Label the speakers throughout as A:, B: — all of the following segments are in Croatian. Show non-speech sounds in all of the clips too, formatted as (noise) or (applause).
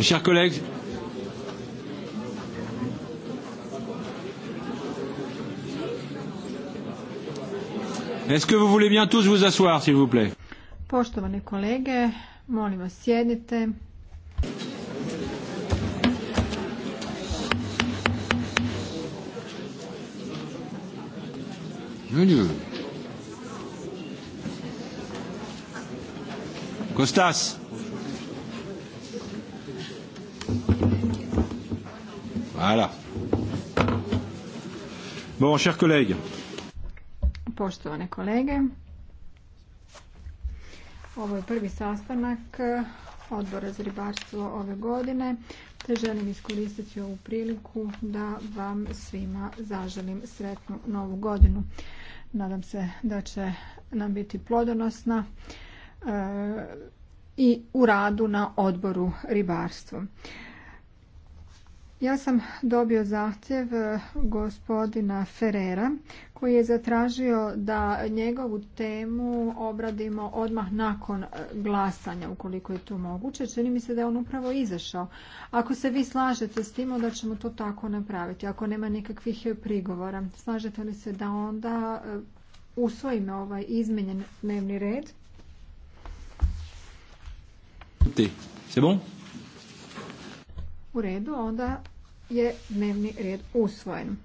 A: Chers collègues, est-ce que vous voulez bien tous vous asseoir, s'il vous plaît
B: Poštovane kolege, molim vas sjednite.
A: non. Kostas! Voilà. Bon, chers collègues.
B: Poštovane kolege, ovo je prvi sastanak odbora za ribarstvo ove godine, te želim iskoristiti ovu priliku da vam svima zaželim sretnu novu godinu. Nadam se da će nam biti plodonosna i u radu na odboru ribarstvo. Ja sam dobio zahtjev e, gospodina Ferrera koji je zatražio da njegovu temu obradimo odmah nakon e, glasanja ukoliko je to moguće. Čini mi se da je on upravo izašao. Ako se vi slažete s tim onda ćemo to tako napraviti. Ako nema nikakvih prigovora. Slažete li se da onda e, usvojimo ovaj izmenjen dnevni red? U redu, onda je dnevni red usvojen.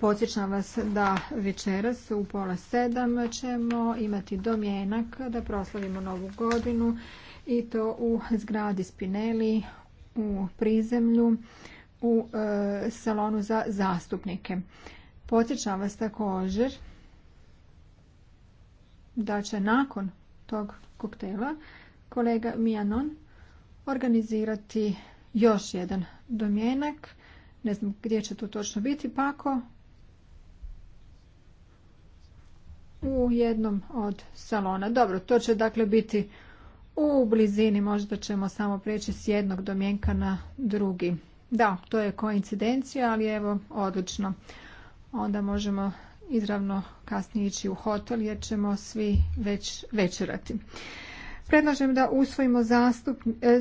B: Podsjećam vas da večeras u pola sedam ćemo imati domjenak da proslavimo novu godinu i to u zgradi Spinelli u prizemlju u e, salonu za zastupnike. Podsjećam vas također da će nakon tog koktela kolega Mijanon organizirati još jedan domjenak. Ne znam gdje će to točno biti, pa ako u jednom od salona. Dobro, to će dakle biti u blizini, možda ćemo samo preći s jednog domjenka na drugi. Da, to je koincidencija, ali evo, odlično. Onda možemo izravno kasnije ići u hotel jer ćemo svi već večerati. Predlažem da usvojimo e, e,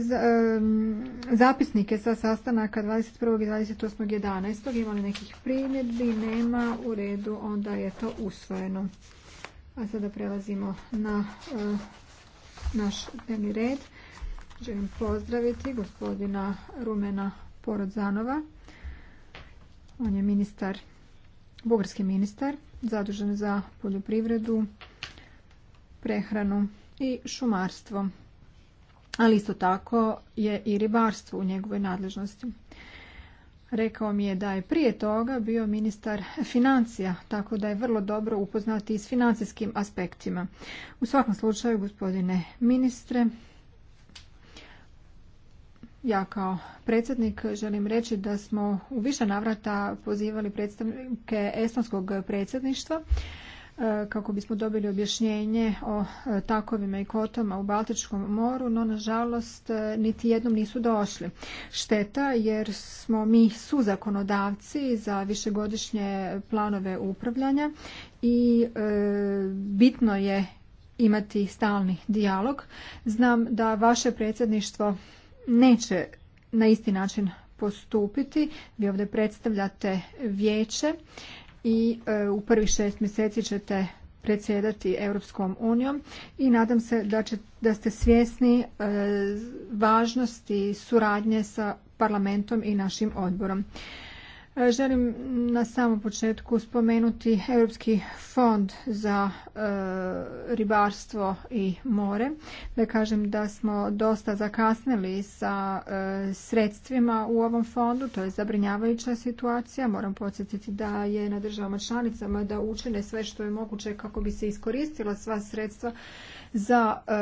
B: zapisnike sa sastanaka 21. i 28. 11. Imali nekih primjedbi? Nema. U redu, onda je to usvojeno. A sada prelazimo na e, naš dnevni red. Želim pozdraviti gospodina Rumena Porodzanova. On je ministar, bugarski ministar, zadužen za poljoprivredu, prehranu i šumarstvo. Ali isto tako je i ribarstvo u njegovoj nadležnosti. Rekao mi je da je prije toga bio ministar financija, tako da je vrlo dobro upoznati i s financijskim aspektima. U svakom slučaju, gospodine ministre, ja kao predsjednik želim reći da smo u više navrata pozivali predstavnike estonskog predsjedništva E, kako bismo dobili objašnjenje o e, takovima i kotama u Baltičkom moru, no nažalost e, niti jednom nisu došli. Šteta jer smo mi zakonodavci za višegodišnje planove upravljanja i bitno je imati stalni dijalog. Znam da vaše predsjedništvo neće na isti način postupiti. Vi ovdje predstavljate vijeće i e, u prvih šest mjeseci ćete predsjedati Europskom unijom i nadam se da, da ste svjesni e, važnosti suradnje sa parlamentom i našim odborom. Želim na samom početku spomenuti Europski fond za e, ribarstvo i more. Da kažem da smo dosta zakasnili sa e, sredstvima u ovom fondu, to je zabrinjavajuća situacija. Moram podsjetiti da je na državama članicama da učine sve što je moguće kako bi se iskoristila sva sredstva za e,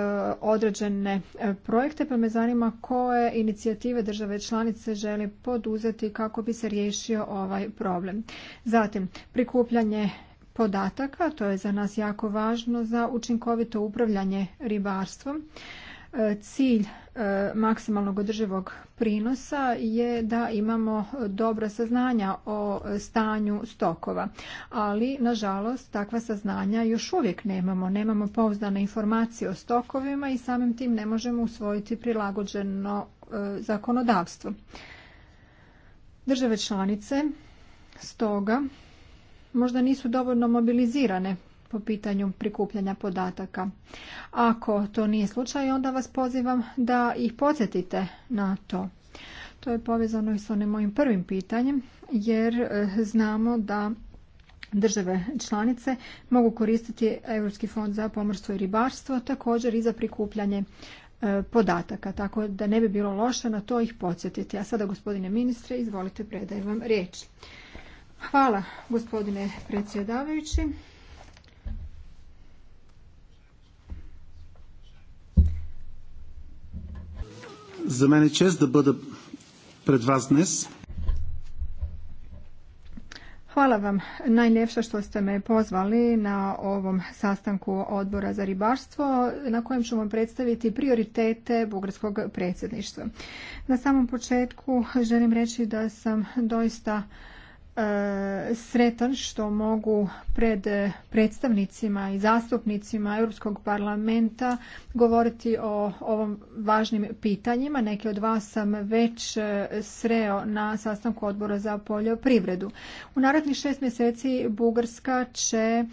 B: određene e, projekte, pa me zanima koje inicijative države članice želi poduzeti kako bi se riješio ovaj problem. Zatim, prikupljanje podataka, to je za nas jako važno za učinkovito upravljanje ribarstvom. Cilj e, maksimalnog održivog prinosa je da imamo dobra saznanja o stanju stokova, ali nažalost takva saznanja još uvijek nemamo. Nemamo pouzdane informacije o stokovima i samim tim ne možemo usvojiti prilagođeno e, zakonodavstvo. Države članice stoga možda nisu dovoljno mobilizirane po pitanju prikupljanja podataka. Ako to nije slučaj, onda vas pozivam da ih podsjetite na to. To je povezano i s onim mojim prvim pitanjem, jer e, znamo da države članice mogu koristiti Europski fond za pomorstvo i ribarstvo također i za prikupljanje e, podataka, tako da ne bi bilo loše na to ih podsjetiti. A sada, gospodine ministre, izvolite, predajem vam riječ. Hvala, gospodine predsjedavajući. За мен е чест да бъда pred vas dnes. Hvala vam najljepša što ste me pozvali na ovom sastanku odbora za ribarstvo na kojem ćemo predstaviti prioritete bugarskog predsjedništva. Na samom početku želim reći da sam doista E, sretan što mogu pred predstavnicima i zastupnicima Europskog parlamenta govoriti o ovom važnim pitanjima. Neki od vas sam već e, sreo na sastanku odbora za poljoprivredu. U narednih šest mjeseci Bugarska će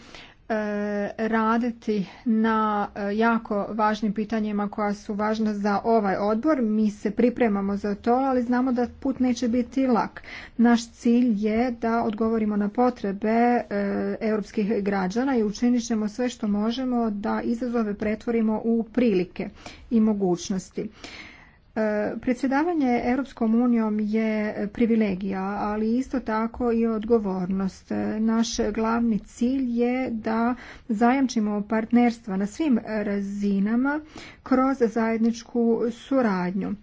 B: E, raditi na e, jako važnim pitanjima koja su važna za ovaj odbor. Mi se pripremamo za to, ali znamo da put neće biti lak. Naš cilj je da odgovorimo na potrebe e, europskih građana i učinit ćemo sve što možemo da izazove pretvorimo u prilike i mogućnosti. E, predsjedavanje Europskom unijom je privilegija, ali isto tako i odgovornost. E, naš glavni cilj je da zajamčimo partnerstva na svim razinama kroz zajedničku suradnju.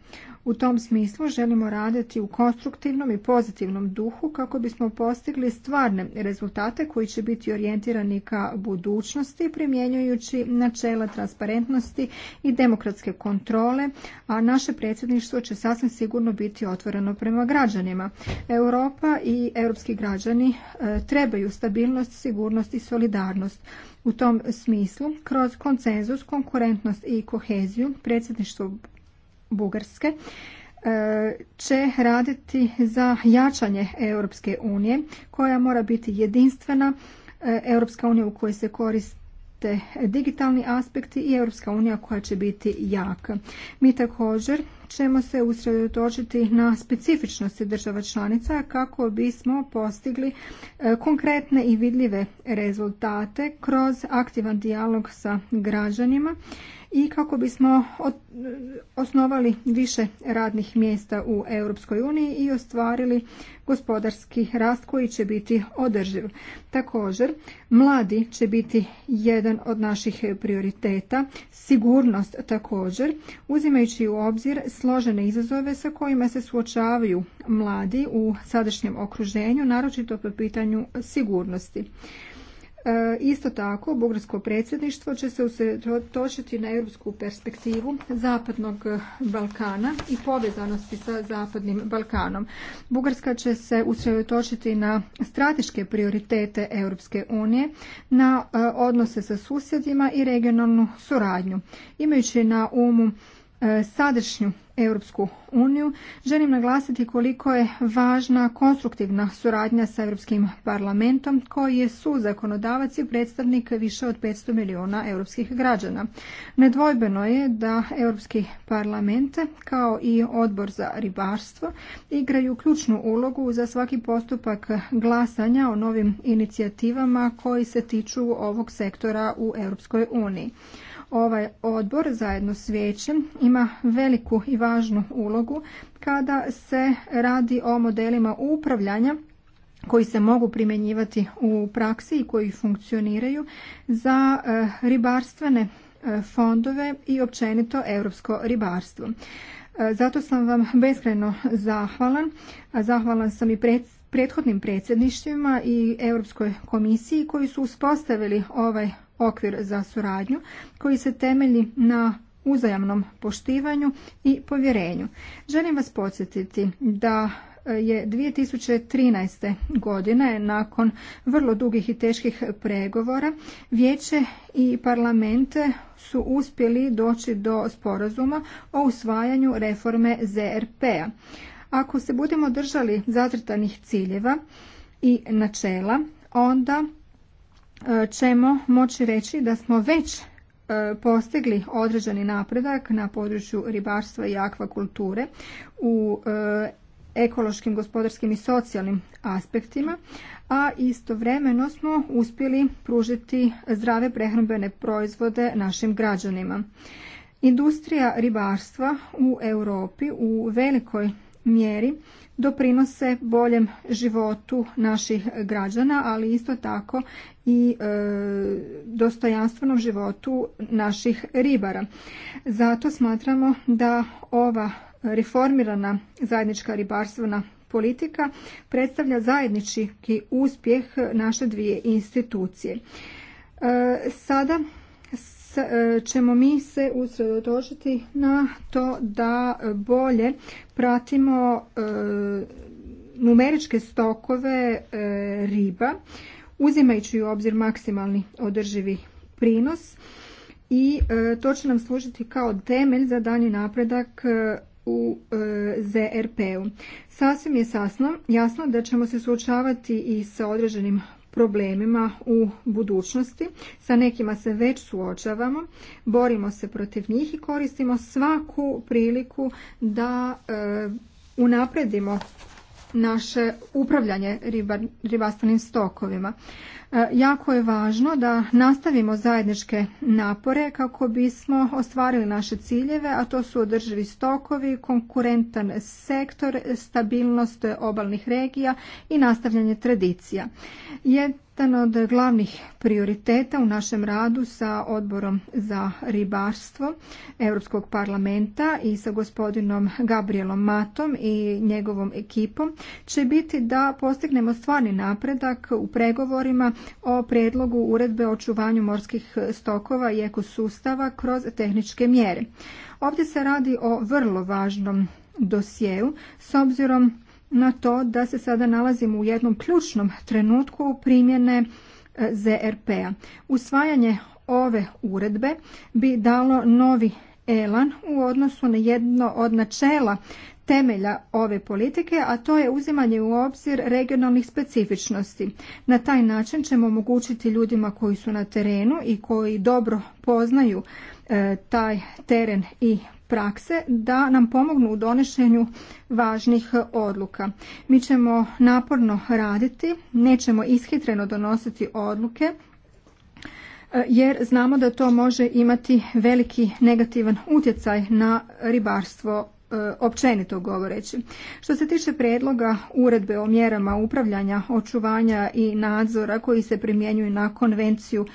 B: U tom smislu želimo raditi u konstruktivnom i pozitivnom duhu kako bismo postigli stvarne rezultate koji će biti orijentirani ka budućnosti primjenjujući načela transparentnosti i demokratske kontrole, a naše predsjedništvo će sasvim sigurno biti otvoreno prema građanima. Europa i europski građani e, trebaju stabilnost, sigurnost i solidarnost. U tom smislu, kroz konsenzus, konkurentnost i koheziju, predsjedništvo Bugarske e, će raditi za jačanje Europske unije koja mora biti jedinstvena e, Europska unija u kojoj se koriste digitalni aspekti i Europska unija koja će biti jaka. Mi također ćemo se usredotočiti na specifičnosti država članica kako bismo postigli e, konkretne i vidljive rezultate kroz aktivan dijalog sa građanima i kako bismo osnovali više radnih mjesta u Europskoj uniji i ostvarili gospodarski rast koji će biti održiv. Također, mladi će biti jedan od naših prioriteta, sigurnost također, uzimajući u obzir složene izazove sa kojima se suočavaju mladi u sadašnjem okruženju, naročito po pitanju sigurnosti. E, isto tako, bugarsko predsjedništvo će se usredotočiti na europsku perspektivu Zapadnog Balkana i povezanosti sa Zapadnim Balkanom. Bugarska će se usredotočiti na strateške prioritete Europske unije, na e, odnose sa susjedima i regionalnu suradnju. Imajući na umu E, sadašnju Europsku uniju, želim naglasiti koliko je važna konstruktivna suradnja sa Europskim parlamentom koji je su zakonodavac i predstavnik više od 500 milijuna europskih građana. Nedvojbeno je da Europski parlament kao i odbor za ribarstvo igraju ključnu ulogu za svaki postupak glasanja o novim inicijativama koji se tiču ovog sektora u Europskoj uniji. Ovaj odbor zajedno s vijećem ima veliku i važnu ulogu kada se radi o modelima upravljanja koji se mogu primjenjivati u praksi i koji funkcioniraju za e, ribarstvene e, fondove i općenito europsko ribarstvo. E, zato sam vam beskrajno zahvalan. Zahvalan sam i prethodnim predsjedništvima i Europskoj komisiji koji su uspostavili ovaj okvir za suradnju koji se temelji na uzajamnom poštivanju i povjerenju. Želim vas podsjetiti da e, je 2013. godine nakon vrlo dugih i teških pregovora vijeće i parlamente su uspjeli doći do sporazuma o usvajanju reforme ZRP-a. Ako se budemo držali zacrtanih ciljeva i načela, onda ćemo moći reći da smo već e, postigli određeni napredak na području ribarstva i akvakulture u e, ekološkim, gospodarskim i socijalnim aspektima, a istovremeno smo uspjeli pružiti zdrave prehrambene proizvode našim građanima. Industrija ribarstva u Europi u velikoj mjeri doprinose boljem životu naših građana, ali isto tako i e, dostojanstvenom životu naših ribara. Zato smatramo da ova reformirana zajednička ribarstvena politika predstavlja zajednički uspjeh naše dvije institucije. E, sada E, ćemo mi se usredotočiti na to da bolje pratimo e, numeričke stokove e, riba uzimajući u obzir maksimalni održivi prinos i to će nam služiti kao temelj za dalji napredak u ZRP-u. Sasvim je jasno da ćemo se suočavati i sa određenim problemima u budućnosti. Sa nekima se već suočavamo, borimo se protiv njih i koristimo svaku priliku da e, unapredimo naše upravljanje ribarstvenim stokovima. E, jako je važno da nastavimo zajedničke napore kako bismo ostvarili naše ciljeve, a to su održivi stokovi, konkurentan sektor, stabilnost obalnih regija i nastavljanje tradicija. Je jedan od glavnih prioriteta u našem radu sa odborom za ribarstvo Europskog parlamenta i sa gospodinom Gabrielom Matom i njegovom ekipom će biti da postignemo stvarni napredak u pregovorima o predlogu uredbe o očuvanju morskih stokova i ekosustava kroz tehničke mjere. Ovdje se radi o vrlo važnom dosjeu s obzirom na to da se sada nalazimo u jednom ključnom trenutku primjene e, ZRP-a. Usvajanje ove uredbe bi dalo novi elan u odnosu na jedno od načela temelja ove politike, a to je uzimanje u obzir regionalnih specifičnosti. Na taj način ćemo omogućiti ljudima koji su na terenu i koji dobro poznaju e, taj teren i prakse da nam pomognu u donošenju važnih odluka. Mi ćemo naporno raditi, nećemo ishitreno donositi odluke e, jer znamo da to može imati veliki negativan utjecaj na ribarstvo e, općenito govoreći. Što se tiče predloga uredbe o mjerama upravljanja, očuvanja i nadzora koji se primjenjuju na konvenciju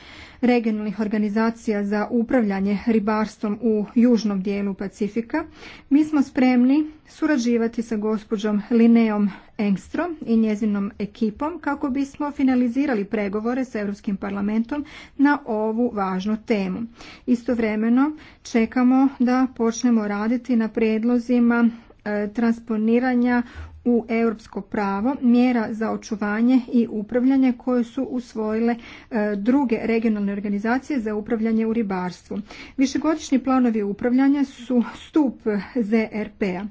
B: regionalnih organizacija za upravljanje ribarstvom u južnom dijelu Pacifika, mi smo spremni surađivati sa gospođom Lineom Engstrom i njezinom ekipom kako bismo finalizirali pregovore sa Europskim parlamentom na ovu važnu temu. Istovremeno čekamo da počnemo raditi na prijedlozima e, transponiranja u europsko pravo mjera za očuvanje i upravljanje koje su usvojile e, druge regionalne organizacije za upravljanje u ribarstvu. Višegodišnji planovi upravljanja su stup ZRP-a.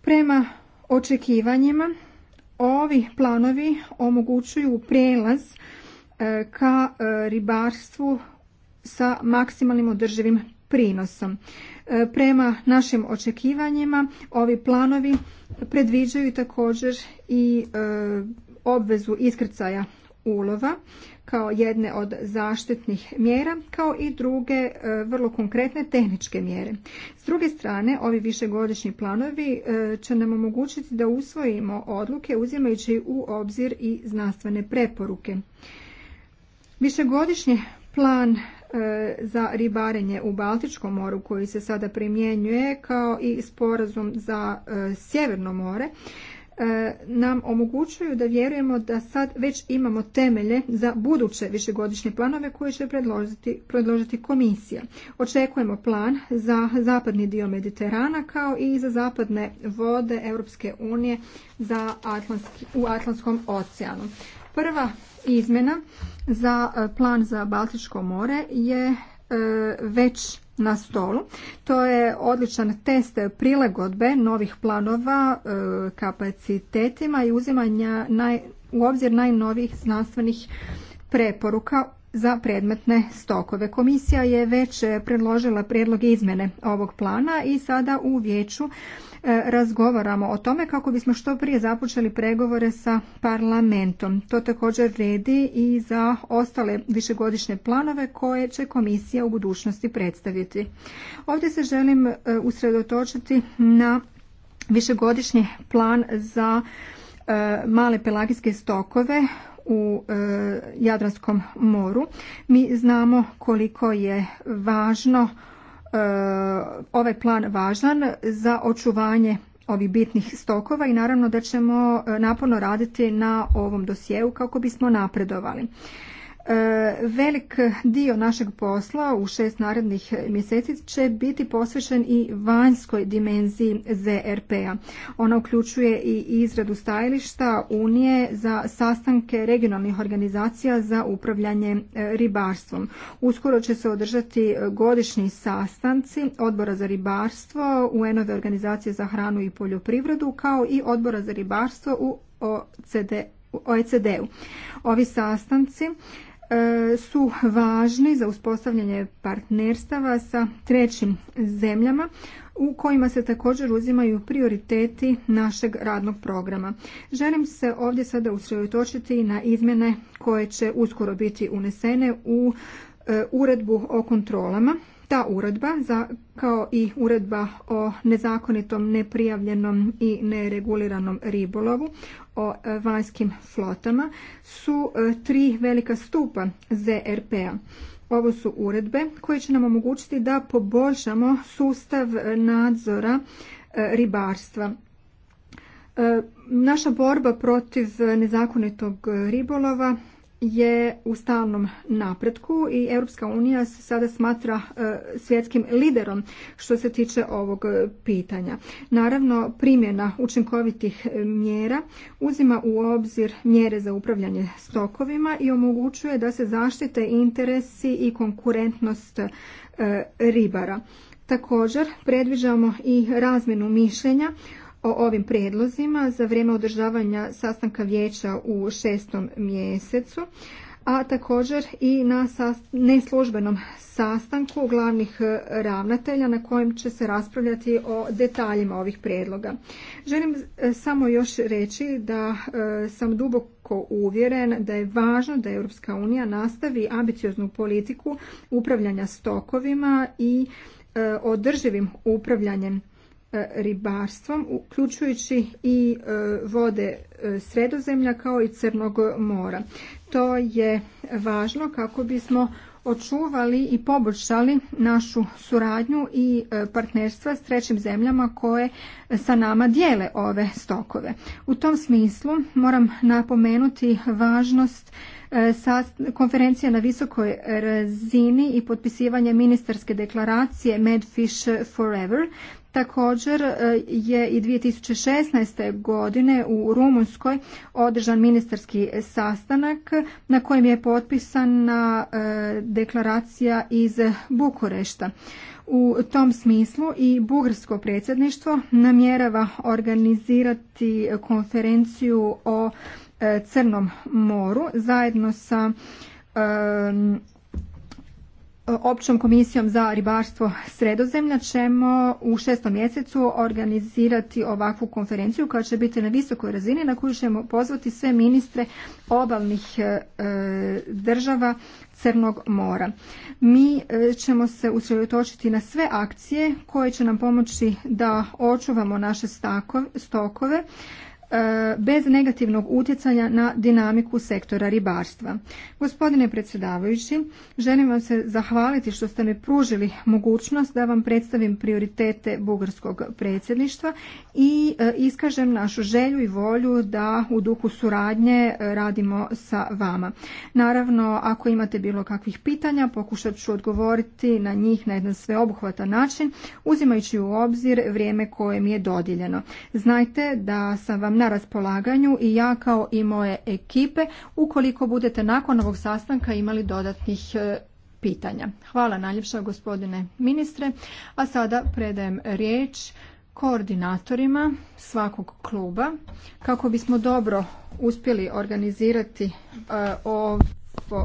B: Prema očekivanjima ovi planovi omogućuju prijelaz e, ka e, ribarstvu sa maksimalnim održivim prinosom. E, prema našim očekivanjima ovi planovi predviđaju također i e, obvezu iskrcaja ulova kao jedne od zaštitnih mjera, kao i druge e, vrlo konkretne tehničke mjere. S druge strane, ovi višegodišnji planovi će nam omogućiti da usvojimo odluke uzimajući u obzir i znanstvene preporuke. Višegodišnji plan E, za ribarenje u Baltičkom moru koji se sada primjenjuje kao i sporazum za e, Sjeverno more e, nam omogućuju da vjerujemo da sad već imamo temelje za buduće višegodišnje planove koje će predložiti, predložiti komisija. Očekujemo plan za zapadni dio Mediterana kao i za zapadne vode Europske unije za u Atlantskom oceanu. Prva izmjena za e, plan za Baltičko more je e, već na stolu. To je odličan test prilagodbe novih planova e, kapacitetima i uzimanja u obzir najnovijih znanstvenih preporuka za predmetne stokove. Komisija je već predložila prijedlog izmjene ovog plana i sada u vijeću E, razgovaramo o tome kako bismo što prije započeli pregovore sa parlamentom. To također vredi i za ostale višegodišnje planove koje će komisija u budućnosti predstaviti. Ovdje se želim e, usredotočiti na višegodišnji plan za e, male pelagijske stokove u Jadranskom moru. Mi znamo koliko je važno ovaj plan važan za očuvanje ovih bitnih stokova i naravno da ćemo eh, naporno raditi na ovom dosjeu kako bismo napredovali. Velik dio našeg posla u šest narednih mjeseci će biti posvećen i vanjskoj dimenziji ZRP-a. Ona uključuje i izradu stajališta Unije za sastanke regionalnih organizacija za upravljanje e, ribarstvom. Uskoro će se održati godišnji sastanci Odbora za ribarstvo, u ove organizacije za hranu i poljoprivredu, kao i Odbora za ribarstvo u OECD-u. Ovi sastanci E, su važni za uspostavljanje partnerstava sa trećim zemljama u kojima se također uzimaju prioriteti našeg radnog programa. Želim se ovdje sada usredotočiti na izmjene koje će uskoro biti unesene u e, uredbu o kontrolama. Ta uredba, kao i uredba o nezakonitom, neprijavljenom i nereguliranom ribolovu, o e, vanjskim flotama su e, tri velika stupa ZRP-a. Ovo su uredbe koje će nam omogućiti da poboljšamo sustav e, nadzora ribarstva. Naša borba protiv nezakonitog ribolova je u stalnom napretku i Europska unija se sada smatra e, svjetskim liderom što se tiče ovog e, pitanja. Naravno, primjena učinkovitih e, mjera uzima u obzir mjere za upravljanje stokovima i omogućuje da se zaštite interesi i konkurentnost ribara. Također, predviđamo i razmjenu mišljenja o ovim prijedlozima za vrijeme održavanja sastanka vijeća u šestom mjesecu, a također i na neslužbenom sastanku glavnih e, ravnatelja na kojem će se raspravljati o detaljima ovih prijedloga. Želim e, samo još reći da e, sam duboko uvjeren da je važno da Europska unija nastavi ambicioznu politiku upravljanja stokovima i održivim upravljanjem E, ribarstvom, uključujući i e, vode e, sredozemlja kao i Crnog mora. To je važno kako bismo očuvali i poboljšali našu suradnju i partnerstva s trećim zemljama koje sa nama dijele ove stokove. U tom smislu moram napomenuti važnost konferencije na visokoj razini i potpisivanje ministarske deklaracije Medfish Forever Također e, je i 2016. godine u Rumunskoj održan ministarski sastanak na kojem je potpisana e, deklaracija iz Bukurešta. U tom smislu i bugarsko predsjedništvo namjerava organizirati konferenciju o e, Crnom moru zajedno sa općom komisijom za ribarstvo sredozemlja ćemo u šestom mjesecu organizirati ovakvu konferenciju koja će biti na visokoj razini na koju ćemo pozvati sve ministre obalnih e, država Crnog mora. Mi e, ćemo se usredotočiti na sve akcije koje će nam pomoći da očuvamo naše stokove E, bez negativnog utjecanja na dinamiku sektora ribarstva. Gospodine predsjedavajući, želim vam se zahvaliti što ste mi pružili mogućnost da vam predstavim prioritete bugarskog predsjedništva i e, iskažem našu želju i volju da u duhu suradnje e, radimo sa vama. Naravno, ako imate bilo kakvih pitanja, pokušat ću odgovoriti na njih na jedan sveobuhvatan način, uzimajući u obzir vrijeme koje mi je dodijeljeno. Znajte da sam vam na raspolaganju i ja kao i moje ekipe ukoliko budete nakon ovog sastanka imali dodatnih e, pitanja. Hvala najljepša gospodine ministre, a sada predajem riječ koordinatorima svakog kluba kako bismo dobro uspjeli organizirati e, ovo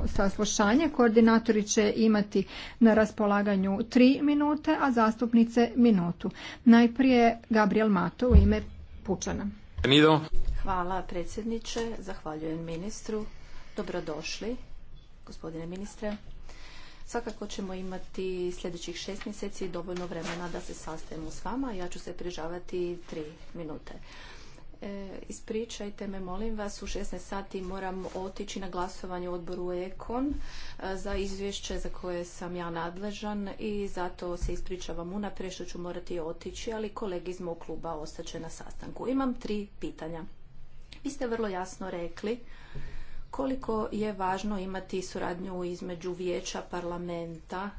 B: saslušanje. Koordinatori će imati na raspolaganju tri minute, a zastupnice minutu. Najprije Gabriel Mato u ime Pučana.
C: Hvala predsjedniče, zahvaljujem ministru. Dobrodošli, gospodine ministre. Svakako ćemo imati sljedećih šest mjeseci dovoljno vremena da se sastajemo s vama. Ja ću se prižavati tri minute. E, ispričajte me, molim vas, u 16 sati moram otići na glasovanje u odboru Ekon e, za izvješće za koje sam ja nadležan i zato se ispričavam unaprijed što ću morati otići, ali kolegi iz mog kluba ostaće na sastanku. Imam tri pitanja. Vi ste vrlo jasno rekli koliko je važno imati suradnju između vijeća parlamenta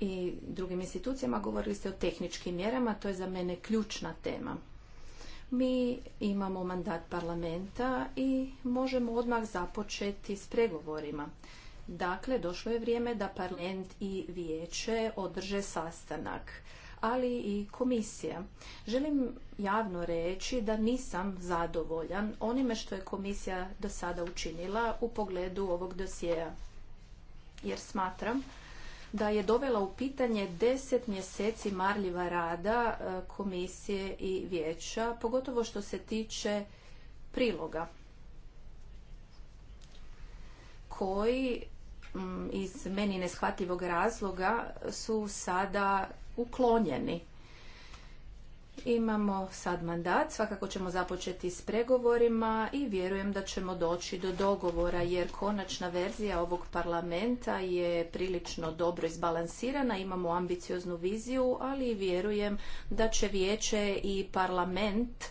C: i drugim institucijama, govorili ste o tehničkim mjerama, to je za mene ključna tema. Mi imamo mandat parlamenta i možemo odmah započeti s pregovorima. Dakle, došlo je vrijeme da parlament i vijeće održe sastanak, ali i komisija. Želim javno reći da nisam zadovoljan onime što je komisija do sada učinila u pogledu ovog dosjeja, jer smatram da je dovela u pitanje deset mjeseci marljiva rada e, komisije i vijeća, pogotovo što se tiče priloga koji mm, iz meni neshvatljivog razloga su sada uklonjeni. Imamo sad mandat, svakako ćemo započeti s pregovorima i vjerujem da ćemo doći do dogovora jer konačna verzija ovog parlamenta je prilično dobro izbalansirana, imamo ambicioznu viziju, ali vjerujem da će vijeće i parlament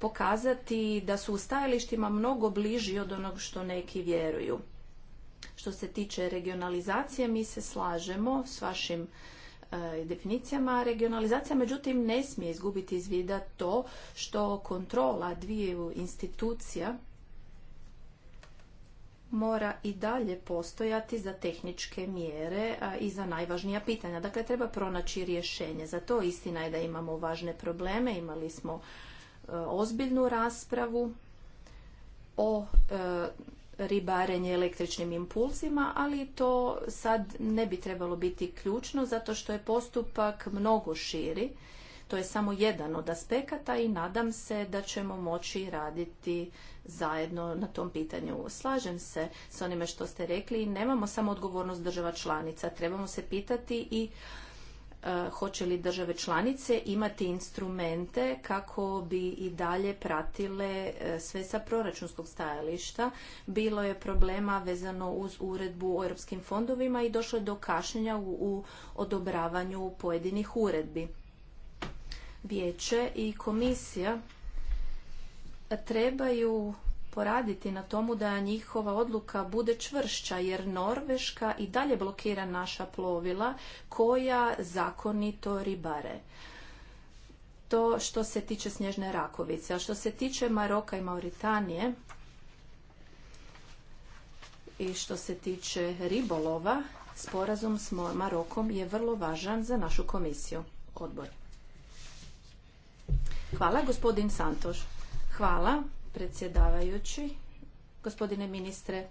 C: pokazati da su u stajalištima mnogo bliži od onog što neki vjeruju. Što se tiče regionalizacije, mi se slažemo s vašim E, definicijama regionalizacija međutim ne smije izgubiti iz vida to što kontrola dviju institucija mora i dalje postojati za tehničke mjere i za najvažnija pitanja. Dakle, treba pronaći rješenje. Za to istina je da imamo važne probleme. Imali smo e, ozbiljnu raspravu o e, ribarenje električnim impulsima, ali to sad ne bi trebalo biti ključno zato što je postupak mnogo širi. To je samo jedan od aspekata i nadam se da ćemo moći raditi zajedno na tom pitanju. Slažem se s onime što ste rekli, nemamo samo odgovornost država članica, trebamo se pitati i E, hoće li države članice imati instrumente kako bi i dalje pratile e, sve sa proračunskog stajališta. Bilo je problema vezano uz uredbu o europskim fondovima i došlo je do kašnjenja u, u odobravanju pojedinih uredbi. Vijeće i komisija trebaju poraditi na tomu da njihova odluka bude čvršća jer Norveška i dalje blokira naša plovila koja zakonito ribare. To što se tiče snježne rakovice. A što se tiče Maroka i Mauritanije i što se tiče ribolova, sporazum s Marokom je vrlo važan za našu komisiju. Odbor. Hvala, gospodin Santoš. Hvala predsjedavajući. Gospodine ministre,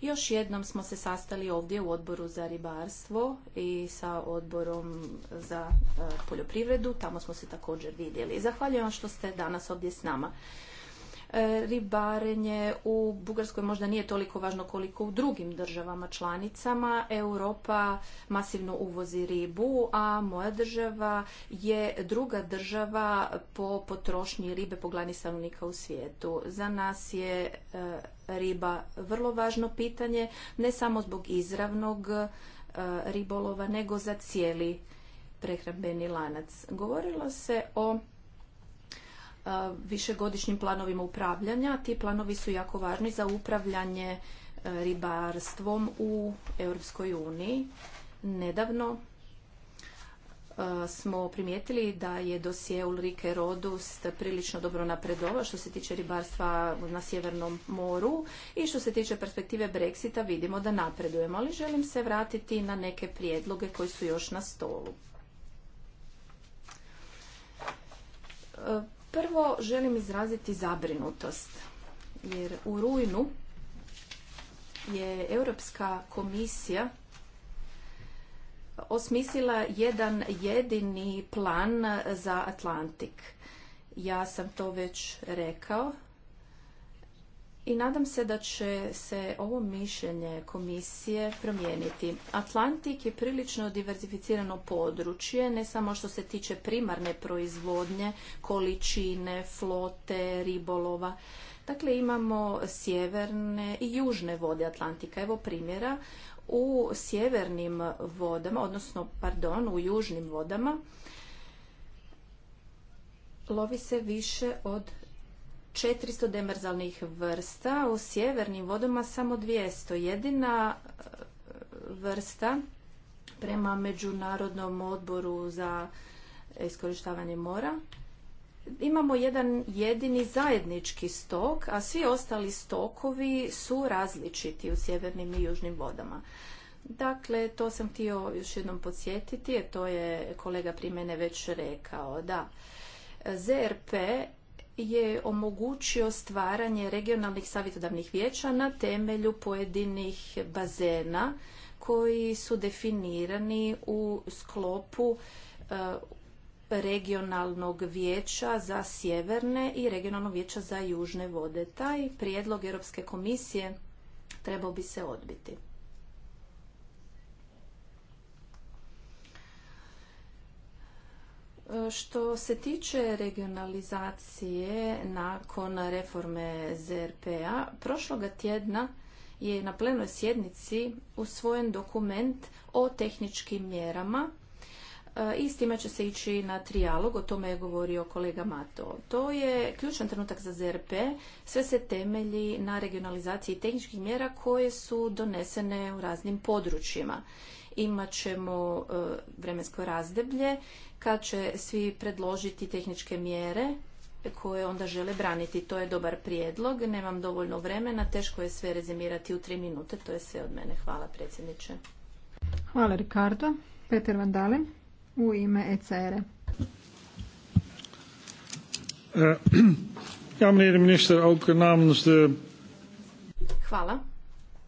C: još jednom smo se sastali ovdje u odboru za ribarstvo i sa odborom za e, poljoprivredu. Tamo smo se također vidjeli. Zahvaljujem vam što ste danas ovdje s nama. E, ribarenje u Bugarskoj možda nije toliko važno koliko u drugim državama članicama. Europa masivno uvozi ribu, a moja država je druga država po potrošnji ribe po stanovnika u svijetu. Za nas je e, riba vrlo važno pitanje, ne samo zbog izravnog e, ribolova, nego za cijeli prehrambeni lanac. Govorilo se o višegodišnjim planovima upravljanja. Ti planovi su jako važni za upravljanje e, ribarstvom u Europskoj uniji. Nedavno e, smo primijetili da je dosije Ulrike Rodust prilično dobro napredovao što se tiče ribarstva na Sjevernom moru i što se tiče perspektive Brexita vidimo da napredujemo, ali želim se vratiti na neke prijedloge koji su još na stolu. E, Prvo želim izraziti zabrinutost jer u rujnu je Europska komisija osmislila jedan jedini plan za Atlantik. Ja sam to već rekao i nadam se da će se ovo mišljenje komisije promijeniti. Atlantik je prilično diversificirano područje, ne samo što se tiče primarne proizvodnje, količine, flote, ribolova. Dakle, imamo sjeverne i južne vode Atlantika. Evo primjera, u sjevernim vodama, odnosno, pardon, u južnim vodama, lovi se više od 400 demerzalnih vrsta, u sjevernim vodama samo 200. Jedina e, vrsta prema Međunarodnom odboru za iskorištavanje mora imamo jedan jedini zajednički stok, a svi ostali stokovi su različiti u sjevernim i južnim vodama. Dakle, to sam htio još jednom podsjetiti, jer to je kolega prije mene već rekao, da e, ZRP je omogućio stvaranje regionalnih savjetodavnih vijeća na temelju pojedinih bazena koji su definirani u sklopu e, regionalnog vijeća za sjeverne i regionalnog vijeća za južne vode. Taj prijedlog Europske komisije trebao bi se odbiti. Što se tiče regionalizacije nakon reforme ZRP-a, prošloga tjedna je na plenoj sjednici usvojen dokument o tehničkim mjerama e, i s time će se ići na trijalog, o tome je govorio kolega Mato. To je ključan trenutak za ZRP, sve se temelji na regionalizaciji tehničkih mjera koje su donesene u raznim područjima. Imat ćemo e, vremensko razdeblje kad će svi predložiti tehničke mjere koje onda žele braniti. To je dobar prijedlog, nemam dovoljno vremena, teško je sve rezimirati u tri minute. To je sve od mene. Hvala predsjedniče.
B: Hvala Ricardo. Peter Vandalen, u ime ecr e,
C: (clears throat) Ja, namens de... Hvala,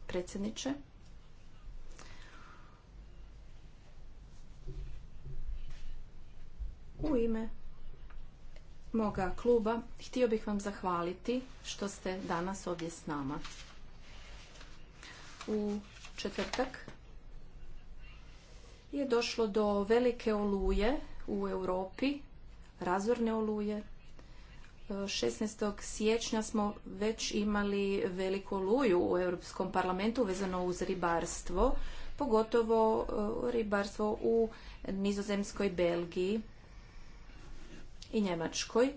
C: predsjedniče. U ime moga kluba htio bih vam zahvaliti što ste danas ovdje s nama. U četvrtak je došlo do velike oluje u Europi, razorne oluje. 16. siječnja smo već imali veliku oluju u Europskom parlamentu vezano uz ribarstvo, pogotovo e, ribarstvo u Nizozemskoj Belgiji i Njemačkoj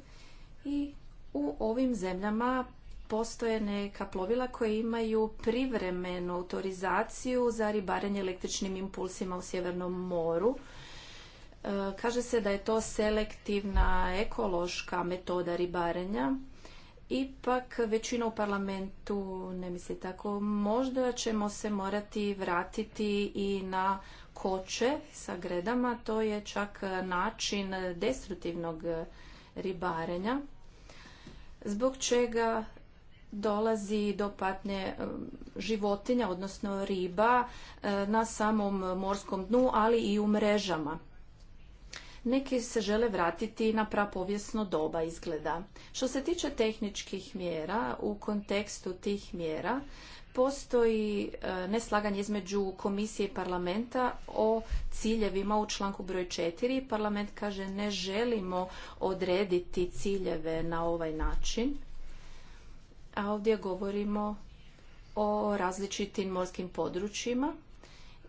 C: i u ovim zemljama postoje neka plovila koje imaju privremenu autorizaciju za ribarenje električnim impulsima u Sjevernom moru. E, kaže se da je to selektivna ekološka metoda ribarenja. Ipak većina u parlamentu ne misli tako. Možda ćemo se morati vratiti i na koče sa gredama, to je čak način destruktivnog ribarenja, zbog čega dolazi do patnje e, životinja, odnosno riba, e, na samom morskom dnu, ali i u mrežama. Neki se žele vratiti na prapovjesno doba izgleda. Što se tiče tehničkih mjera, u kontekstu tih mjera postoji e, neslaganje između komisije i parlamenta o ciljevima u članku broj 4. Parlament kaže ne želimo odrediti ciljeve na ovaj način, a ovdje govorimo o različitim morskim područjima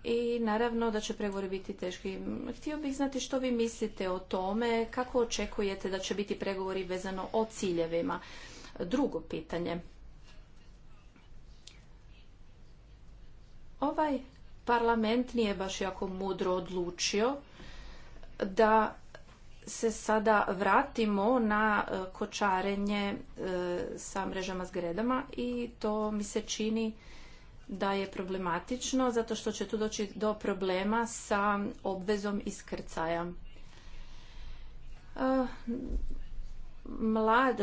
C: i naravno da će pregovori biti teški. Htio bih znati što vi mislite o tome, kako očekujete da će biti pregovori vezano o ciljevima. Drugo pitanje Ovaj parlament nije baš jako mudro odlučio da se sada vratimo na e, kočarenje e, sa mrežama s gredama i to mi se čini da je problematično zato što će tu doći do problema sa obvezom iskrcaja. E,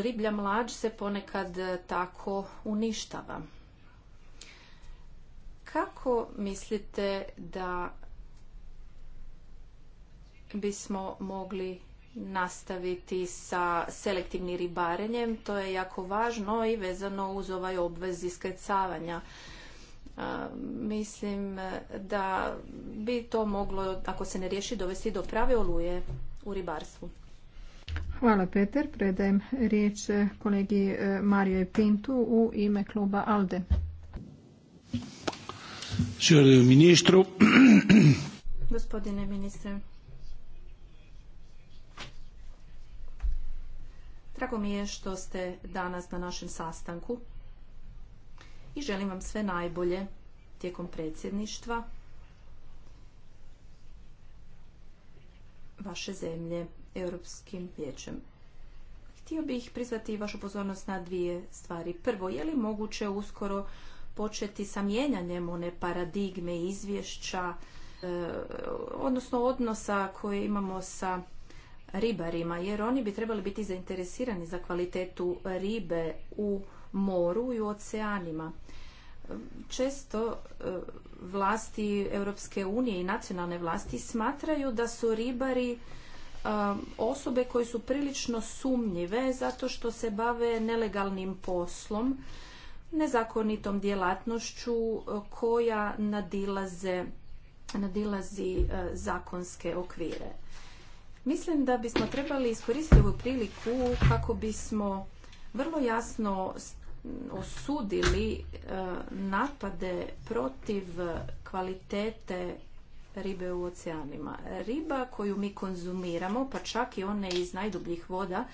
C: riblja mlađ se ponekad tako uništava. Kako mislite da bismo mogli nastaviti sa selektivnim ribarenjem? To je jako važno i vezano uz ovaj obvez iskrcavanja. Mislim da bi to moglo, ako se ne riješi, dovesti do prave oluje u ribarstvu.
B: Hvala Peter. Predajem riječ e, kolegi e, Mariju
C: Pintu u ime kluba ALDE. Gospodine ministre. Drago mi je što ste danas na našem sastanku i želim vam sve najbolje tijekom predsjedništva vaše zemlje Europskim vijećem. Htio bih prizvati vašu pozornost na dvije stvari. Prvo, je li moguće uskoro početi sa mijenjanjem one paradigme izvješća, e, odnosno odnosa koje imamo sa ribarima, jer oni bi trebali biti zainteresirani za kvalitetu ribe u moru i u oceanima. Često e, vlasti Europske unije i nacionalne vlasti smatraju da su ribari e, osobe koje su prilično sumnjive zato što se bave nelegalnim poslom nezakonitom djelatnošću e, koja nadilazi e, zakonske okvire. Mislim da bismo trebali iskoristiti ovu priliku kako bismo vrlo jasno osudili e, napade protiv kvalitete ribe u oceanima. Riba koju mi konzumiramo, pa čak i one iz najdubljih voda,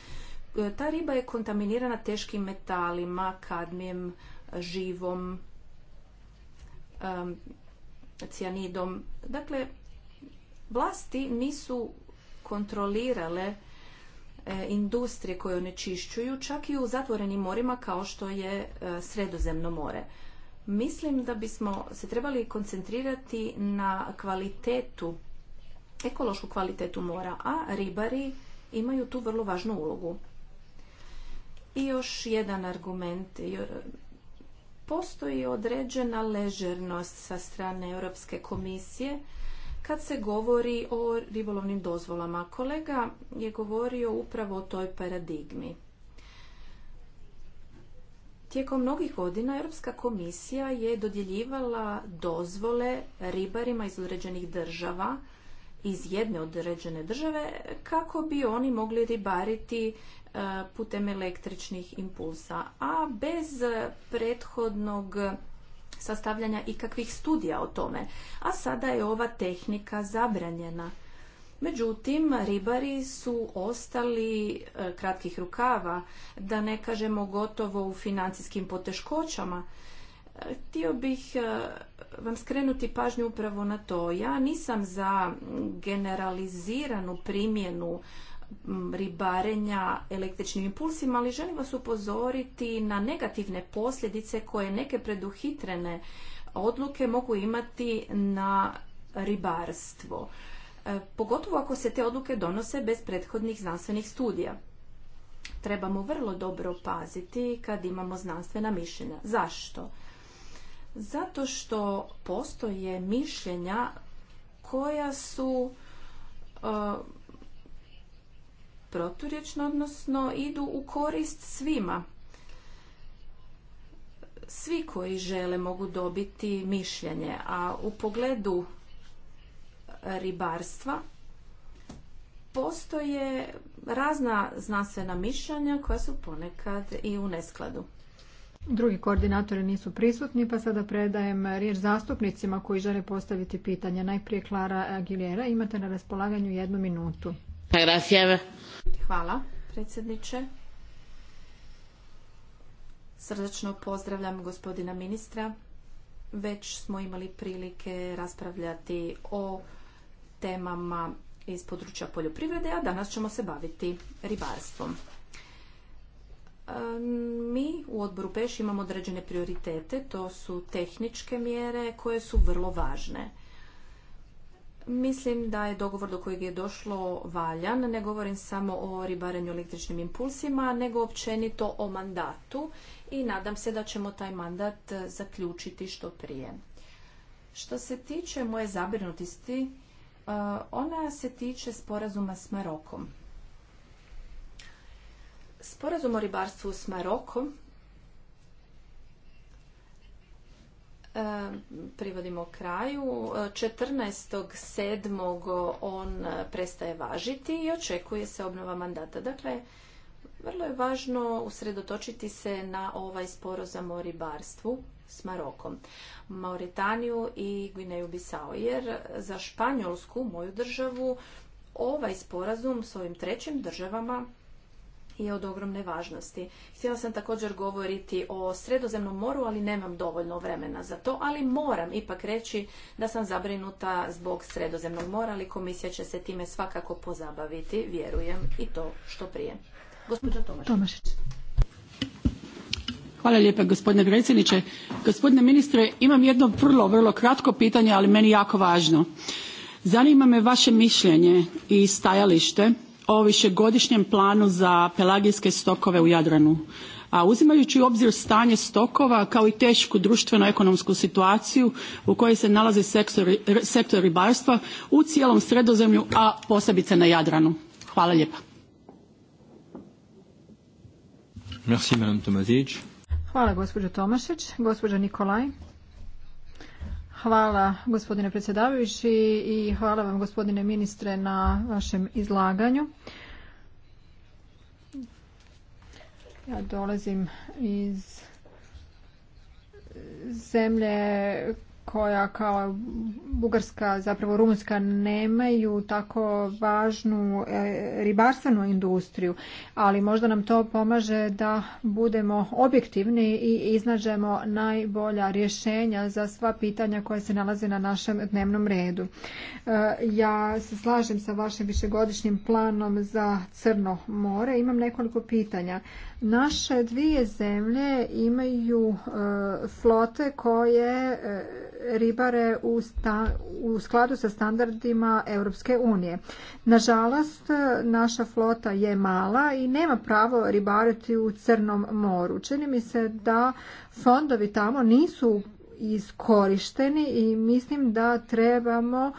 C: ta riba je kontaminirana teškim metalima, kadmijem, živom, cijanidom. Dakle, vlasti nisu kontrolirale e, industrije koje onečišćuju, čak i u zatvorenim morima kao što je e, Sredozemno more. Mislim da bismo se trebali koncentrirati na kvalitetu, ekološku kvalitetu mora, a ribari imaju tu vrlo važnu ulogu. I još jedan argument. Postoji određena ležernost sa strane Europske komisije kad se govori o ribolovnim dozvolama. Kolega je govorio upravo o toj paradigmi. Tijekom mnogih godina Europska komisija je dodjeljivala dozvole ribarima iz određenih država, iz jedne određene države, kako bi oni mogli ribariti E, putem električnih impulsa, a bez prethodnog sastavljanja ikakvih studija o tome. A sada je ova tehnika zabranjena. Međutim, ribari su ostali e, kratkih rukava, da ne kažemo gotovo u financijskim poteškoćama. E, htio bih vam skrenuti pažnju upravo na to. Ja nisam za generaliziranu primjenu ribarenja električnim impulsima, ali želim vas upozoriti na negativne posljedice koje neke preduhitrene odluke mogu imati na ribarstvo. E, pogotovo ako se te odluke donose bez prethodnih znanstvenih studija. Trebamo vrlo dobro paziti kad imamo znanstvena mišljenja. Zašto? Zato što postoje mišljenja koja su e, proturječno, odnosno idu u korist svima. Svi koji žele mogu dobiti mišljenje, a u pogledu ribarstva postoje razna znanstvena mišljenja koja su ponekad i u neskladu.
B: Drugi koordinatori nisu prisutni, pa sada predajem riječ zastupnicima koji žele postaviti pitanje. Najprije Klara Aguilera, imate na raspolaganju jednu minutu.
C: Hvala, predsjedniče. Srdačno pozdravljam gospodina ministra. Već smo imali prilike raspravljati o temama iz područja poljoprivrede, a danas ćemo se baviti ribarstvom. E, mi u odboru Peš imamo određene prioritete, to su tehničke mjere koje su vrlo važne. Mislim da je dogovor do kojeg je došlo valjan. Ne govorim samo o ribarenju električnim impulsima, nego općenito o mandatu i nadam se da ćemo taj mandat e, zaključiti što prije. Što se tiče moje zabrinutosti, e, ona se tiče sporazuma s Marokom. Sporazum o ribarstvu s Marokom E, privodimo kraju. 14.7. on prestaje važiti i očekuje se obnova mandata. Dakle, vrlo je važno usredotočiti se na ovaj sporozam o ribarstvu s Marokom, Mauritaniju i Gvineju Bisao. Jer za Španjolsku, moju državu, ovaj sporazum s ovim trećim državama je od ogromne važnosti. Htjela sam također govoriti o Sredozemnom moru, ali nemam dovoljno vremena za to, ali moram ipak reći da sam zabrinuta zbog Sredozemnog mora, ali komisija će se time svakako pozabaviti, vjerujem, i to što prije. Gospođa Tomašić.
D: Hvala lijepa gospodine predsjedniče. Gospodine ministre, imam jedno vrlo, vrlo kratko pitanje, ali meni jako važno. Zanima me vaše mišljenje i stajalište o višegodišnjem planu za pelagijske stokove u Jadranu. A uzimajući u obzir stanje stokova kao i tešku društveno-ekonomsku situaciju u kojoj se nalazi sektor, ribarstva u cijelom sredozemlju, a posebice na Jadranu. Hvala lijepa.
B: Hvala gospođo Tomašić. Nikolaj. Hvala gospodine predsjedavajući i hvala vam gospodine ministre na vašem izlaganju. Ja dolazim iz zemlje koja kao Bugarska, zapravo rumunska, nemaju tako važnu e, ribarstvenu industriju, ali možda nam to pomaže da budemo objektivni i iznađemo najbolja rješenja za sva pitanja koja se nalaze na našem dnevnom redu. E, ja se slažem sa vašim višegodišnjim planom za Crno more. Imam nekoliko pitanja. Naše dvije zemlje imaju e, flote koje e, ribare u skladu sa standardima Europske unije. Nažalost, naša flota je mala i nema pravo ribariti u Crnom moru. Čini mi se da fondovi tamo nisu iskorišteni i mislim da trebamo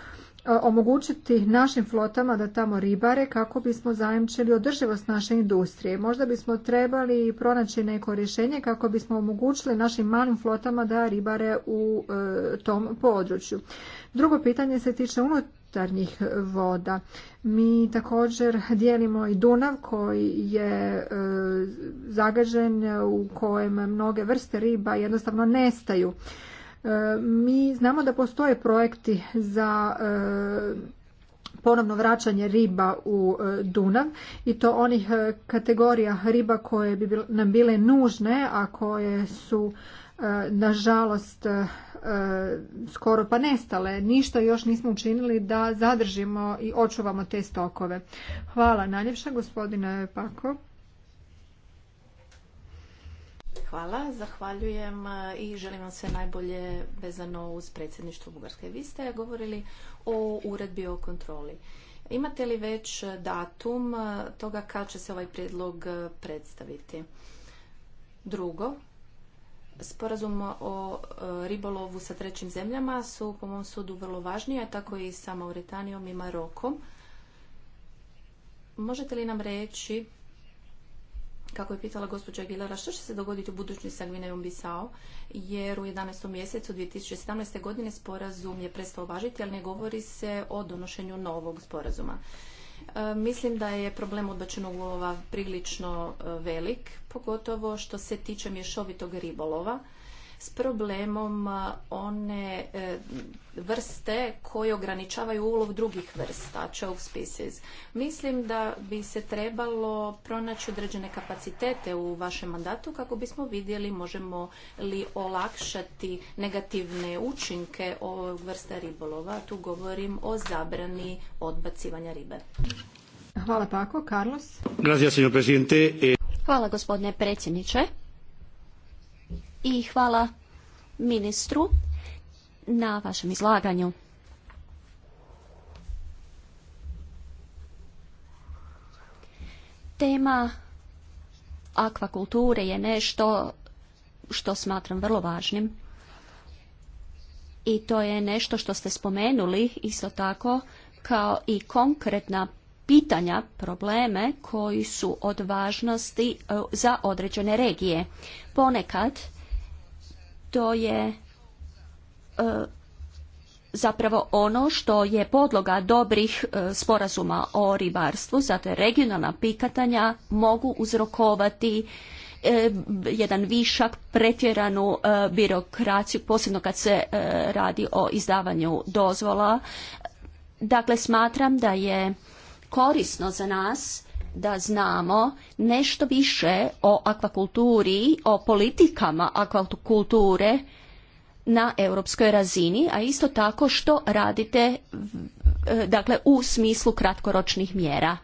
B: E, omogućiti našim flotama da tamo ribare kako bismo zajamčili održivost naše industrije. Možda bismo trebali pronaći neko rješenje kako bismo omogućili našim malim flotama da ribare u e, tom području. Drugo pitanje se tiče unutarnjih voda. Mi također dijelimo i Dunav koji je e, zagađen u kojem mnoge vrste riba jednostavno nestaju. Mi znamo da postoje projekti za e, ponovno vraćanje riba u e, Dunav i to onih e, kategorija riba koje bi nam bile nužne, a koje su nažalost skoro pa nestale. Ništa još nismo učinili da zadržimo i očuvamo te stokove. Hvala najljepša gospodine Pako.
C: Hvala, zahvaljujem e, i želim vam sve najbolje vezano uz predsjedništvo Bugarske. Vi ste govorili o uredbi o kontroli. Imate li već datum e, toga kad će se ovaj prijedlog e, predstaviti? Drugo, sporazum o ribolovu sa trećim zemljama su po mom sudu vrlo važni, a tako i sa Mauritanijom i Marokom. Možete li nam reći kako je pitala gospođa Aguilera, što će se dogoditi u budućnosti sa Gvinejom Bisao, jer u 11. mjesecu 2017. godine sporazum je prestao važiti, ali ne govori se o donošenju novog sporazuma. E, mislim da je problem odbačenog ulova prilično e, velik, pogotovo što se tiče mješovitog ribolova s problemom one e, vrste koje ograničavaju ulov drugih vrsta, chow species. Mislim da bi se trebalo pronaći određene kapacitete u vašem mandatu kako bismo vidjeli možemo li olakšati negativne učinke ovog vrsta ribolova. Tu govorim o zabrani odbacivanja ribe.
D: Hvala Pako. Carlos.
A: Eh,
D: Hvala gospodine predsjedniče i hvala ministru na vašem izlaganju. Tema akvakulture je nešto što smatram vrlo važnim i to je nešto što ste spomenuli isto tako kao i konkretna pitanja, probleme koji su od važnosti e, za određene regije. Ponekad to je e, zapravo ono što je podloga dobrih e, sporazuma o ribarstvu, zato je regionalna pikatanja mogu uzrokovati e, jedan višak, pretjeranu birokraciju, posebno kad se radi o izdavanju dozvola. Dakle, smatram da je korisno za nas da znamo nešto više o akvakulturi, o politikama akvakulture na europskoj razini, a isto tako što radite e, dakle u smislu kratkoročnih mjera.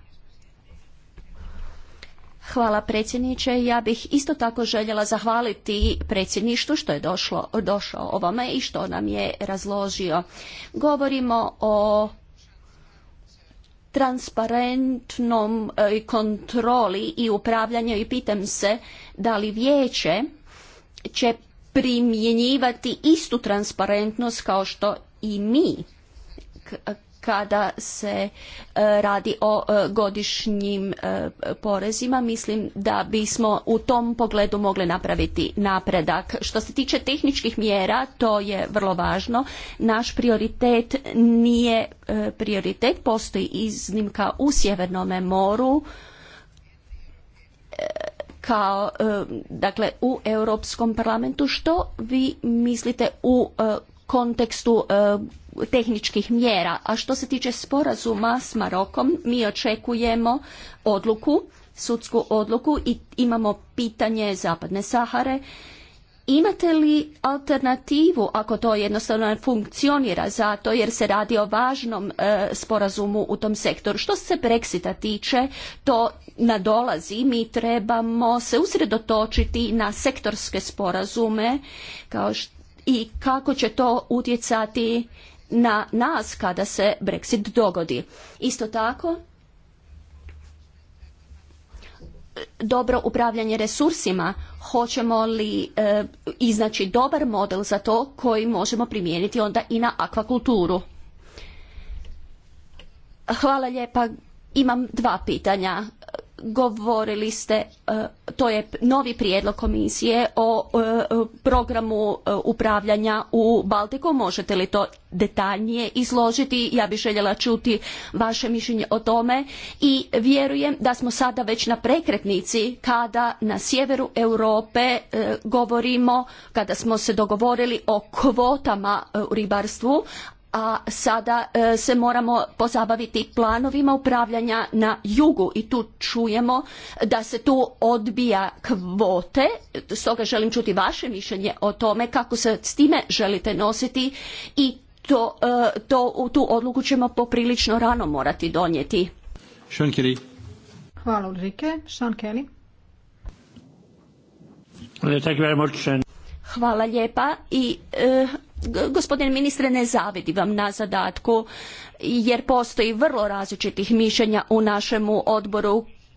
D: Hvala predsjedniče. Ja bih isto tako željela zahvaliti predsjedništvu što je došlo, došao ovome i što nam je razložio. Govorimo o transparentnom e, kontroli i upravljanju i pitam se da li vijeće će primjenjivati istu transparentnost kao što i mi kada se e, radi o e, godišnjim e, porezima. Mislim da bismo u tom pogledu mogli napraviti napredak. Što se tiče tehničkih mjera, to je vrlo važno. Naš prioritet nije prioritet, postoji iznimka u Sjevernome moru kao dakle u Europskom parlamentu što vi mislite u kontekstu e, tehničkih mjera. A što se tiče sporazuma s Marokom, mi očekujemo odluku, sudsku odluku i imamo pitanje Zapadne Sahare. Imate li alternativu ako to jednostavno ne funkcionira zato jer se radi o važnom e, sporazumu u tom sektoru? Što se Brexita tiče, to nadolazi. Mi trebamo se usredotočiti na sektorske sporazume kao što i kako će to utjecati na nas kada se Brexit dogodi. Isto tako, dobro upravljanje resursima, hoćemo li e, iznaći dobar model za to koji možemo primijeniti onda i na akvakulturu. Hvala lijepa. Imam dva pitanja govorili ste, e, to je novi prijedlog komisije o e, programu e, upravljanja u Baltiku. Možete li to detaljnije izložiti? Ja bih željela čuti vaše mišljenje o tome i vjerujem da smo sada već na prekretnici kada na sjeveru Europe govorimo, kada smo se dogovorili o kvotama u ribarstvu, a sada e, se moramo pozabaviti planovima upravljanja na jugu i tu čujemo da se tu odbija kvote, stoga želim čuti vaše mišljenje o tome kako se s time želite nositi i to, e, tu odluku ćemo poprilično rano morati donijeti. Hvala Hvala lijepa i e, Gospodine ministre, ne zavidi vam na zadatku jer postoji vrlo različitih mišljenja u našemu odboru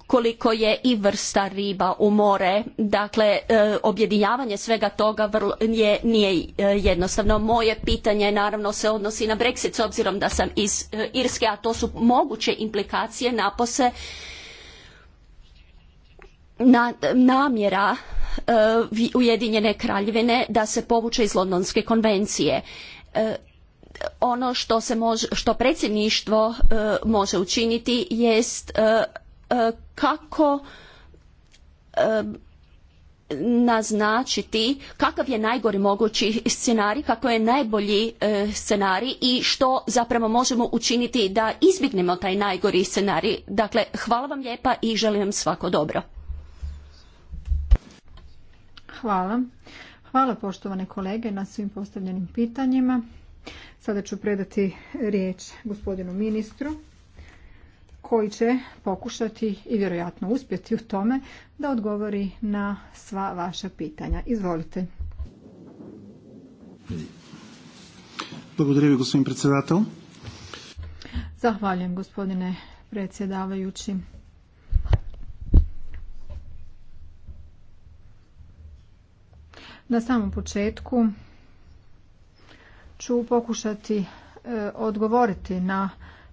D: koliko je i vrsta riba u more. Dakle, e, objedinjavanje svega toga nije e, jednostavno. Moje pitanje naravno se odnosi na Brexit s obzirom da sam iz e, Irske, a to su moguće implikacije napose namjera e, Ujedinjene kraljevine da se povuče iz Londonske konvencije. E, ono što, se što predsjedništvo e, može učiniti jest kako naznačiti kakav je najgori mogući scenarij, kako je najbolji scenarij i što zapravo možemo učiniti da izbjegnemo taj najgori scenarij. Dakle, hvala vam lijepa i želim vam svako dobro.
B: Hvala. Hvala poštovane kolege na svim postavljenim pitanjima. Sada ću predati riječ gospodinu ministru koji će pokušati i vjerojatno uspjeti u tome da odgovori na sva vaša pitanja. Izvolite.
A: Благодаря ви, господин
B: Zahvaljujem, gospodine predsjedavajući. Na samom početku ću pokušati e, odgovoriti na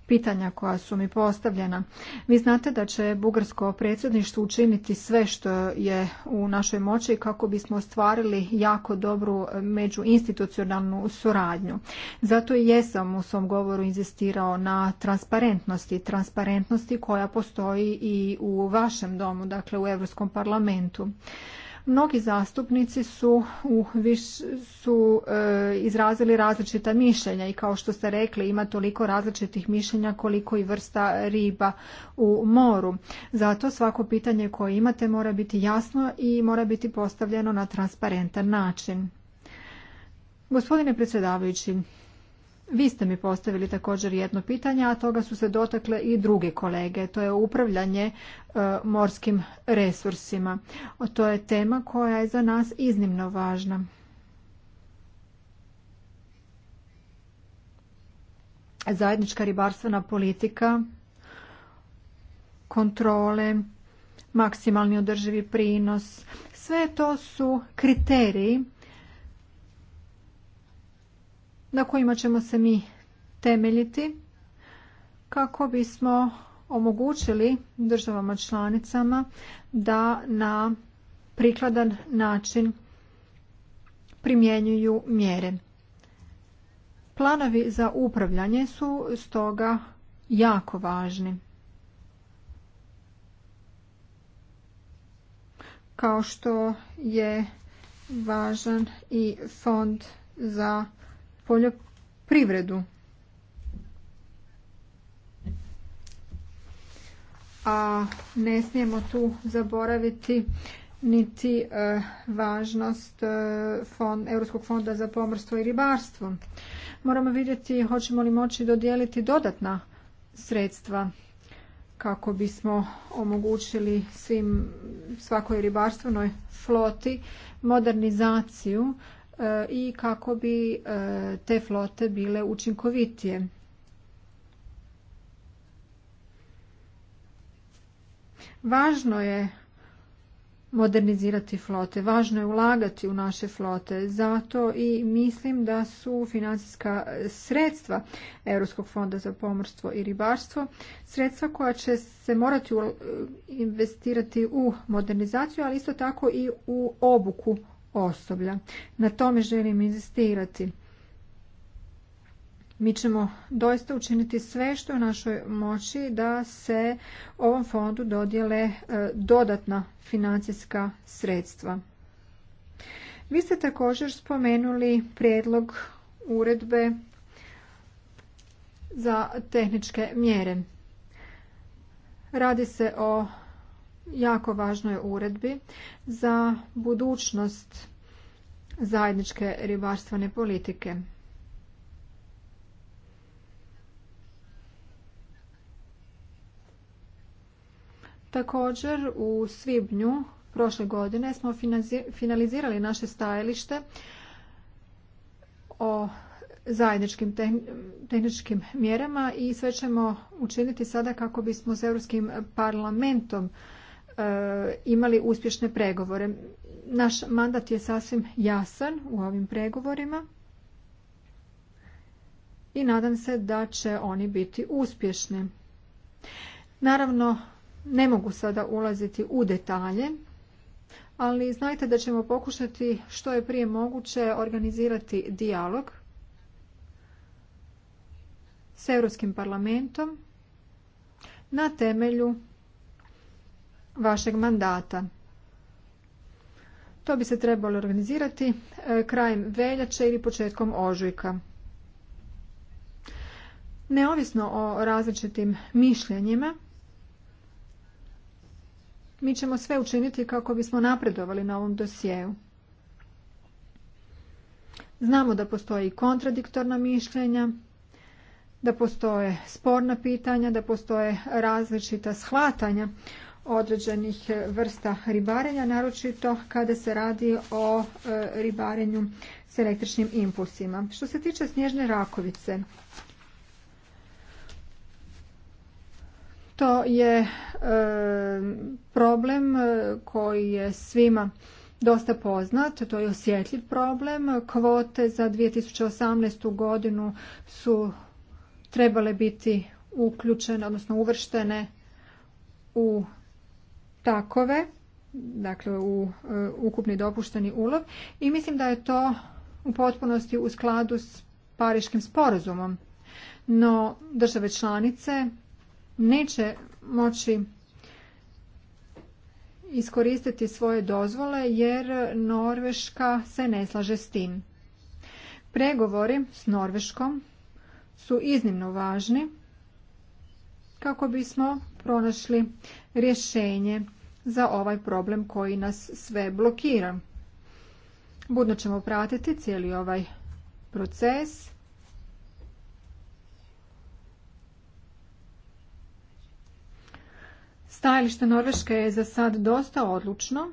B: pitanja koja su mi postavljena. Vi znate da će bugarsko predsjedništvo učiniti sve što je u našoj moći kako bismo ostvarili jako dobru međuinstitucionalnu suradnju. Zato i jesam u svom govoru inzistirao na transparentnosti, transparentnosti koja postoji i u vašem domu, dakle u Europskom parlamentu. Mnogi zastupnici su, u su e, izrazili različita mišljenja i kao što ste rekli ima toliko različitih mišljenja koliko i vrsta riba u moru. Zato svako pitanje koje imate mora biti jasno i mora biti postavljeno na transparentan način. Gospodine predsjedavajući, vi ste mi postavili također jedno pitanje, a toga su se dotakle i druge kolege. To je upravljanje e, morskim resursima. To je tema koja je za nas iznimno važna. Zajednička ribarstvena politika, kontrole, maksimalni održivi prinos, sve to su kriteriji na kojima ćemo se mi temeljiti kako bismo omogućili državama članicama da na prikladan način primjenjuju mjere. Planovi za upravljanje su stoga jako važni. Kao što je važan i fond za poljoprivredu. A ne smijemo tu zaboraviti niti e, važnost e, fonda Europskog fonda za pomorstvo i ribarstvo. Moramo vidjeti hoćemo li moći dodijeliti dodatna sredstva kako bismo omogućili svim svakoj ribarstvenoj floti modernizaciju E, i kako bi e, te flote bile učinkovitije. Važno je modernizirati flote, važno je ulagati u naše flote. Zato i mislim da su financijska sredstva Europskog fonda za pomorstvo i ribarstvo sredstva koja će se morati investirati u modernizaciju, ali isto tako i u obuku osoblja. Na tome želim inzistirati. Mi ćemo doista učiniti sve što je u našoj moći da se ovom fondu dodjele e, dodatna financijska sredstva. Vi ste također spomenuli prijedlog uredbe za tehničke mjere. Radi se o jako važnoj uredbi za budućnost zajedničke ribarstvene politike. Također u svibnju prošle godine smo finalizirali naše stajalište o zajedničkim tehničkim mjerama i sve ćemo učiniti sada kako bismo s Europskim parlamentom E, imali uspješne pregovore. Naš mandat je sasvim jasan u ovim pregovorima i nadam se da će oni biti uspješni. Naravno, ne mogu sada ulaziti u detalje, ali znajte da ćemo pokušati što je prije moguće organizirati dijalog s Europskim parlamentom na temelju vašeg mandata. To bi se trebalo organizirati e, krajem veljače ili početkom ožujka. Neovisno o različitim mišljenjima, mi ćemo sve učiniti kako bismo napredovali na ovom dosjeu. Znamo da postoji kontradiktorna mišljenja, da postoje sporna pitanja, da postoje različita shvatanja određenih e, vrsta ribarenja, naročito kada se radi o e, ribarenju s električnim impulsima. Što se tiče snježne rakovice, to je e, problem koji je svima dosta poznat, to je osjetljiv problem. Kvote za 2018. godinu su trebale biti uključene, odnosno uvrštene u takove, dakle u e, ukupni dopušteni ulov i mislim da je to u potpunosti u skladu s Pariškim sporazumom. No države članice neće moći iskoristiti svoje dozvole jer Norveška se ne slaže s tim. Pregovori s Norveškom su iznimno važni kako bismo pronašli rješenje za ovaj problem koji nas sve blokira. Budno ćemo pratiti cijeli ovaj proces. Stajalište Norveške je za sad dosta odlučno.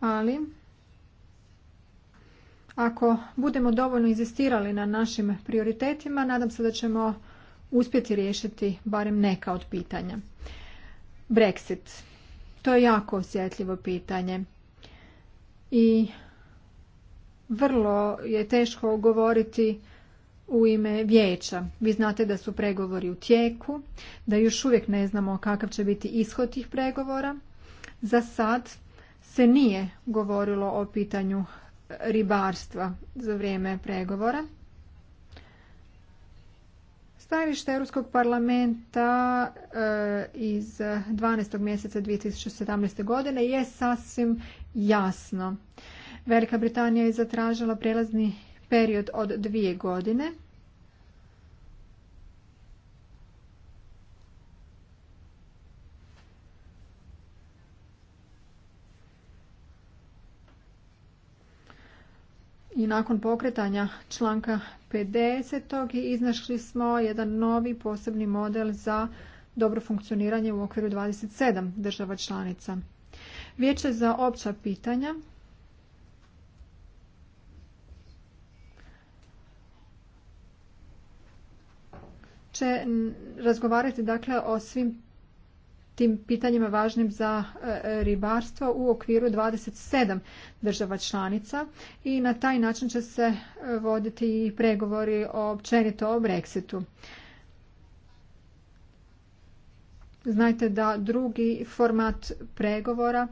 B: Ali ako budemo dovoljno inzistirali na našim prioritetima, nadam se da ćemo uspjeti riješiti barem neka od pitanja. Brexit. To je jako osjetljivo pitanje i vrlo je teško govoriti u ime vijeća. Vi znate da su pregovori u tijeku, da još uvijek ne znamo kakav će biti ishod tih pregovora. Za sad se nije govorilo o pitanju ribarstva za vrijeme pregovora. Stajalište Europskog parlamenta eh, iz 12. mjeseca 2017. godine je sasvim jasno. Velika Britanija je zatražila prelazni period od dvije godine i nakon pokretanja članka 50. iznašli smo jedan novi posebni model za dobro funkcioniranje u okviru 27 država članica. Vijeće za opća pitanja će razgovarati dakle o svim tim pitanjima važnim za e, ribarstvo u okviru 27 država članica i na taj način će se e, voditi i pregovori o općenito o Brexitu. Znajte da drugi format pregovora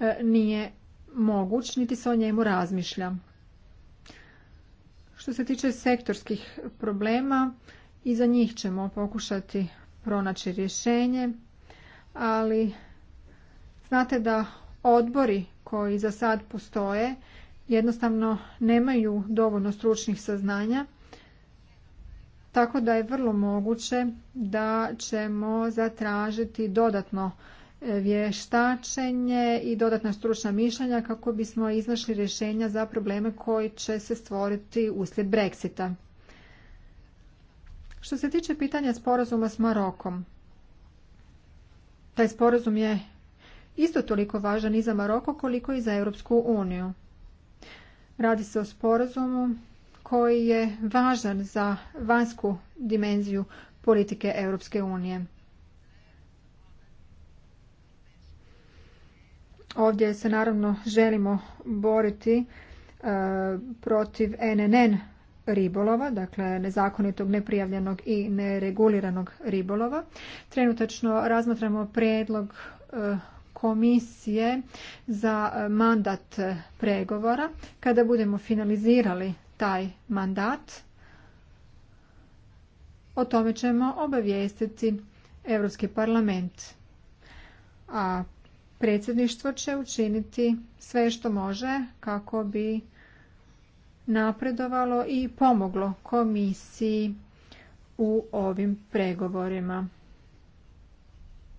B: e, nije moguć, niti se o njemu razmišlja. Što se tiče sektorskih problema, i za njih ćemo pokušati pronaći rješenje ali znate da odbori koji za sad postoje jednostavno nemaju dovoljno stručnih saznanja tako da je vrlo moguće da ćemo zatražiti dodatno e, vještačenje i dodatna stručna mišljenja kako bismo iznašli rješenja za probleme koji će se stvoriti uslijed Brexita. Što se tiče pitanja sporazuma s Marokom, taj sporazum je isto toliko važan i za Maroko koliko i za Europsku uniju. Radi se o sporazumu koji je važan za vanjsku dimenziju politike Europske unije. Ovdje se naravno želimo boriti e, protiv NNN ribolova, dakle nezakonitog, neprijavljenog i nereguliranog ribolova. Trenutačno razmatramo predlog e, komisije za e, mandat e, pregovora. Kada budemo finalizirali taj mandat, o tome ćemo obavijestiti Europski parlament. A predsjedništvo će učiniti sve što može kako bi napredovalo i pomoglo komisiji u ovim pregovorima.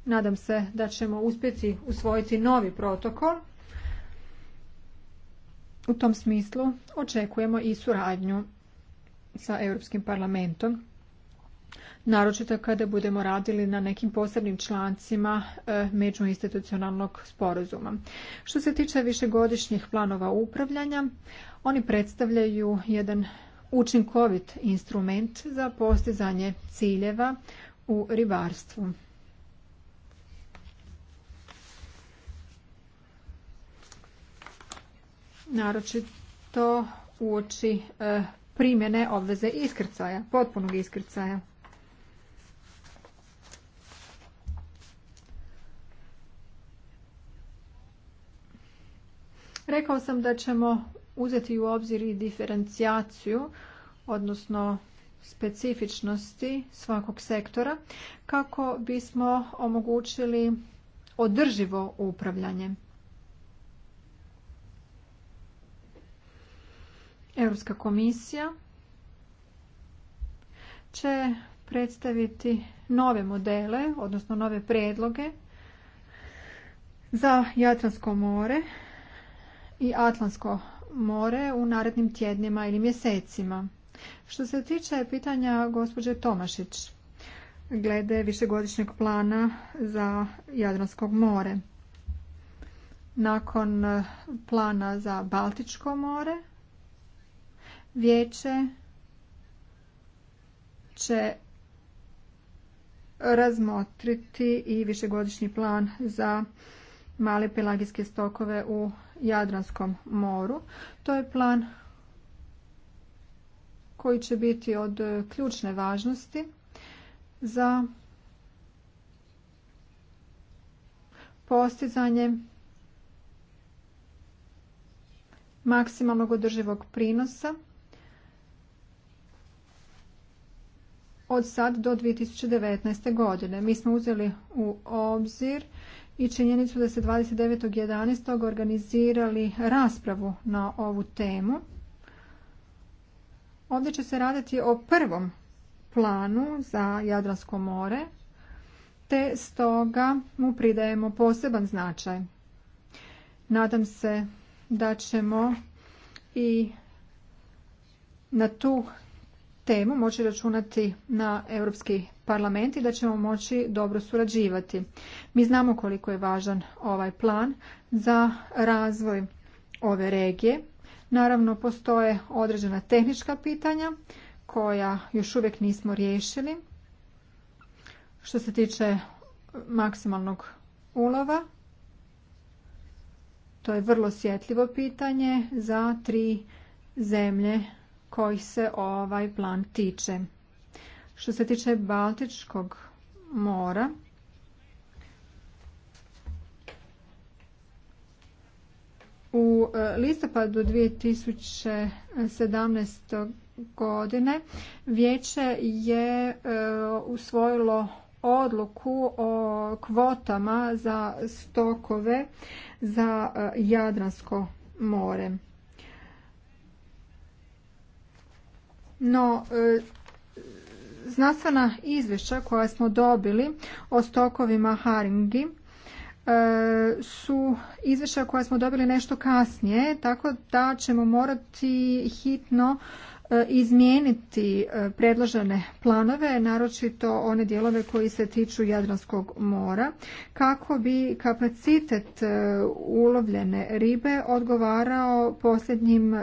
B: Nadam se da ćemo uspjeti usvojiti novi protokol. U tom smislu očekujemo i suradnju sa Europskim parlamentom naročito kada budemo radili na nekim posebnim člancima e, međuinstitucionalnog sporazuma. Što se tiče višegodišnjih planova upravljanja, oni predstavljaju jedan učinkovit instrument za postizanje ciljeva u ribarstvu. Naročito uoči e, primjene obveze iskrcaja, potpunog iskrcaja. Rekao sam da ćemo uzeti u obzir i diferencijaciju, odnosno specifičnosti svakog sektora, kako bismo omogućili održivo upravljanje. Europska komisija će predstaviti nove modele, odnosno nove predloge za Jatransko more i Atlansko more u narednim tjednima ili mjesecima. Što se tiče pitanja gospođe Tomašić glede višegodišnjeg plana za Jadransko more. Nakon e, plana za Baltičko more, vijeće će razmotriti i višegodišnji plan za male pelagijske stokove u Jadranskom moru. To je plan koji će biti od e, ključne važnosti za postizanje maksimalnog održivog prinosa od sad do 2019. godine. Mi smo uzeli u obzir i činjenicu da se 29.11. organizirali raspravu na ovu temu. Ovdje će se raditi o prvom planu za Jadransko more, te stoga mu pridajemo poseban značaj. Nadam se da ćemo i na tu temu moći računati na Europski parlament i da ćemo moći dobro surađivati. Mi znamo koliko je važan ovaj plan za razvoj ove regije. Naravno, postoje određena tehnička pitanja koja još uvijek nismo riješili. Što se tiče maksimalnog ulova, to je vrlo sjetljivo pitanje za tri zemlje kojih se ovaj plan tiče. Što se tiče Baltičkog mora, u e, listopadu 2017. godine vijeće je e, usvojilo odluku o kvotama za stokove za e, Jadransko more. No, e, znanstvena izvješća koja smo dobili o stokovima haringi e, su izvješća koja smo dobili nešto kasnije, tako da ćemo morati hitno e, izmijeniti predložene planove, naročito one dijelove koji se tiču Jadranskog mora, kako bi kapacitet ulovljene ribe odgovarao posljednjim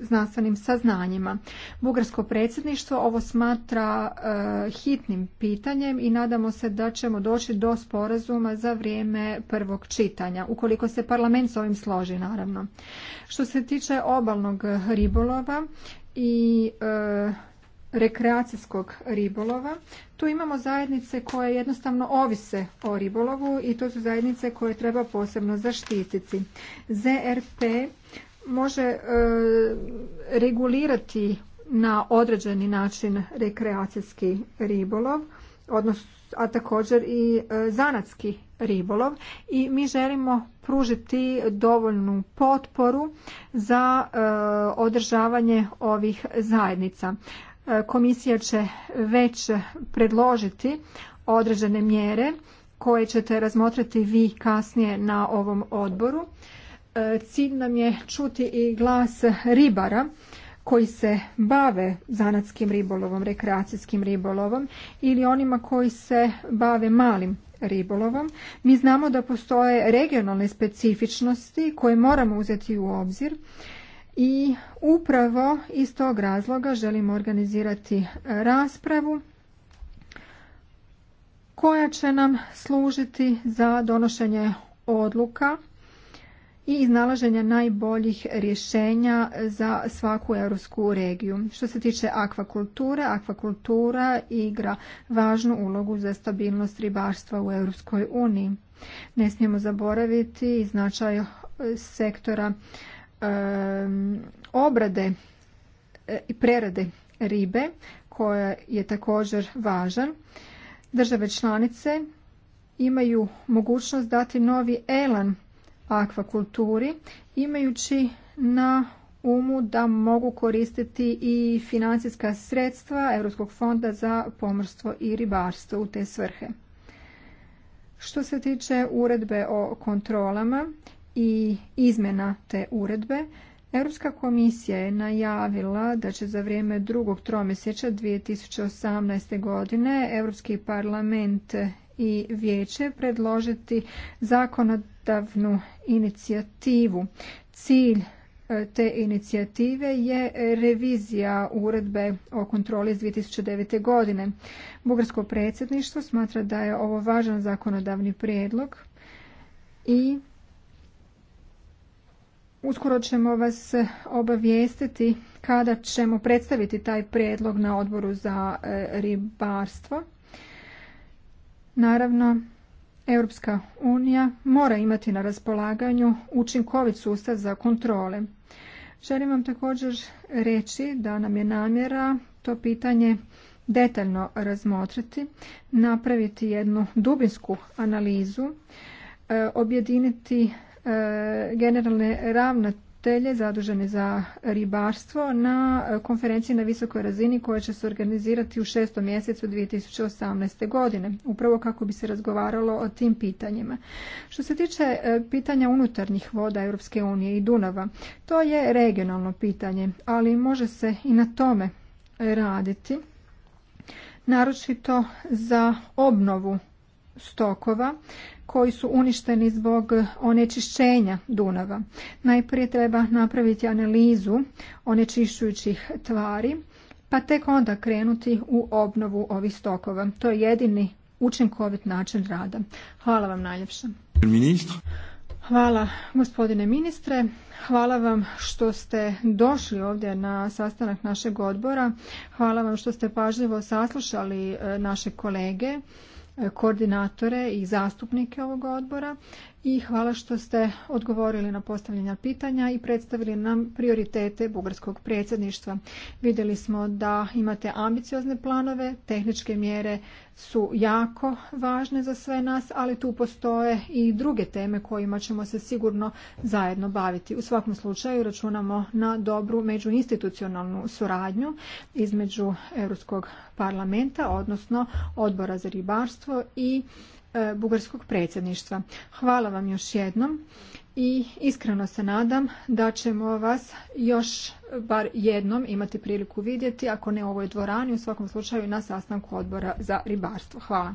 B: znanstvenim saznanjima. Bugarsko predsjedništvo ovo smatra e, hitnim pitanjem i nadamo se da ćemo doći do sporazuma za vrijeme prvog čitanja, ukoliko se parlament s ovim složi naravno. Što se tiče obalnog ribolova i e, rekreacijskog ribolova. Tu imamo zajednice koje jednostavno ovise o ribolovu i to su zajednice koje treba posebno zaštititi. ZRP može e, regulirati na određeni način rekreacijski ribolov, odnos a također i e, zanatski ribolov i mi želimo pružiti dovoljnu potporu za e, održavanje ovih zajednica. Komisija će već predložiti određene mjere koje ćete razmotriti vi kasnije na ovom odboru Cilj nam je čuti i glas ribara koji se bave zanatskim ribolovom, rekreacijskim ribolovom ili onima koji se bave malim ribolovom. Mi znamo da postoje regionalne specifičnosti koje moramo uzeti u obzir i upravo iz tog razloga želimo organizirati raspravu koja će nam služiti za donošenje odluka i iznalaženja najboljih rješenja za svaku europsku regiju. Što se tiče akvakulture, akvakultura igra važnu ulogu za stabilnost ribarstva u Europskoj uniji. Ne smijemo zaboraviti značaj sektora obrade e, i prerade ribe koja je također važan. Države članice imaju mogućnost dati novi elan akvakulturi imajući na umu da mogu koristiti i financijska sredstva Europskog fonda za pomorstvo i ribarstvo u te svrhe. Što se tiče uredbe o kontrolama i izmjena te uredbe, Europska komisija je najavila da će za vrijeme drugog tromjesečja 2018. godine Europski parlament i vijeće predložiti zakonodavnu inicijativu. Cilj e, te inicijative je revizija uredbe o kontroli iz 2009. godine. Bugarsko predsjedništvo smatra da je ovo važan zakonodavni prijedlog i uskoro ćemo vas obavijestiti kada ćemo predstaviti taj prijedlog na odboru za e, ribarstvo. Naravno, Europska unija mora imati na raspolaganju učinkovit sustav za kontrole. Želim vam također reći da nam je namjera to pitanje detaljno razmotriti, napraviti jednu dubinsku analizu, e, objediniti e, generalne ravnate izvjestitelje zadužene za ribarstvo na e, konferenciji na visokoj razini koja će se organizirati u šestom mjesecu 2018. godine, upravo kako bi se razgovaralo o tim pitanjima. Što se tiče e, pitanja unutarnjih voda Europske unije i Dunava, to je regionalno pitanje, ali može se i na tome raditi, naročito za obnovu stokova koji su uništeni zbog onečišćenja Dunava. Najprije treba napraviti analizu onečišćujućih tvari, pa tek onda krenuti u obnovu ovih stokova. To je jedini učinkovit način rada. Hvala vam najljepša. Hvala gospodine ministre. Hvala vam što ste došli ovdje na sastanak našeg odbora. Hvala vam što ste pažljivo saslušali e, naše kolege koordinatore i zastupnike ovog odbora i hvala što ste odgovorili na postavljena pitanja i predstavili nam prioritete bugarskog predsjedništva. Vidjeli smo da imate ambiciozne planove, tehničke mjere su jako važne za sve nas, ali tu postoje i druge teme kojima ćemo se sigurno zajedno baviti. U svakom slučaju računamo na dobru međuinstitucionalnu suradnju između Europskog parlamenta, odnosno odbora za ribarstvo i E, bugarskog predsjedništva. Hvala vam još jednom i iskreno se nadam da ćemo vas još bar jednom imati priliku vidjeti, ako ne u ovoj dvorani, u svakom slučaju na sastanku odbora za ribarstvo. Hvala.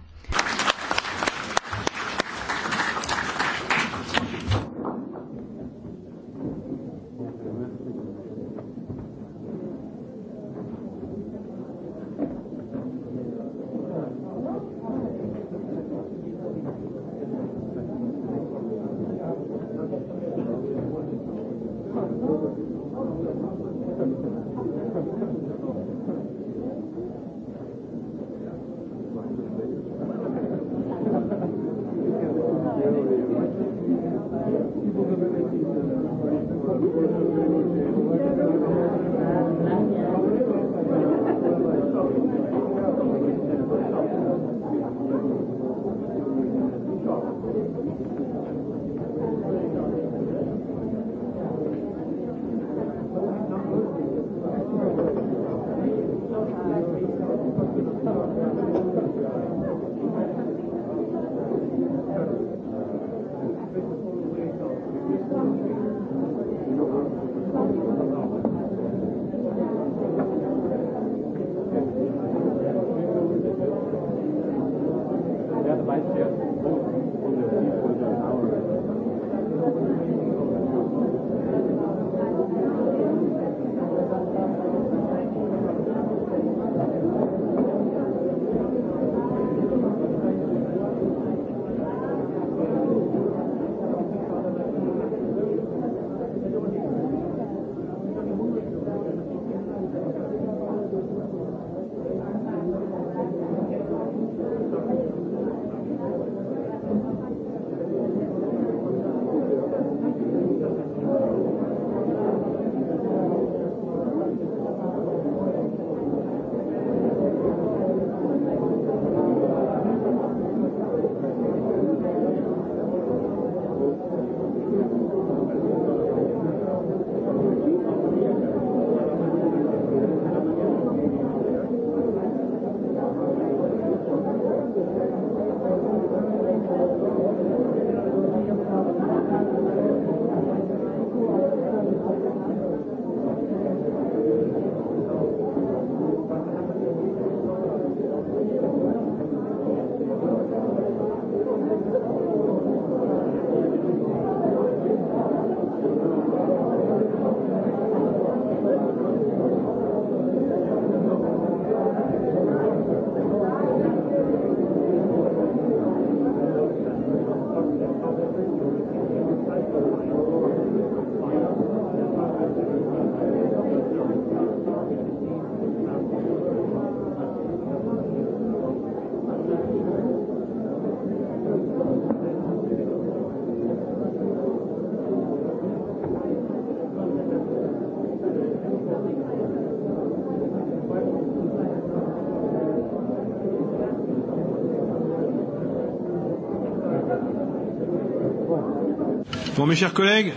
A: Bon, mes chers collègues,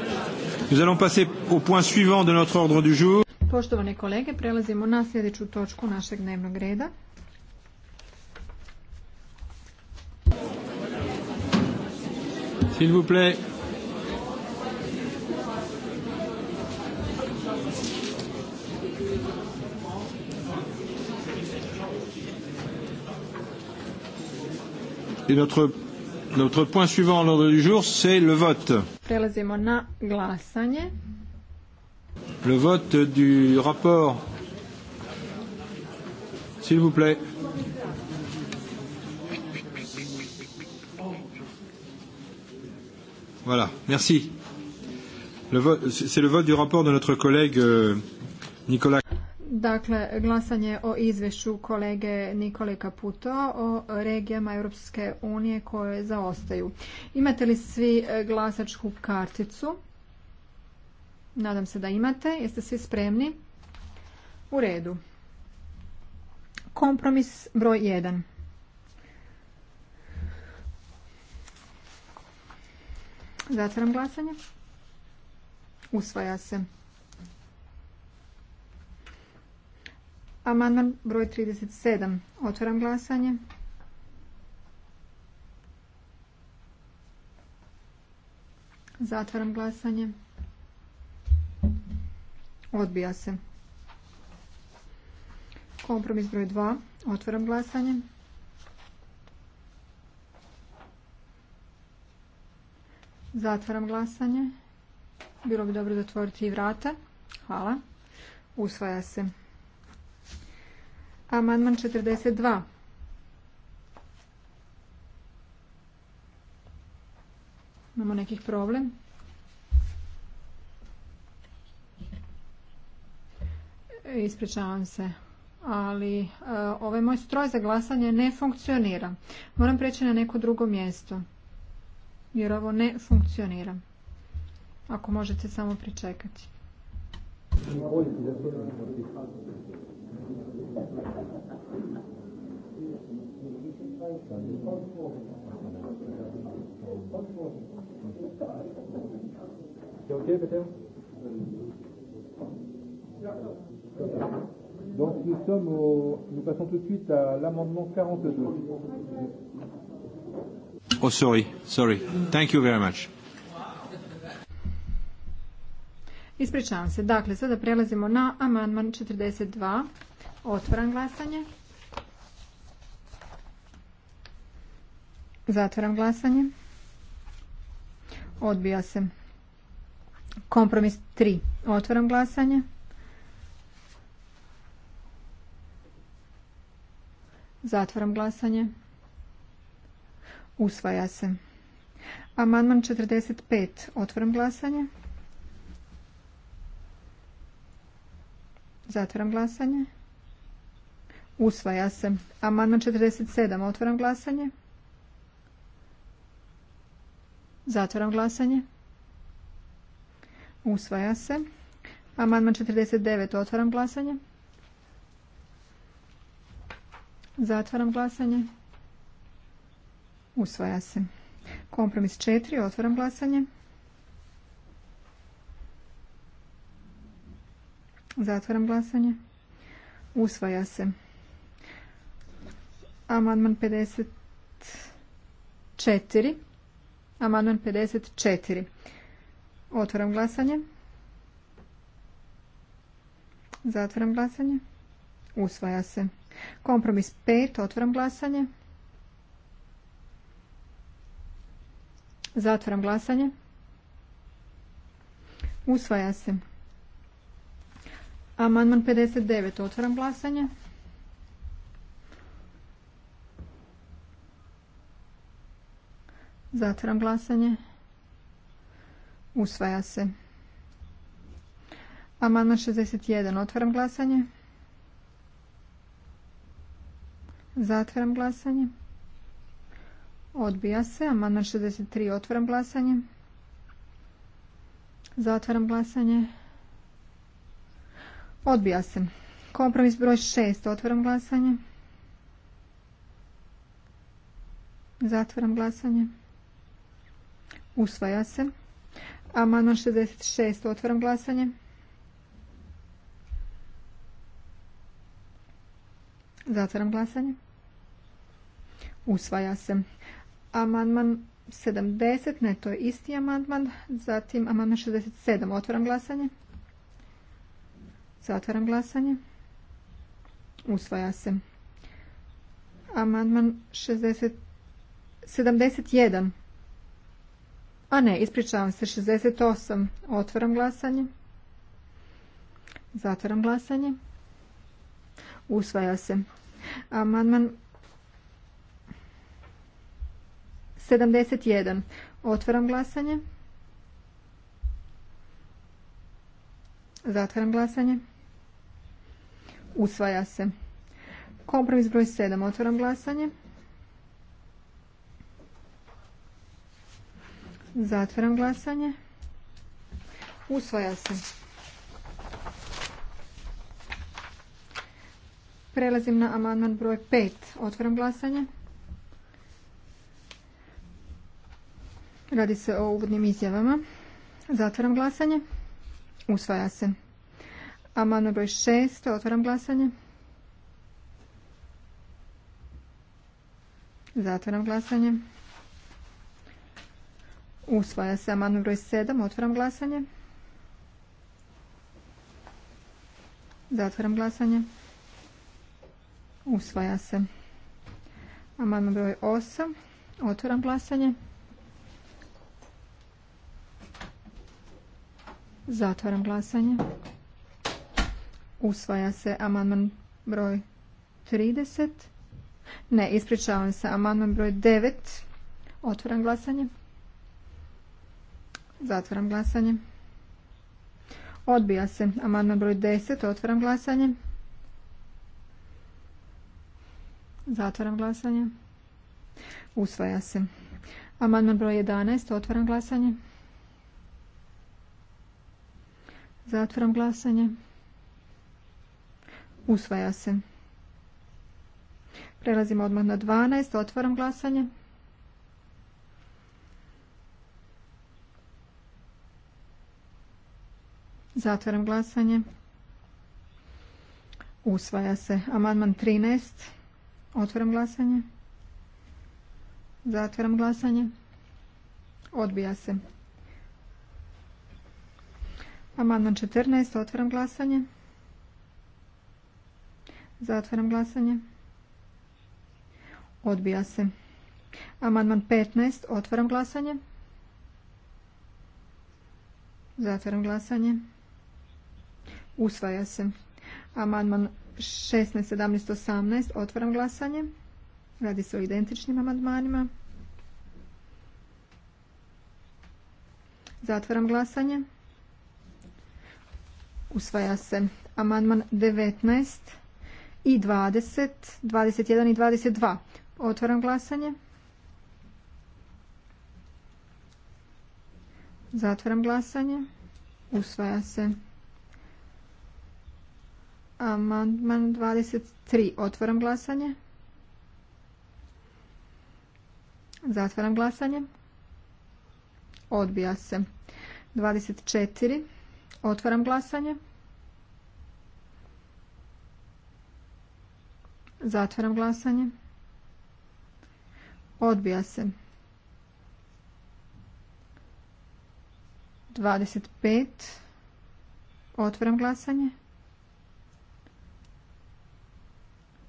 A: nous allons passer au point suivant de notre ordre du jour.
B: Poštovane kolege, prelazimo na sljedeću točku našeg dnevnog reda.
A: S'il vous plaît. Et notre Notre point suivant à l'ordre du jour, c'est le vote.
B: Prelazimo na glasanje.
A: Le vote du rapport. S'il vous plaît. Voilà, merci. C'est le vote du rapport de notre collègue euh, Nicolas
B: Dakle, glasanje o izvješću kolege Nikole Kaputo o regijama Europske unije koje zaostaju. Imate li svi e, glasačku karticu? Nadam se da imate. Jeste svi spremni? U redu. Kompromis broj 1. Zatvaram glasanje. Usvaja se. Amandman broj 37. Otvaram glasanje. Zatvaram glasanje. Odbija se. Kompromis broj 2. Otvaram glasanje. Zatvaram glasanje. Bilo bi dobro zatvoriti i vrata. Hvala. Usvaja se. Amandman 42. Imamo nekih problem. Ispričavam se, ali e, ovaj moj stroj za glasanje ne funkcionira. Moram preći na neko drugo mjesto, jer ovo ne funkcionira. Ako možete samo pričekati.
A: Donc nous sommes au, nous passons tout de suite à l'amendement 42. Oh sorry, sorry. Thank you very much.
B: Ispričavam se. Dakle, sada prelazimo na amandman 42. Otvaram glasanje. Zatvaram glasanje. Odbija se. Kompromis 3. Otvaram glasanje. Zatvaram glasanje. Usvaja se. Amandman 45. Otvaram glasanje. Zatvaram glasanje. Usvaja se. Amandman 47. Otvaram glasanje. Zatvaram glasanje. Usvaja se. Amandman 49. Otvaram glasanje. Zatvaram glasanje. Usvaja se. Kompromis 4. Otvaram glasanje. Zatvaram glasanje. Usvaja se. Amandman 54. Amandman 54. Otvaram glasanje. Zatvaram glasanje. Usvaja se. Kompromis 5. Otvaram glasanje. Zatvaram glasanje. Usvaja se. Amandman 59. Otvaram glasanje. Zatvaram glasanje. Usvaja se. Amandman 61. Otvaram glasanje. Zatvaram glasanje. Odbija se. Amandman 63. Otvaram glasanje. Zatvaram glasanje. Odbija se. Kompromis broj 6. Otvaram glasanje. Zatvaram glasanje. Usvaja se. Amandman 66. Otvaram glasanje. Zatvaram glasanje. Usvaja se. Amandman 70. Ne, to je isti amandman. Zatim amandman 67. Otvaram glasanje. Zatvaram glasanje. Usvaja se. Amandman sedamdeset 71. A ne, ispričavam se, 68. Otvaram glasanje. Zatvaram glasanje. Usvaja se. Amandman 71. Otvaram glasanje. Zatvaram glasanje. Usvaja se. Kompromis broj 7. Otvaram glasanje. Zatvaram glasanje. Usvaja se. Prelazim na amandman broj 5. Otvaram glasanje. Radi se o uvodnim izjavama. Zatvaram glasanje. Usvaja se. Amandman broj 6. Otvaram glasanje. Zatvaram glasanje. Usvaja se amandman broj 7. Otvaram glasanje. Zatvaram glasanje. Usvaja se. Amandman broj 8. Otvaram glasanje. Zatvaram glasanje. Usvaja se amandman broj 30. Ne, ispričavam se. Amandman broj 9. Otvaram glasanje. Zatvaram glasanje. Odbija se. Amandman broj 10. Otvaram glasanje. Zatvaram glasanje. Usvaja se. Amandman broj 11. Otvaram glasanje. Zatvaram glasanje. Usvaja se. Prelazimo odmah na 12. Otvaram glasanje. Zatvaram glasanje. Usvaja se. Amandman 13. Otvaram glasanje. Zatvaram glasanje. Odbija se. Amandman 14. Otvaram glasanje. Zatvaram glasanje. Odbija se. Amandman 15. Otvaram glasanje. Zatvaram glasanje. Usvaja se. Amandman 16, 17, 18. Otvaram glasanje. Radi se o identičnim amandmanima. Zatvaram glasanje. Usvaja se. Amandman 19 i 20, 21 i 22. Otvaram glasanje. Zatvaram glasanje. Usvaja se. Amandman 23. Otvaram glasanje. Zatvaram glasanje. Odbija se. 24. Otvaram glasanje. Zatvaram glasanje. Odbija se. 25. Otvaram glasanje.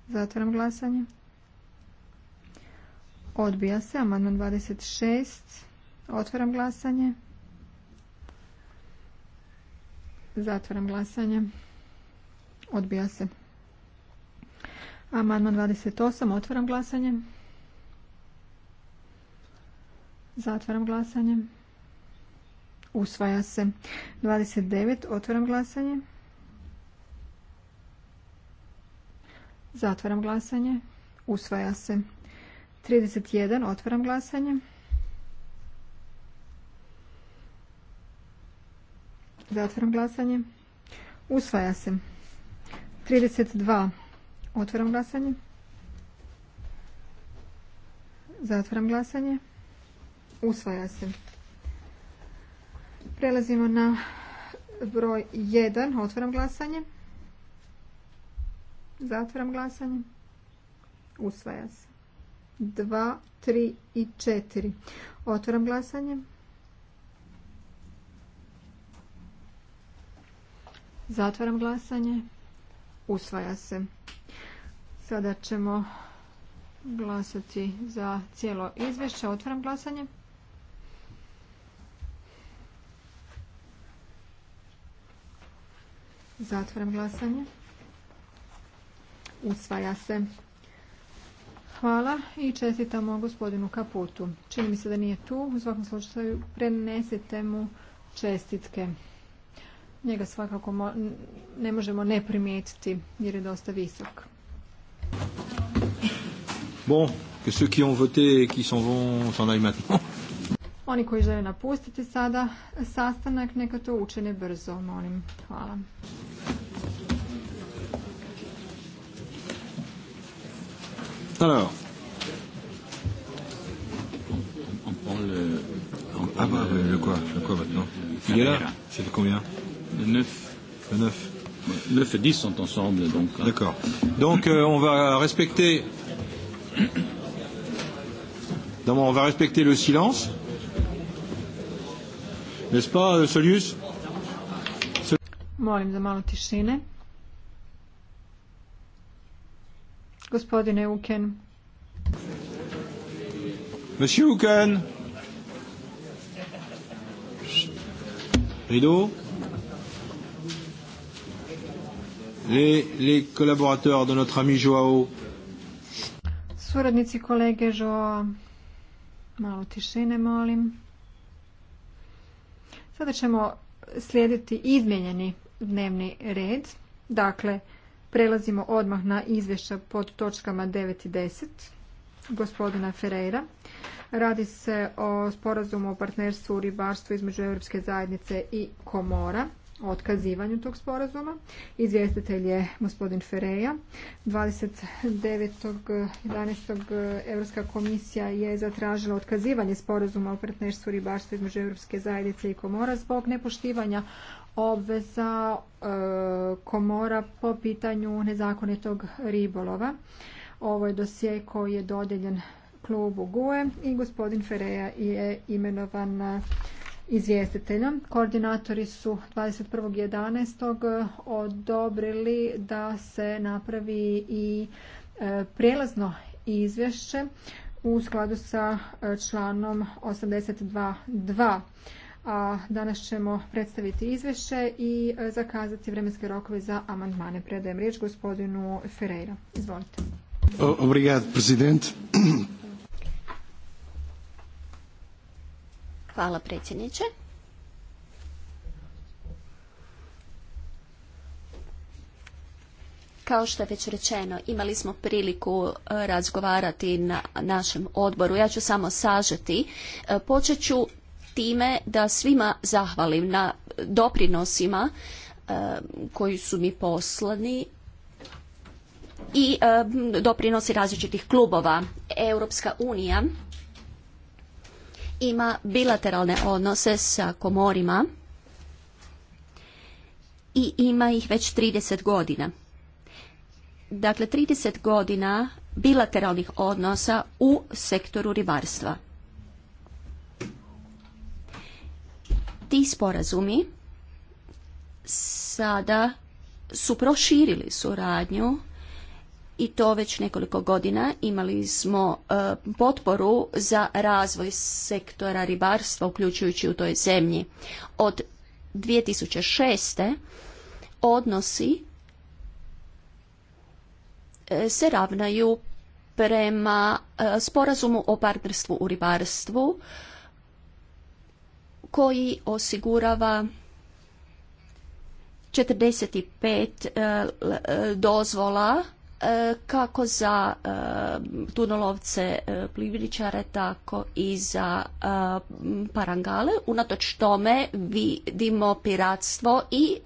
B: Zatvaram glasanje. Odbija se. Amandman 26. Otvaram glasanje. Zatvaram glasanje. Odbija se. Amandman 28. Otvaram glasanje. Zatvaram glasanje. Usvaja se. 29. Otvaram glasanje. Zatvaram glasanje. Usvaja se. 31. Otvaram glasanje. Zatvaram glasanje. Usvaja se. 32. Otvaram glasanje. Zatvaram glasanje. Usvaja se. Prelazimo na broj 1. Otvaram glasanje. Zatvaram glasanje. Usvaja se. Dva, tri i četiri. Otvaram glasanje. Zatvaram glasanje. Usvaja se. Sada ćemo glasati za cijelo izvješće. Otvaram glasanje. Zatvaram glasanje usvaja se. Hvala i čestitamo gospodinu Kaputu. Čini mi se da nije tu, u svakom slučaju prenesite mu čestitke. Njega svakako ne možemo ne primijetiti jer je dosta visok.
A: Bon, que ceux qui ont voté et qui vont s'en maintenant.
B: Oni koji žele napustiti sada sastanak neka to učine brzo, molim. Hvala.
A: Alors. On prend le. On prend ah, bah, le, le, le quoi Le quoi maintenant Il est là C'est le combien Le 9. Le 9. 9 et 10 sont ensemble, donc. D'accord. Donc, euh, on va respecter. Non, on va respecter le silence. N'est-ce pas, euh, Solius
B: Molim za malo tišine. Gospodine Uken.
A: Monsieur Uken. Rideau. Les, les collaborateurs de notre ami Joao.
B: Suradnici kolege Joao. Malo tišine molim. Sada ćemo slijediti izmijenjeni dnevni red. Dakle, Prelazimo odmah na izvješća pod točkama 9 i 10 gospodina Ferreira. Radi se o sporazumu o partnerstvu u ribarstvu između Europske zajednice i Komora o otkazivanju tog sporazuma. Izvjestitelj je gospodin Fereja. 29.11. Europska komisija je zatražila otkazivanje sporazuma o partnerstvu ribarstvu između Europske zajednice i Komora zbog nepoštivanja obveza e, komora po pitanju nezakonitog ribolova. Ovo je dosje koji je dodijeljen klubu GUE i gospodin Fereja je imenovan izvjestiteljom. Koordinatori su 21.11. odobrili da se napravi i e, prijelazno izvješće u skladu sa e, članom 82.2 a danas ćemo predstaviti izvješće i e, zakazati vremenske rokove za amandmane. Predajem riječ gospodinu Ferreira.
D: Izvolite.
C: Obrigado,
D: prezident. Hvala predsjedniče. Kao što je već rečeno, imali smo priliku e, razgovarati na našem odboru. Ja ću samo sažeti. E, počet ću time da svima zahvalim na doprinosima e, koji su mi poslani i e, doprinosi različitih klubova. Europska unija ima bilateralne odnose sa komorima i ima ih već 30 godina. Dakle, 30 godina bilateralnih odnosa u sektoru ribarstva. Ti sporazumi sada su proširili suradnju i to već nekoliko godina imali smo e, potporu za razvoj sektora ribarstva uključujući u toj zemlji. Od 2006. odnosi e, se ravnaju prema e, sporazumu o partnerstvu u ribarstvu koji osigurava 45 e, e, dozvola e, kako za tunolovce plivničare, tako i za parangale. Unatoč tome vidimo piratstvo i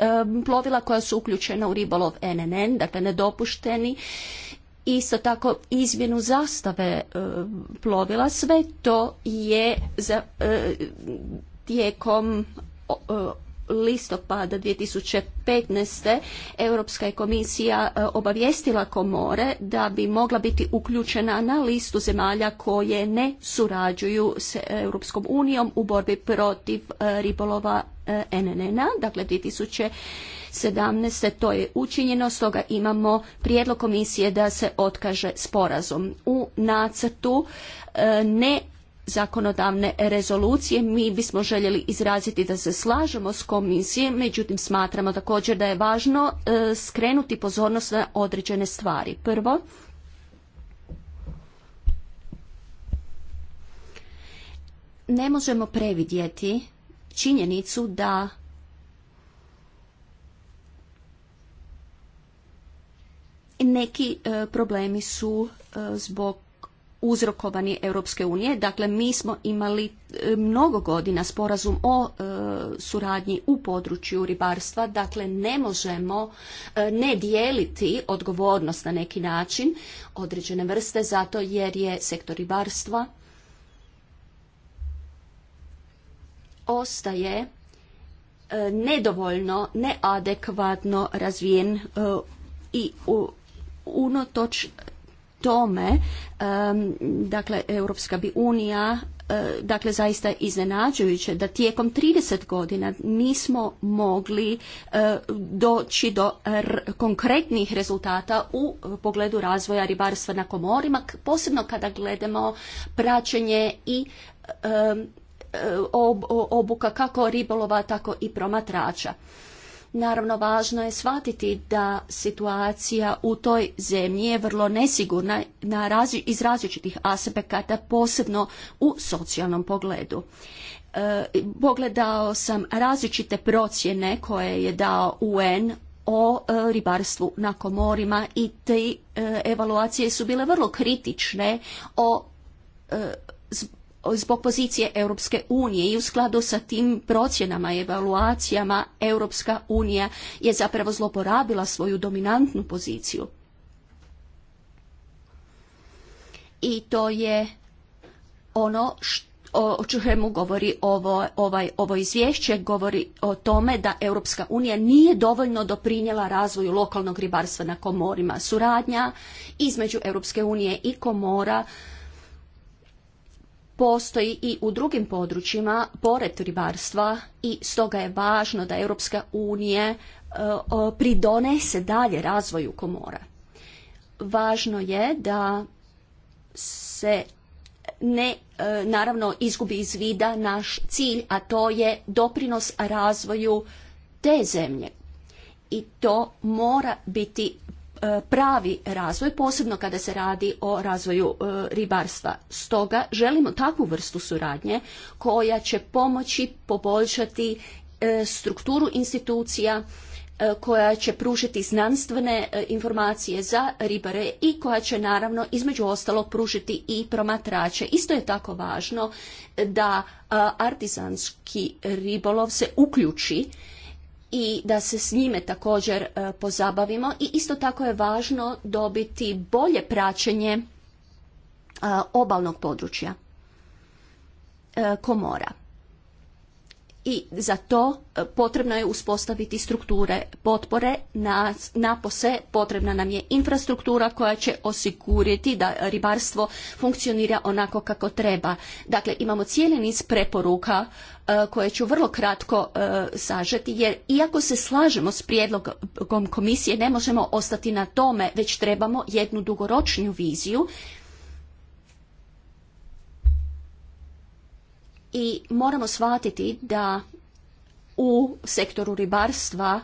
D: plovila koja su uključena u ribolov NNN, dakle nedopušteni isto tako izmjenu zastave plovila, sve to je za, tijekom e, listopada 2015. Europska je komisija e, obavijestila komore da bi mogla biti uključena na listu zemalja koje ne surađuju s Europskom unijom u borbi protiv e, ribolova NNN-a, dakle 2017. to je učinjeno, stoga imamo prijedlog komisije da se otkaže sporazum. U nacrtu ne zakonodavne rezolucije mi bismo željeli izraziti da se slažemo s komisijom, međutim smatramo također da je važno e, skrenuti pozornost na određene stvari. Prvo, ne možemo previdjeti činjenicu da neki e, problemi su e, zbog uzrokovani Europske unije. Dakle, mi smo imali e, mnogo godina sporazum o e, suradnji u području ribarstva. Dakle, ne možemo e, ne dijeliti odgovornost na neki način određene vrste zato jer je sektor ribarstva ostaje nedovoljno, neadekvatno razvijen i u unatoč tome, dakle, Europska bi unija e, dakle zaista iznenađujuće da tijekom 30 godina nismo mogli e, doći do konkretnih rezultata u pogledu razvoja ribarstva na komorima, posebno kada gledamo praćenje i e, obuka kako ribolova, tako i promatrača. Naravno, važno je shvatiti da situacija u toj zemlji je vrlo nesigurna na razli iz različitih aspekata, posebno u socijalnom pogledu. E, pogledao sam različite procjene koje je dao UN o e, ribarstvu na komorima i te e, evaluacije su bile vrlo kritične o zbog pozicije Europske unije i u skladu sa tim procjenama i evaluacijama Europska unija je zapravo zloporabila svoju dominantnu poziciju. I to je ono o čemu govori ovo, ovaj, ovo izvješće, govori o tome da Europska unija nije dovoljno doprinjela razvoju lokalnog ribarstva na komorima. Suradnja između Europske unije i komora postoji i u drugim područjima pored ribarstva i stoga je važno da Europska unija e, pridonese dalje razvoju komora. Važno je da se ne e, naravno izgubi iz vida naš cilj, a to je doprinos razvoju te zemlje. I to mora biti E, pravi razvoj, posebno kada se radi o razvoju e, ribarstva. Stoga želimo takvu vrstu suradnje koja će pomoći poboljšati e, strukturu institucija koja će pružiti znanstvene informacije za ribare i koja će naravno između ostalog pružiti i promatrače. Isto je tako važno da artizanski ribolov se uključi i da se s njime također e, pozabavimo i isto tako je važno dobiti bolje praćenje e, obalnog područja e, komora i za to e, potrebno je uspostaviti strukture potpore, na, napose potrebna nam je infrastruktura koja će osigurati da ribarstvo funkcionira onako kako treba. Dakle, imamo cijeli niz preporuka e, koje ću vrlo kratko e, sažeti jer iako se slažemo s prijedlogom komisije ne možemo ostati na tome već trebamo jednu dugoročniju viziju i moramo shvatiti da u sektoru ribarstva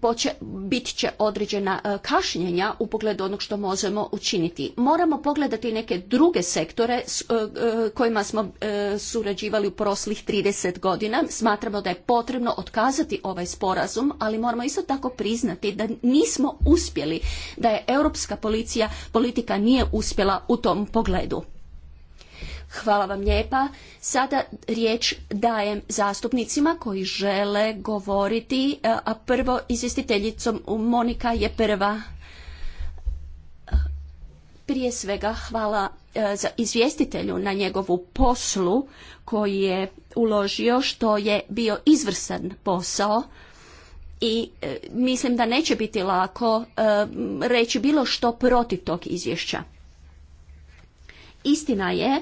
D: poče, bit će određena e, kašnjenja u pogledu onog što možemo učiniti. Moramo pogledati neke druge sektore s e, e, kojima smo surađivali u proslih 30 godina. Smatramo da je potrebno otkazati ovaj sporazum, ali moramo isto tako priznati da nismo uspjeli, da je europska policija, politika nije uspjela u tom pogledu. Hvala vam lijepa. Sada riječ dajem zastupnicima koji žele govoriti, e, a prvo izvjestiteljicom Monika je prva. Prije svega hvala e, za izvjestitelju na njegovu poslu koji je uložio što je bio izvrsan posao i e, mislim da neće biti lako reći bilo što protiv tog izvješća. Istina je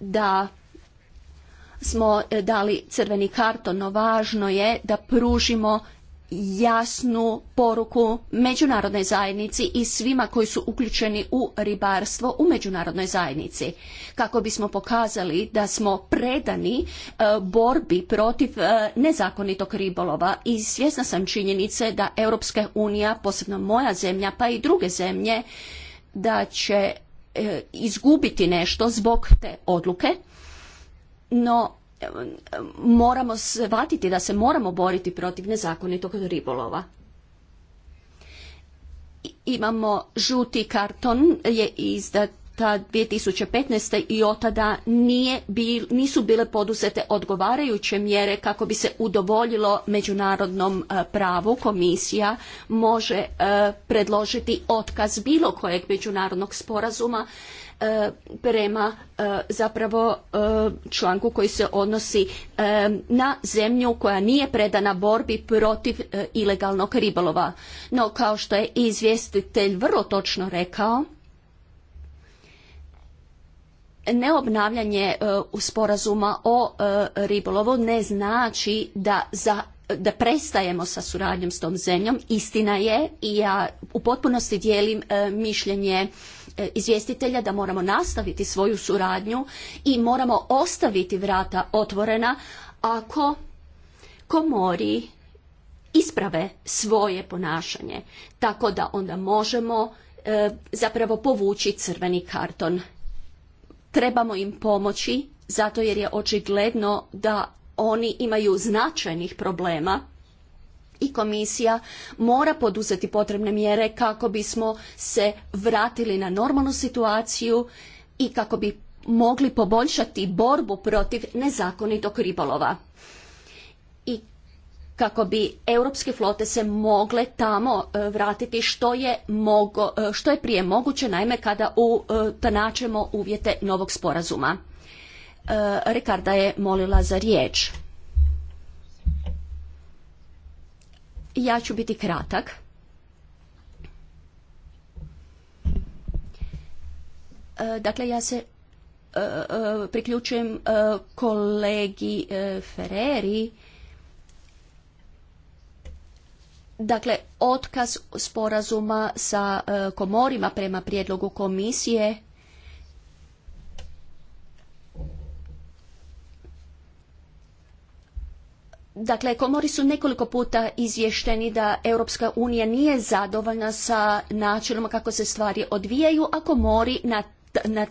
D: da smo e, dali crveni karton, no važno je da pružimo jasnu poruku međunarodnoj zajednici i svima koji su uključeni u ribarstvo u međunarodnoj zajednici kako bismo pokazali da smo predani e, borbi protiv e, nezakonitog ribolova i svjesna sam činjenice da Europska unija posebno moja zemlja pa i druge zemlje da će E, izgubiti nešto zbog te odluke, no e, moramo shvatiti da se moramo boriti protiv nezakonitog ribolova. Imamo žuti karton je izdat 2015. i otada nije bil, nisu bile poduzete odgovarajuće mjere kako bi se udovoljilo međunarodnom e, pravu. Komisija može e, predložiti otkaz bilo kojeg međunarodnog sporazuma e, prema zapravo članku koji se odnosi na zemlju koja nije predana borbi protiv ilegalnog ribolova. No, kao što je izvjestitelj vrlo točno rekao, neobnavljanje e, sporazuma o e, ribolovu ne znači da za da prestajemo sa suradnjom s tom zemljom. Istina je i ja u potpunosti dijelim e, mišljenje izvjestitelja da moramo nastaviti svoju suradnju i moramo ostaviti vrata otvorena ako komori isprave svoje ponašanje. Tako da onda možemo zapravo povući crveni karton trebamo im pomoći zato jer je očigledno da oni imaju značajnih problema i komisija mora poduzeti potrebne mjere kako bismo se vratili na normalnu situaciju i kako bi mogli poboljšati borbu protiv nezakonitog ribolova. I kako bi europske flote se mogle tamo e, vratiti što je, e, što je prije moguće, naime kada utanačemo e, uvjete novog sporazuma. Rekarda je molila za riječ. Ja ću biti kratak. Dakle, ja se priključujem kolegi Ferreri Dakle, otkaz sporazuma sa e, komorima prema prijedlogu komisije Dakle, komori su nekoliko puta izvješteni da Europska unija nije zadovoljna sa načinom kako se stvari odvijaju, a komori na na,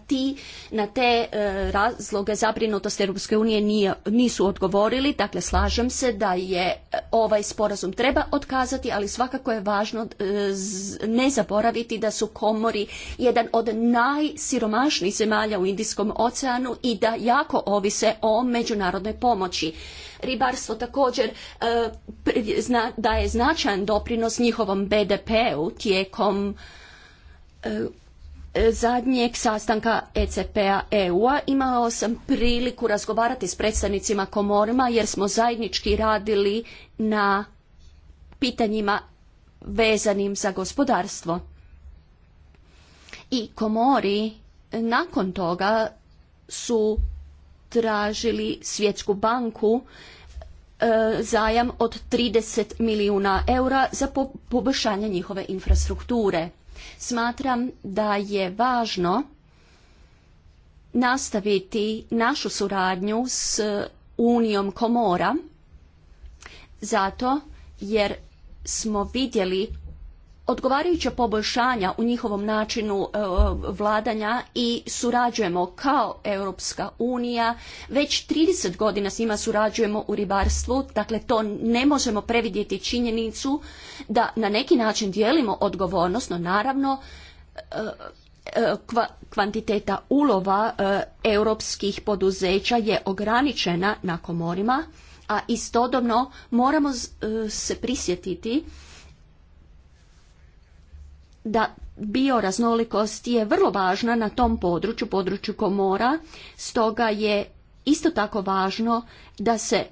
D: na te e, razloge zabrinutosti Europske unije nije, nisu odgovorili. Dakle, slažem se da je e, ovaj sporazum treba otkazati, ali svakako je važno e, ne zaboraviti da su komori jedan od najsiromašnijih zemalja u Indijskom oceanu i da jako ovise o međunarodnoj pomoći ribarstvo također daje značajan doprinos njihovom BDP-u tijekom zadnjeg sastanka ECP-a EU-a imao sam priliku razgovarati s predstavnicima komorima jer smo zajednički radili na pitanjima vezanim za gospodarstvo. I komori nakon toga su tražili Svjetsku banku e, zajam od 30 milijuna eura za poboljšanje njihove infrastrukture. Smatram da je važno nastaviti našu suradnju s Unijom Komora, zato jer smo vidjeli odgovarajuća poboljšanja u njihovom načinu e, vladanja i surađujemo kao Europska unija. Već 30 godina s njima surađujemo u ribarstvu, dakle to ne možemo previdjeti činjenicu da na neki način dijelimo odgovornost, no naravno e, e, kvantiteta ulova europskih poduzeća je ograničena na komorima, a istodobno moramo se prisjetiti da bioraznolikost je vrlo važna na tom području, području komora, stoga je isto tako važno da se e,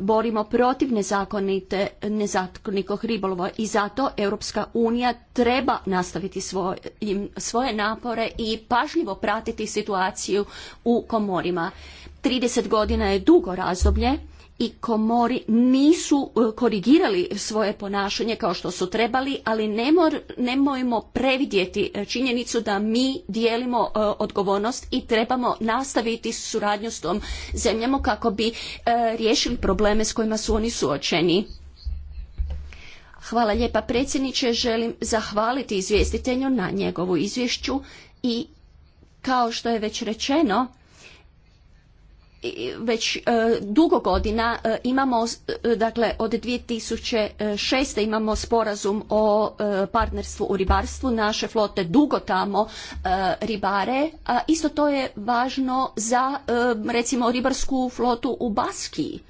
D: borimo protiv nezakonite, nezakonitog ribolova i zato Europska unija treba nastaviti svoje napore i pažljivo pratiti situaciju u komorima. 30 godina je dugo razdoblje i komori nisu e, korigirali svoje ponašanje kao što su trebali, ali nemojmo previdjeti e, činjenicu da mi dijelimo e, odgovornost i trebamo nastaviti suradnju s tom zemljama kako bi riješili probleme s kojima su oni suočeni. Hvala lijepa predsjedniče, želim zahvaliti izvjestitelju na njegovu izvješću i kao što je već rečeno, već e, dugo godina e, imamo, e, dakle od 2006. imamo sporazum o partnerstvu u ribarstvu, naše flote dugo tamo ribare, a isto to je važno za recimo ribarsku flotu u Baskiji.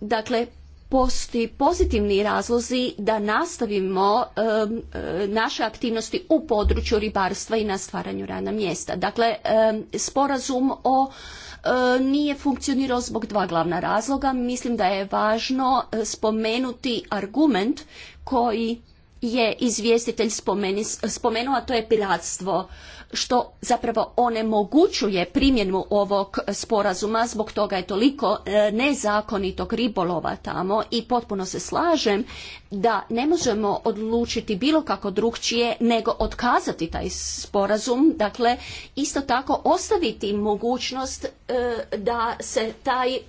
D: Dakle, posti pozitivni razlozi da nastavimo naše aktivnosti u području ribarstva i na stvaranju rana mjesta. Dakle, sporazum o E, nije funkcionirao zbog dva glavna razloga. Mislim da je važno e, spomenuti argument koji je izvjestitelj spomenuo, a to je piratstvo što zapravo onemogućuje primjenu ovog sporazuma, zbog toga je toliko e, nezakonitog ribolova tamo i potpuno se slažem da ne možemo odlučiti bilo kako drugčije nego otkazati taj sporazum, dakle isto tako ostaviti mogućnost e, da se taj e,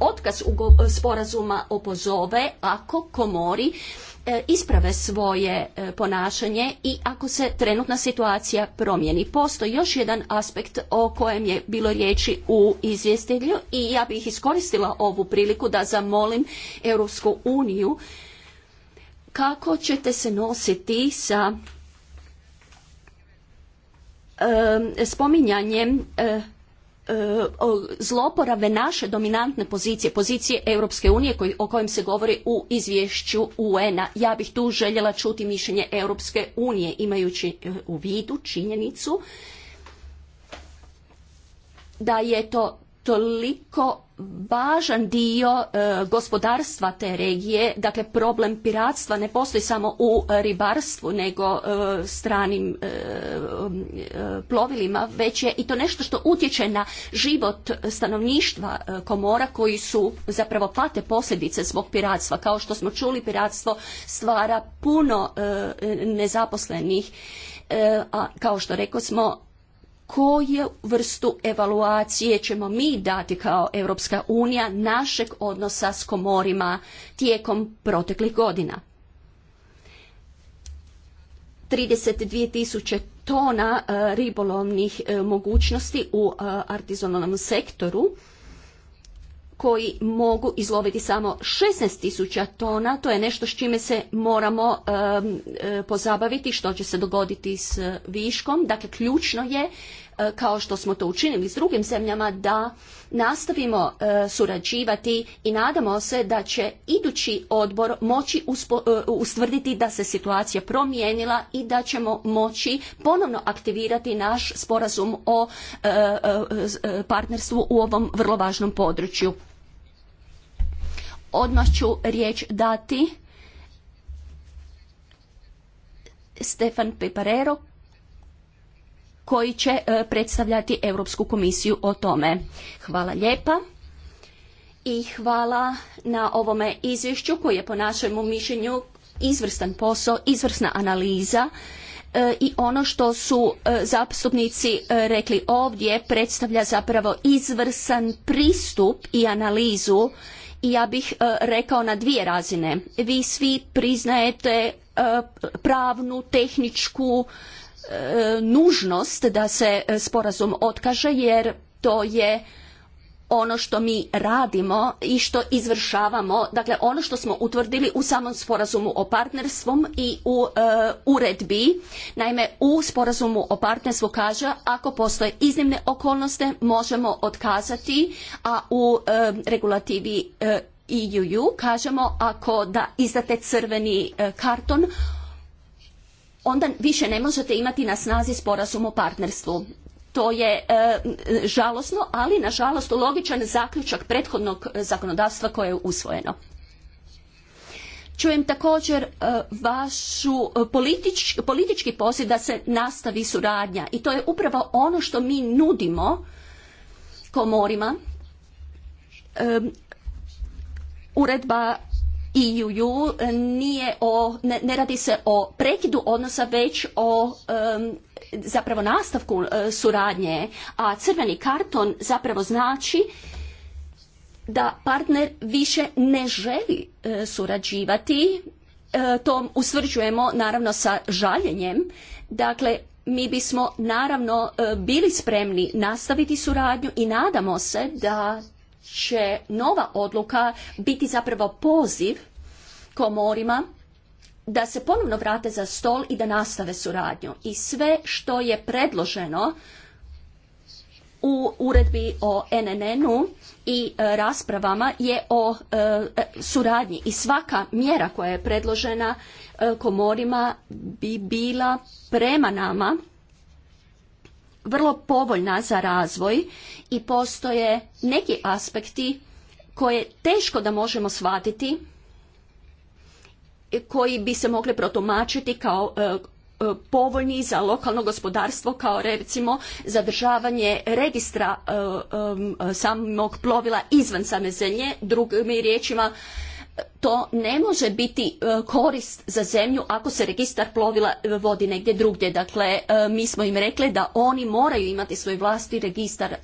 D: otkaz sporazuma opozove ako komori E, isprave svoje e, ponašanje i ako se trenutna situacija promijeni. Postoji još jedan aspekt o kojem je bilo riječi u izvjestitelju i ja bih iskoristila ovu priliku da zamolim Europsku uniju kako ćete se nositi sa e, spominjanjem E, zloporabe naše dominantne pozicije, pozicije Europske unije o kojem se govori u izvješću UN-a. Ja bih tu željela čuti mišljenje Europske unije imajući e, u vidu činjenicu da je to toliko važan dio e, gospodarstva te regije, dakle problem piratstva ne postoji samo u ribarstvu nego e, stranim e, plovilima, već je i to nešto što utječe na život stanovništva komora koji su zapravo pate posljedice svog piratstva. Kao što smo čuli, piratstvo stvara puno nezaposlenih, a kao što rekao smo, koju vrstu evaluacije ćemo mi dati kao Europska unija našeg odnosa s komorima tijekom proteklih godina. 32.000 tisuće tona e, ribolovnih e, mogućnosti u e, artizonalnom sektoru koji mogu izloviti samo 16 tisuća tona. To je nešto s čime se moramo e, pozabaviti, što će se dogoditi s e, viškom. Dakle, ključno je E, kao što smo to učinili s drugim zemljama, da nastavimo e, surađivati i nadamo se da će idući odbor moći e, ustvrditi da se situacija promijenila i da ćemo moći ponovno aktivirati naš sporazum o partnerstvu u ovom vrlo važnom području. Odmah ću riječ dati Stefan Peparero koji će e, predstavljati Europsku komisiju o tome. Hvala lijepa i hvala na ovome izvješću koje je po našemu mišljenju izvrstan posao, izvrsna analiza e, i ono što su e, zastupnici rekli ovdje predstavlja zapravo izvrsan pristup i analizu i ja bih rekao na dvije razine. Vi svi priznajete pravnu, tehničku E, nužnost da se e, sporazum otkaže jer to je ono što mi radimo i što izvršavamo, dakle ono što smo utvrdili u samom sporazumu o partnerstvom i u e, uredbi. Naime, u sporazumu o partnerstvu kaže ako postoje iznimne okolnosti možemo otkazati, a u regulativi e, EU kažemo ako da izdate crveni karton onda više ne možete imati na snazi sporazum o partnerstvu. To je e, žalosno, ali nažalost logičan zaključak prethodnog zakonodavstva koje je usvojeno. Čujem također vaš e, vašu e, politički poziv da se nastavi suradnja i to je upravo ono što mi nudimo komorima. uredba EU nije o, ne, radi se o prekidu odnosa već o zapravo nastavku e, suradnje, a crveni karton zapravo znači da partner više ne želi e, surađivati, e, to usvrđujemo naravno sa žaljenjem, dakle mi bismo naravno bili spremni nastaviti suradnju i nadamo se da će nova odluka biti zapravo poziv komorima da se ponovno vrate za stol i da nastave suradnju. I sve što je predloženo u uredbi o NNN-u i e, raspravama je o e, e, suradnji i svaka mjera koja je predložena komorima bi bila prema nama vrlo povoljna za razvoj i postoje neki aspekti koje teško da možemo shvatiti koji bi se mogli protumačiti kao e, e, povoljni za lokalno gospodarstvo kao recimo zadržavanje registra e, samog plovila izvan same zemlje, drugim riječima to ne može biti e, korist za zemlju ako se registar plovila e, vodi negdje drugdje. Dakle, e, mi smo im rekli da oni moraju imati svoj vlasti registar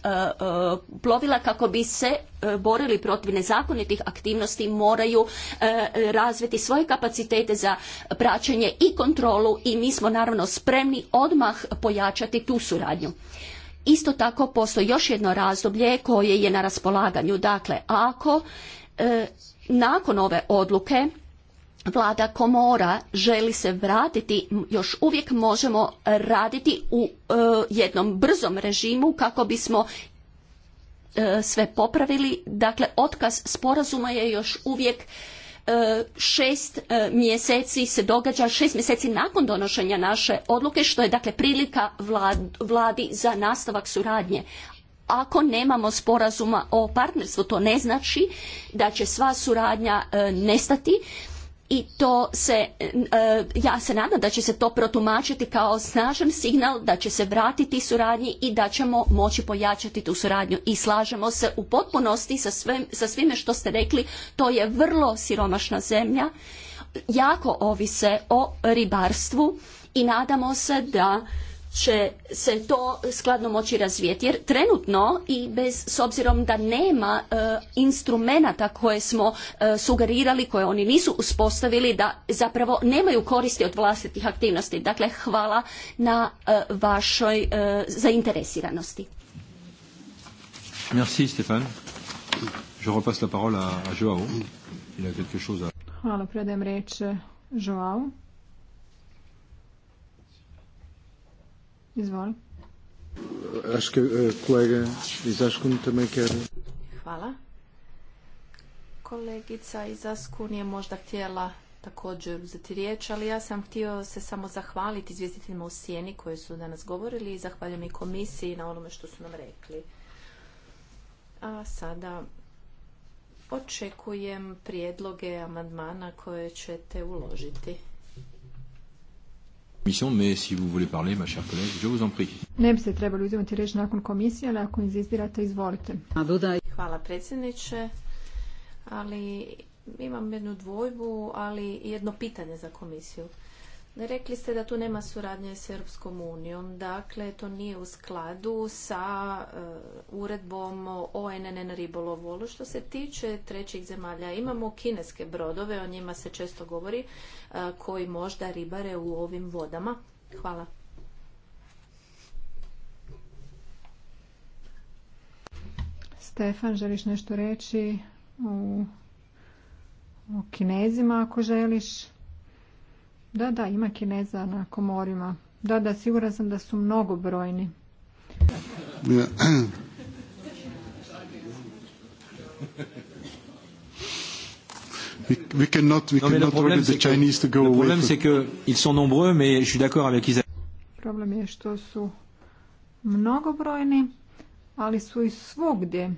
D: plovila kako bi se borili protiv nezakonitih aktivnosti, moraju razviti svoje kapacitete za praćenje i kontrolu i mi smo naravno spremni odmah pojačati tu suradnju. Isto tako postoji još jedno razdoblje koje je na raspolaganju. Dakle, ako nakon ove odluke vlada komora želi se vratiti još uvijek možemo raditi u e, jednom brzom režimu kako bismo e, sve popravili dakle otkaz sporazuma je još uvijek e, šest mjeseci se događa šest mjeseci nakon donošenja naše odluke što je dakle prilika vladi za nastavak suradnje ako nemamo sporazuma o partnerstvu. To ne znači da će sva suradnja e, nestati i to se, e, ja se nadam da će se to protumačiti kao snažan signal da će se vratiti suradnji i da ćemo moći pojačati tu suradnju. I slažemo se u potpunosti sa, sa svime što ste rekli, to je vrlo siromašna zemlja, jako ovise o ribarstvu i nadamo se da će se to skladno moći razvijeti. Jer trenutno i bez, s obzirom da nema e, instrumenata koje smo e, sugerirali, koje oni nisu uspostavili, da zapravo nemaju koristi od vlastitih aktivnosti. Dakle, hvala na e, vašoj e, zainteresiranosti.
A: Merci Je repasse la parole à, Joao. Il a quelque chose à...
D: Hvala, predajem
B: reč Joao.
C: Izvoli.
A: E,
C: Hvala. Kolegica Izaskun je možda htjela također uzeti riječ, ali ja sam htio se samo zahvaliti izvjestiteljima u Sjeni koji su danas govorili i zahvaljujem i komisiji na onome što su nam rekli. A sada očekujem prijedloge amandmana koje ćete uložiti.
B: Ne bi se trebali uzimati reč nakon komisije, ali ako inzistirate, izvolite.
C: Hvala predsjedniče, ali imam jednu dvojbu, ali jedno pitanje za komisiju. Rekli ste da tu nema suradnje s Europskom unijom, dakle to nije u skladu sa eh, uredbom ONN ribolovolu. ribolovu. Ono što se tiče trećih zemalja, imamo kineske brodove, o njima se često govori, eh, koji možda ribare u ovim vodama. Hvala.
B: Stefan, želiš nešto reći o, o kinezima ako želiš? Da, da, ima Kineza na komorima. Da, da, siguran sam da su mnogo brojni. Problem je što su mnogobrojni, ali su i svugdje.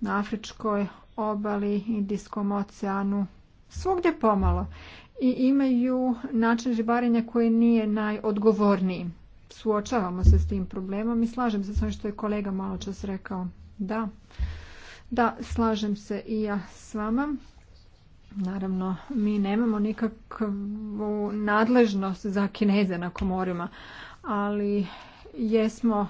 B: Na Afričkoj obali, Indijskom oceanu, svugdje pomalo i imaju način žibarenja koji nije najodgovorniji. Suočavamo se s tim problemom i slažem se s onim što je kolega malo čas rekao. Da, da, slažem se i ja s vama. Naravno, mi nemamo nikakvu nadležnost za kineze na komorima, ali jesmo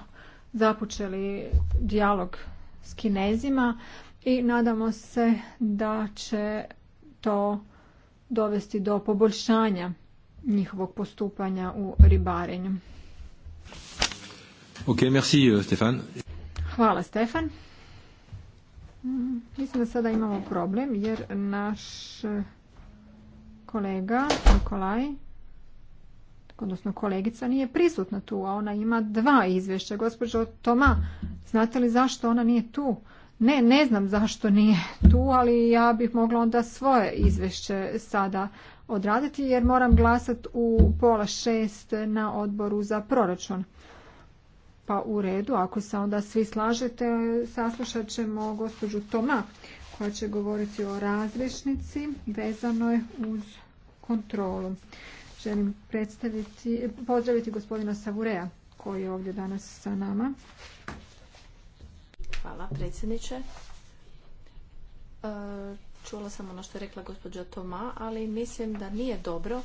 B: započeli dijalog s kinezima i nadamo se da će to dovesti do poboljšanja njihovog postupanja u ribarenju.
A: Ok, merci euh, Stefan.
B: Hvala Stefan. Mm, mislim da sada imamo problem jer naš eh, kolega Nikolaj odnosno kolegica nije prisutna tu, a ona ima dva izvješća. Gospođo Toma, znate li zašto ona nije tu? Ne, ne znam zašto nije tu, ali ja bih mogla onda svoje izvješće sada odraditi jer moram glasati u pola šest na odboru za proračun. Pa u redu, ako se onda svi slažete, saslušat ćemo gospođu Toma koja će govoriti o razrešnici vezanoj uz kontrolu. Želim predstaviti, pozdraviti gospodina Savureja koji je ovdje danas sa nama.
C: Hvala, predsjedniče. E, čula sam ono što je rekla gospođa Toma, ali mislim da nije dobro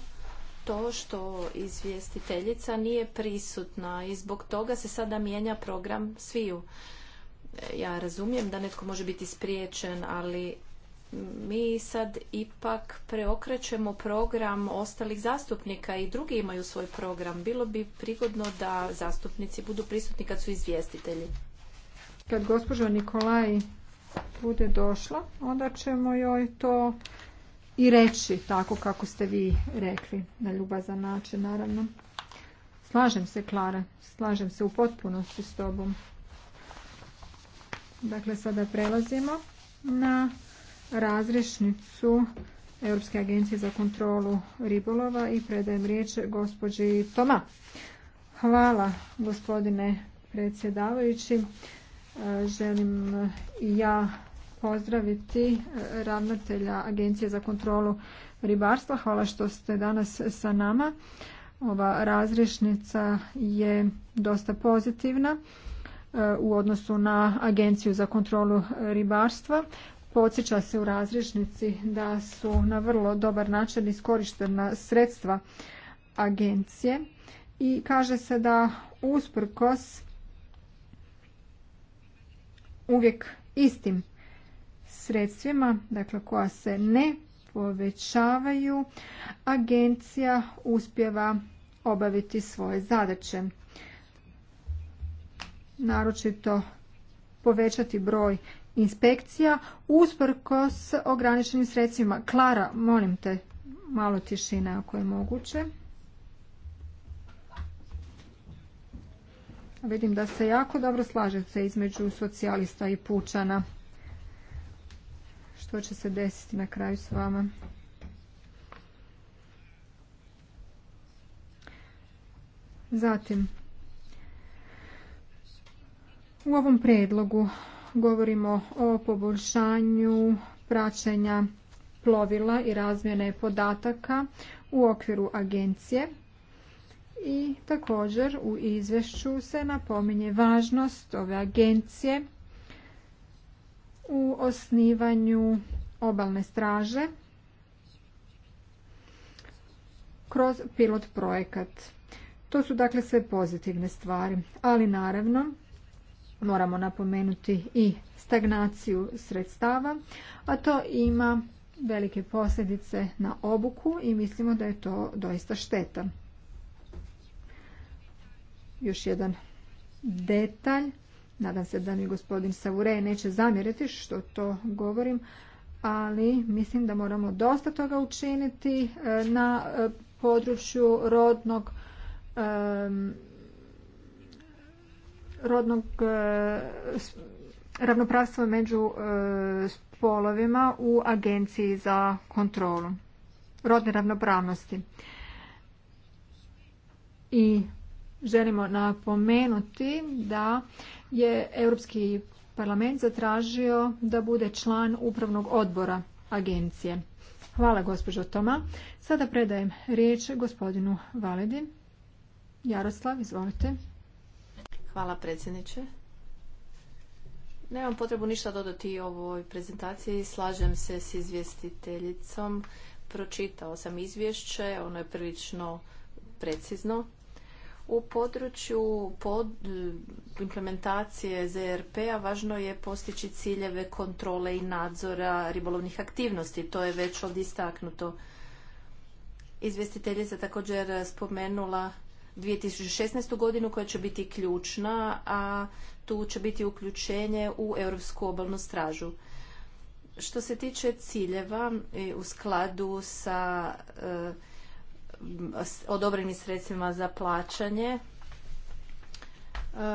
C: to što izvjestiteljica nije prisutna i zbog toga se sada mijenja program sviju. E, ja razumijem da netko može biti spriječen, ali mi sad ipak preokrećemo program ostalih zastupnika i drugi imaju svoj program. Bilo bi prigodno da zastupnici budu prisutni kad su izvjestitelji.
B: Kad gospođa Nikolaj bude došla, onda ćemo joj to i reći tako kako ste vi rekli, na ljubazan način naravno. Slažem se, Klara, slažem se u potpunosti s tobom. Dakle, sada prelazimo na razrešnicu Europske agencije za kontrolu ribolova i predajem riječ gospođi Toma. Hvala, gospodine predsjedavajući želim i ja pozdraviti e, ravnatelja Agencije za kontrolu ribarstva. Hvala što ste danas sa nama. Ova razrješnica je dosta pozitivna e, u odnosu na Agenciju za kontrolu ribarstva. Podsjeća se u razrješnici da su na vrlo dobar način iskorištena sredstva agencije i kaže se da usprkos uvijek istim sredstvima, dakle koja se ne povećavaju, agencija uspjeva obaviti svoje zadaće. Naročito povećati broj inspekcija s ograničenim sredstvima. Klara, molim te, malo tišine ako je moguće. Vidim da se jako dobro slažete između socijalista i pučana. Što će se desiti na kraju s vama? Zatim, u ovom predlogu govorimo o poboljšanju praćenja plovila i razmjene podataka u okviru agencije i također u izvješću se napominje važnost ove agencije u osnivanju obalne straže kroz pilot projekat. To su dakle sve pozitivne stvari, ali naravno moramo napomenuti i stagnaciju sredstava, a to ima velike posljedice na obuku i mislimo da je to doista šteta još jedan detalj. Nadam se da mi gospodin Savure neće zamjeriti što to govorim, ali mislim da moramo dosta toga učiniti e, na e, području rodnog rodnog e, ravnopravstva među spolovima u Agenciji za kontrolu rodne ravnopravnosti. I želimo napomenuti da je Europski parlament zatražio da bude član upravnog odbora agencije. Hvala gospođo Toma. Sada predajem riječ gospodinu Valedi. Jaroslav, izvolite.
C: Hvala predsjedniče. Nemam potrebu ništa dodati ovoj prezentaciji. Slažem se s izvjestiteljicom. Pročitao sam izvješće, ono je prilično precizno u području pod implementacije ZRP-a važno je postići ciljeve kontrole i nadzora ribolovnih aktivnosti. To je već ovdje istaknuto. Izvjestiteljica također spomenula 2016. godinu koja će biti ključna, a tu će biti uključenje u Europsku obalnu stražu. Što se tiče ciljeva e, u skladu sa e, odobrenim sredstvima za plaćanje e,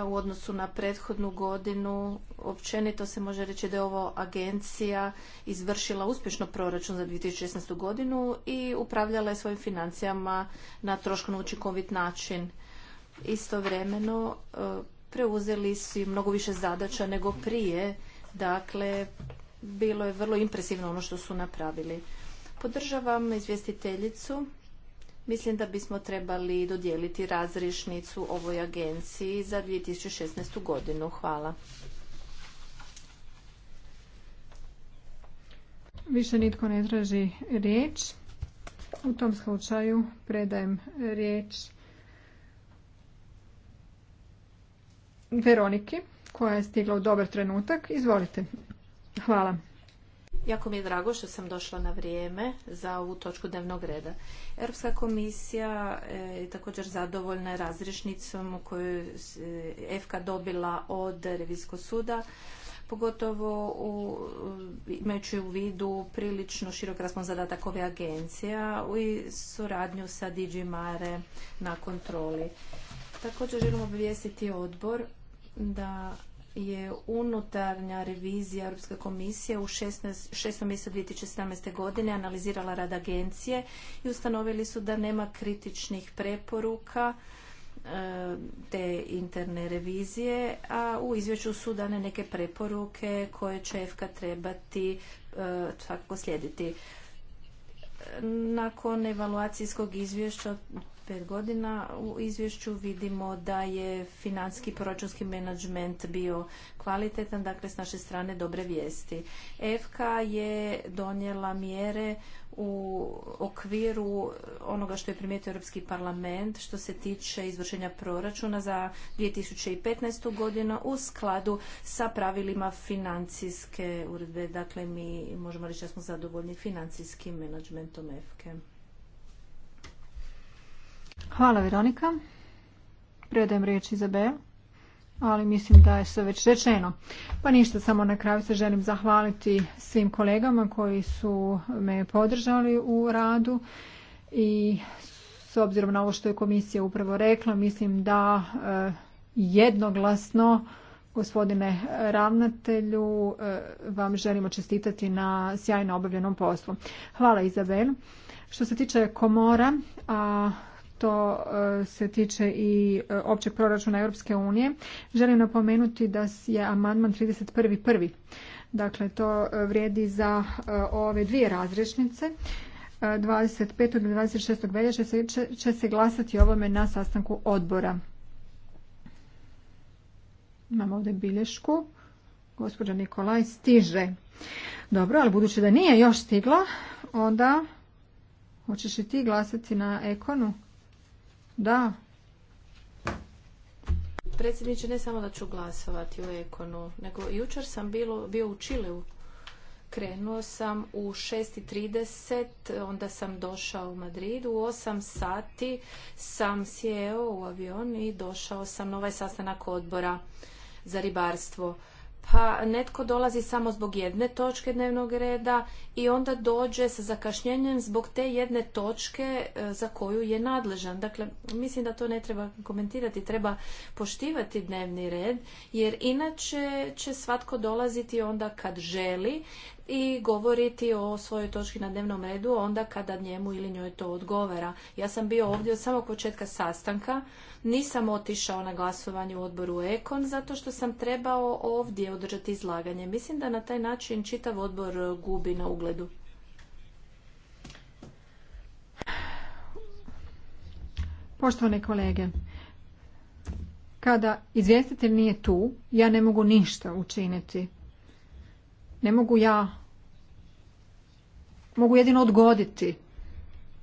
C: u odnosu na prethodnu godinu. Općenito se može reći da je ovo agencija izvršila uspješno proračun za 2016. godinu i upravljala je svojim financijama na troškovno učinkovit način. Istovremeno e, preuzeli su i mnogo više zadaća nego prije. Dakle, bilo je vrlo impresivno ono što su napravili. Podržavam izvjestiteljicu Mislim da bismo trebali dodijeliti razrišnicu ovoj agenciji za 2016. godinu. Hvala.
B: Više nitko ne traži riječ. U tom slučaju predajem riječ Veroniki koja je stigla u dobar trenutak. Izvolite. Hvala.
C: Jako mi je drago što sam došla na vrijeme za ovu točku dnevnog reda. Europska komisija e, je također zadovoljna razrišnicom koju je FK dobila od Revizijskog suda, pogotovo u, imajući u vidu prilično širok raspon zadatak ove agencija i suradnju sa DG Mare na kontroli. Također želimo obavijestiti odbor da je unutarnja revizija Europske komisije u 16, 6. mjesecu 2017. godine analizirala rad agencije i ustanovili su da nema kritičnih preporuka e, te interne revizije, a u izvješću su dane neke preporuke koje će EFKA trebati e, svakako slijediti. Nakon evaluacijskog izvješća pet godina u izvješću vidimo da je financijski proračunski menadžment bio kvalitetan, dakle s naše strane dobre vijesti. FK je donijela mjere u okviru onoga što je primijetio Europski parlament što se tiče izvršenja proračuna za 2015. godinu u skladu sa pravilima financijske uredbe. Dakle, mi možemo reći da smo zadovoljni financijskim menadžmentom EFKE.
B: Hvala Veronika. Predajem riječ Izabel, ali mislim da je sve već rečeno. Pa ništa, samo na kraju se želim zahvaliti svim kolegama koji su me podržali u radu i s obzirom na ovo što je komisija upravo rekla, mislim da e, jednoglasno Gospodine ravnatelju, e, vam želimo čestitati na sjajno obavljenom poslu. Hvala Izabel. Što se tiče komora, a to e, se tiče i e, općeg proračuna Europske unije. Želim napomenuti da je amandman 31.1. Dakle, to e, vrijedi za ove dvije razrešnice. 25. i 26. veljače će se glasati ovome na sastanku odbora. Imamo ovdje bilješku. Gospođa Nikolaj stiže. Dobro, ali budući da nije još stigla, onda hoćeš i ti glasati na ekonu? Da.
C: Predsjedniče, ne samo da ću glasovati u Ekonu, nego jučer sam bilo, bio u Čileu. Krenuo sam u 6.30, onda sam došao u Madrid. U 8 sati sam sjeo u avion i došao sam na ovaj sastanak odbora za ribarstvo pa netko dolazi samo zbog jedne točke dnevnog reda i onda dođe sa zakašnjenjem zbog te jedne točke e, za koju je nadležan. Dakle, mislim da to ne treba komentirati, treba poštivati dnevni red, jer inače će svatko dolaziti onda kad želi, i govoriti o svojoj točki na dnevnom redu onda kada njemu ili njoj to odgovara. Ja sam bio ovdje od samog početka sastanka, nisam otišao na glasovanje u odboru Ekon zato što sam trebao ovdje održati izlaganje. Mislim da na taj način čitav odbor gubi na ugledu.
B: Poštovane kolege, kada izvjestitelj nije tu, ja ne mogu ništa učiniti. Ne mogu ja mogu jedino odgoditi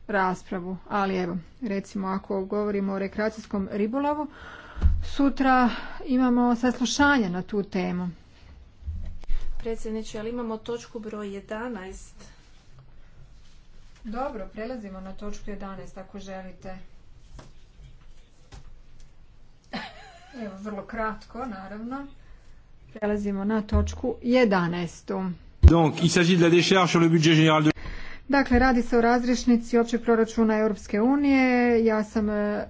B: raspravu, ali evo, recimo ako govorimo o rekreacijskom ribolovu, sutra imamo saslušanje na tu temu.
C: Predsjedniče, ali imamo točku broj 11. Dobro, prelazimo na
B: točku 11 ako želite. Evo, vrlo kratko, naravno. Prelazimo na točku 11.
A: Donc, il s'agit de la décharge sur le budget général de
B: Dakle, radi se o razrišnici općeg proračuna Europske unije. Ja sam e,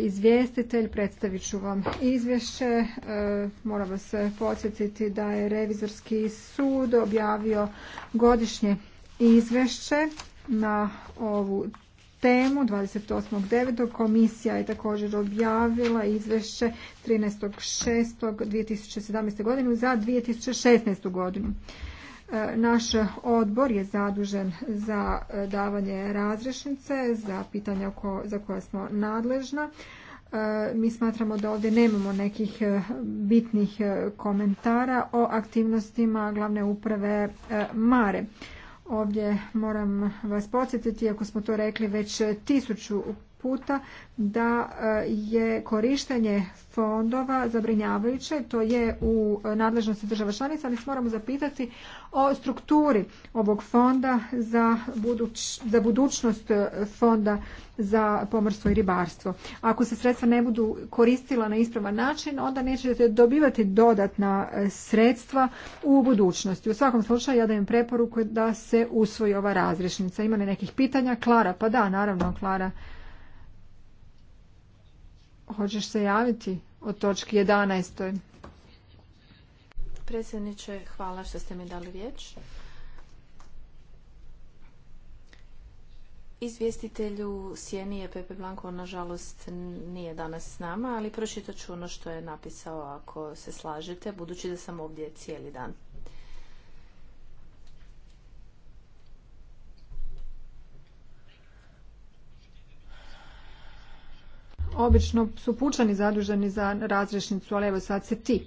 B: izvjestitelj, predstavit ću vam izvješće. E, moram vas e, podsjetiti da je Revizorski sud objavio godišnje izvješće na ovu temu 28.9. Komisija je također objavila izvješće 13.6.2017. godinu za 2016. godinu. E, naš odbor je zadužen za e, davanje razrešnice, za pitanja za koja smo nadležna. E, mi smatramo da ovdje nemamo nekih bitnih komentara o aktivnostima glavne uprave Mare. Ovdje moram vas podsjetiti, ako smo to rekli već tisuću puta da e, je korištenje fondova zabrinjavajuće, to je u nadležnosti država članica, ali se moramo zapitati o strukturi ovog fonda za, buduć, za budućnost fonda za pomorstvo i ribarstvo. Ako se sredstva ne budu koristila na ispravan način, onda nećete dobivati dodatna e, sredstva u budućnosti. U svakom slučaju ja dajem preporuku da se usvoji ova razrešnica. Ima li nekih pitanja? Klara, pa da, naravno, Klara. Hoćeš se javiti o točki 11.
C: Predsjedniče, hvala što ste mi dali riječ. Izvjestitelju Sjenije Pepe Blanko, nažalost, nije danas s nama, ali pročitat ću ono što je napisao ako se slažete, budući da sam ovdje cijeli dan.
B: Obično su pučani zaduženi za razrešnicu, ali evo sad se ti.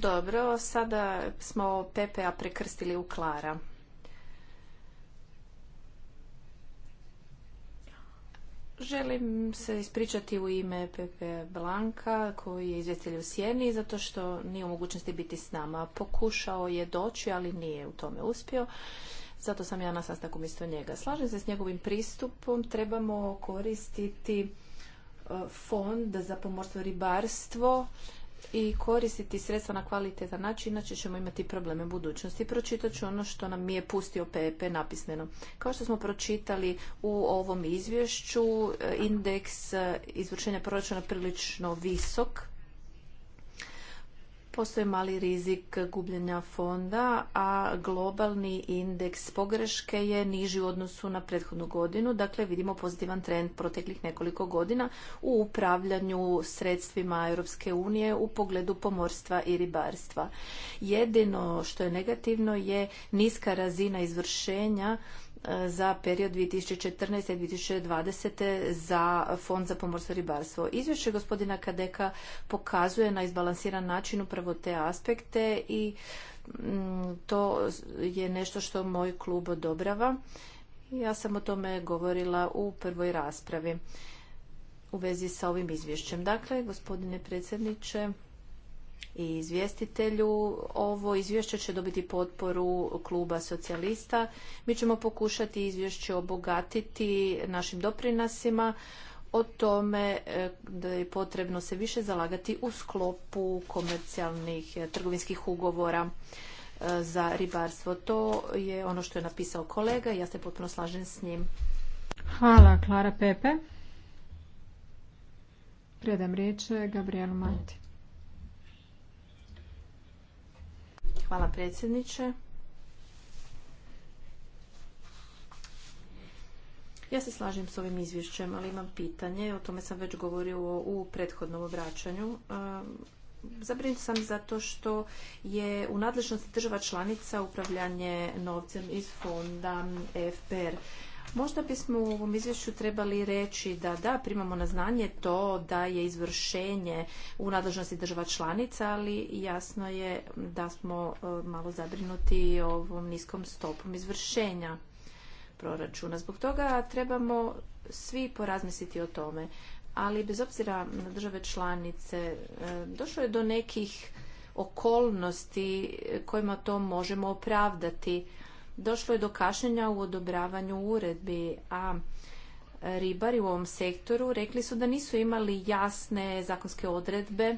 C: Dobro, sada smo PPA prekrstili u Klara. Želim se ispričati u ime Pepe Blanka koji je izvjestitelj u Sjeni zato što nije u mogućnosti biti s nama. Pokušao je doći, ali nije u tome uspio. Zato sam ja na sastanku umjesto njega. Slažem se s njegovim pristupom. Trebamo koristiti e, fond za pomorstvo ribarstvo i koristiti sredstva na kvalitetan način, inače ćemo imati probleme u budućnosti. Pročitat ću ono što nam je pustio PP napismeno. Kao što smo pročitali u ovom izvješću, e, indeks e, izvršenja proračuna prilično visok, Postoji mali rizik gubljenja fonda, a globalni indeks pogreške je niži u odnosu na prethodnu godinu. Dakle, vidimo pozitivan trend proteklih nekoliko godina u upravljanju sredstvima Europske unije u pogledu pomorstva i ribarstva. Jedino što je negativno je niska razina izvršenja za period 2014. i 2020. za Fond za pomorsko ribarstvo. Izvješće gospodina Kadeka pokazuje na izbalansiran način upravo te aspekte i mm, to je nešto što moj klub odobrava. Ja sam o tome govorila u prvoj raspravi u vezi sa ovim izvješćem. Dakle, gospodine predsjedniče, i izvjestitelju. Ovo izvješće će dobiti potporu kluba socijalista. Mi ćemo pokušati izvješće obogatiti našim doprinasima o tome e, da je potrebno se više zalagati u sklopu komercijalnih e, trgovinskih ugovora e, za ribarstvo. To je ono što je napisao kolega i ja se potpuno slažem s njim.
B: Hvala, Klara Pepe. Predam riječ
C: Gabrielu Matić. Hvala predsjedniče. Ja se slažem s ovim izvješćem, ali imam pitanje. O tome sam već govorio u prethodnom obraćanju. Zabrinut sam zato što je u nadležnosti država članica upravljanje novcem iz fonda FPR. Možda bismo u ovom izvješću trebali reći da da, primamo na znanje to da je izvršenje u nadležnosti država članica, ali jasno je da smo e, malo zabrinuti ovom niskom stopom izvršenja proračuna. Zbog toga trebamo svi porazmisliti o tome. Ali bez obzira na države članice, e, došlo je do nekih okolnosti kojima to možemo opravdati došlo je do kašenja u odobravanju uredbi, a ribari u ovom sektoru rekli su da nisu imali jasne zakonske odredbe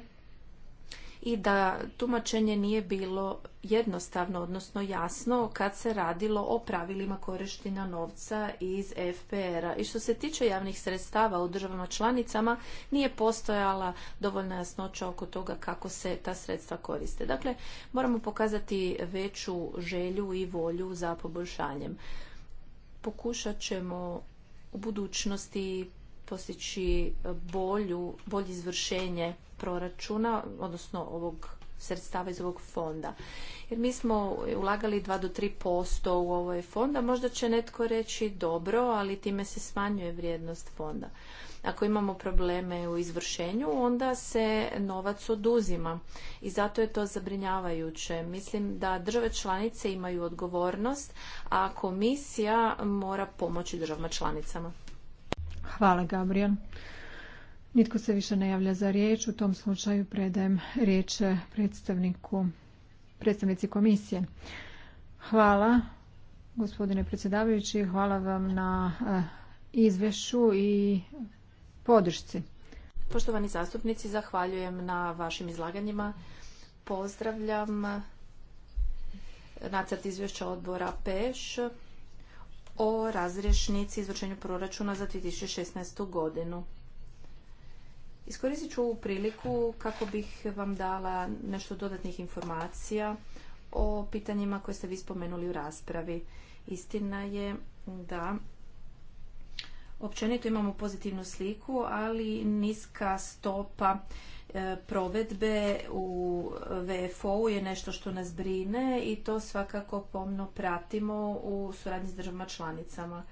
C: i da tumačenje nije bilo jednostavno, odnosno jasno kad se radilo o pravilima korištenja novca iz FPR-a. I što se tiče javnih sredstava u državama članicama, nije postojala dovoljna jasnoća oko toga kako se ta sredstva koriste. Dakle, moramo pokazati veću želju i volju za poboljšanjem. Pokušat ćemo u budućnosti postići e, bolju, bolje izvršenje proračuna, odnosno ovog sredstava iz ovog fonda. Jer mi smo ulagali 2 do 3% u ovaj fonda. možda će netko reći dobro, ali time se smanjuje vrijednost fonda. Ako imamo probleme u izvršenju, onda se novac oduzima i zato je to zabrinjavajuće. Mislim da države članice imaju odgovornost, a komisija mora pomoći državama članicama.
B: Hvala, Gabriel. Nitko se više ne javlja za riječ. U tom slučaju predajem riječ predstavniku, predstavnici komisije. Hvala, gospodine predsjedavajući. Hvala vam na e, izvješću i podršci.
C: Poštovani zastupnici, zahvaljujem na vašim izlaganjima. Pozdravljam nacrt izvješća odbora PEŠ o razrješnici izvršenju proračuna za 2016. godinu. Iskoristit ću ovu priliku kako bih vam dala nešto dodatnih informacija o pitanjima koje ste vi spomenuli u raspravi. Istina je da Općenito imamo pozitivnu sliku, ali niska stopa e, provedbe u VFO-u je nešto što nas brine i to svakako pomno pratimo u suradnji s državama članicama.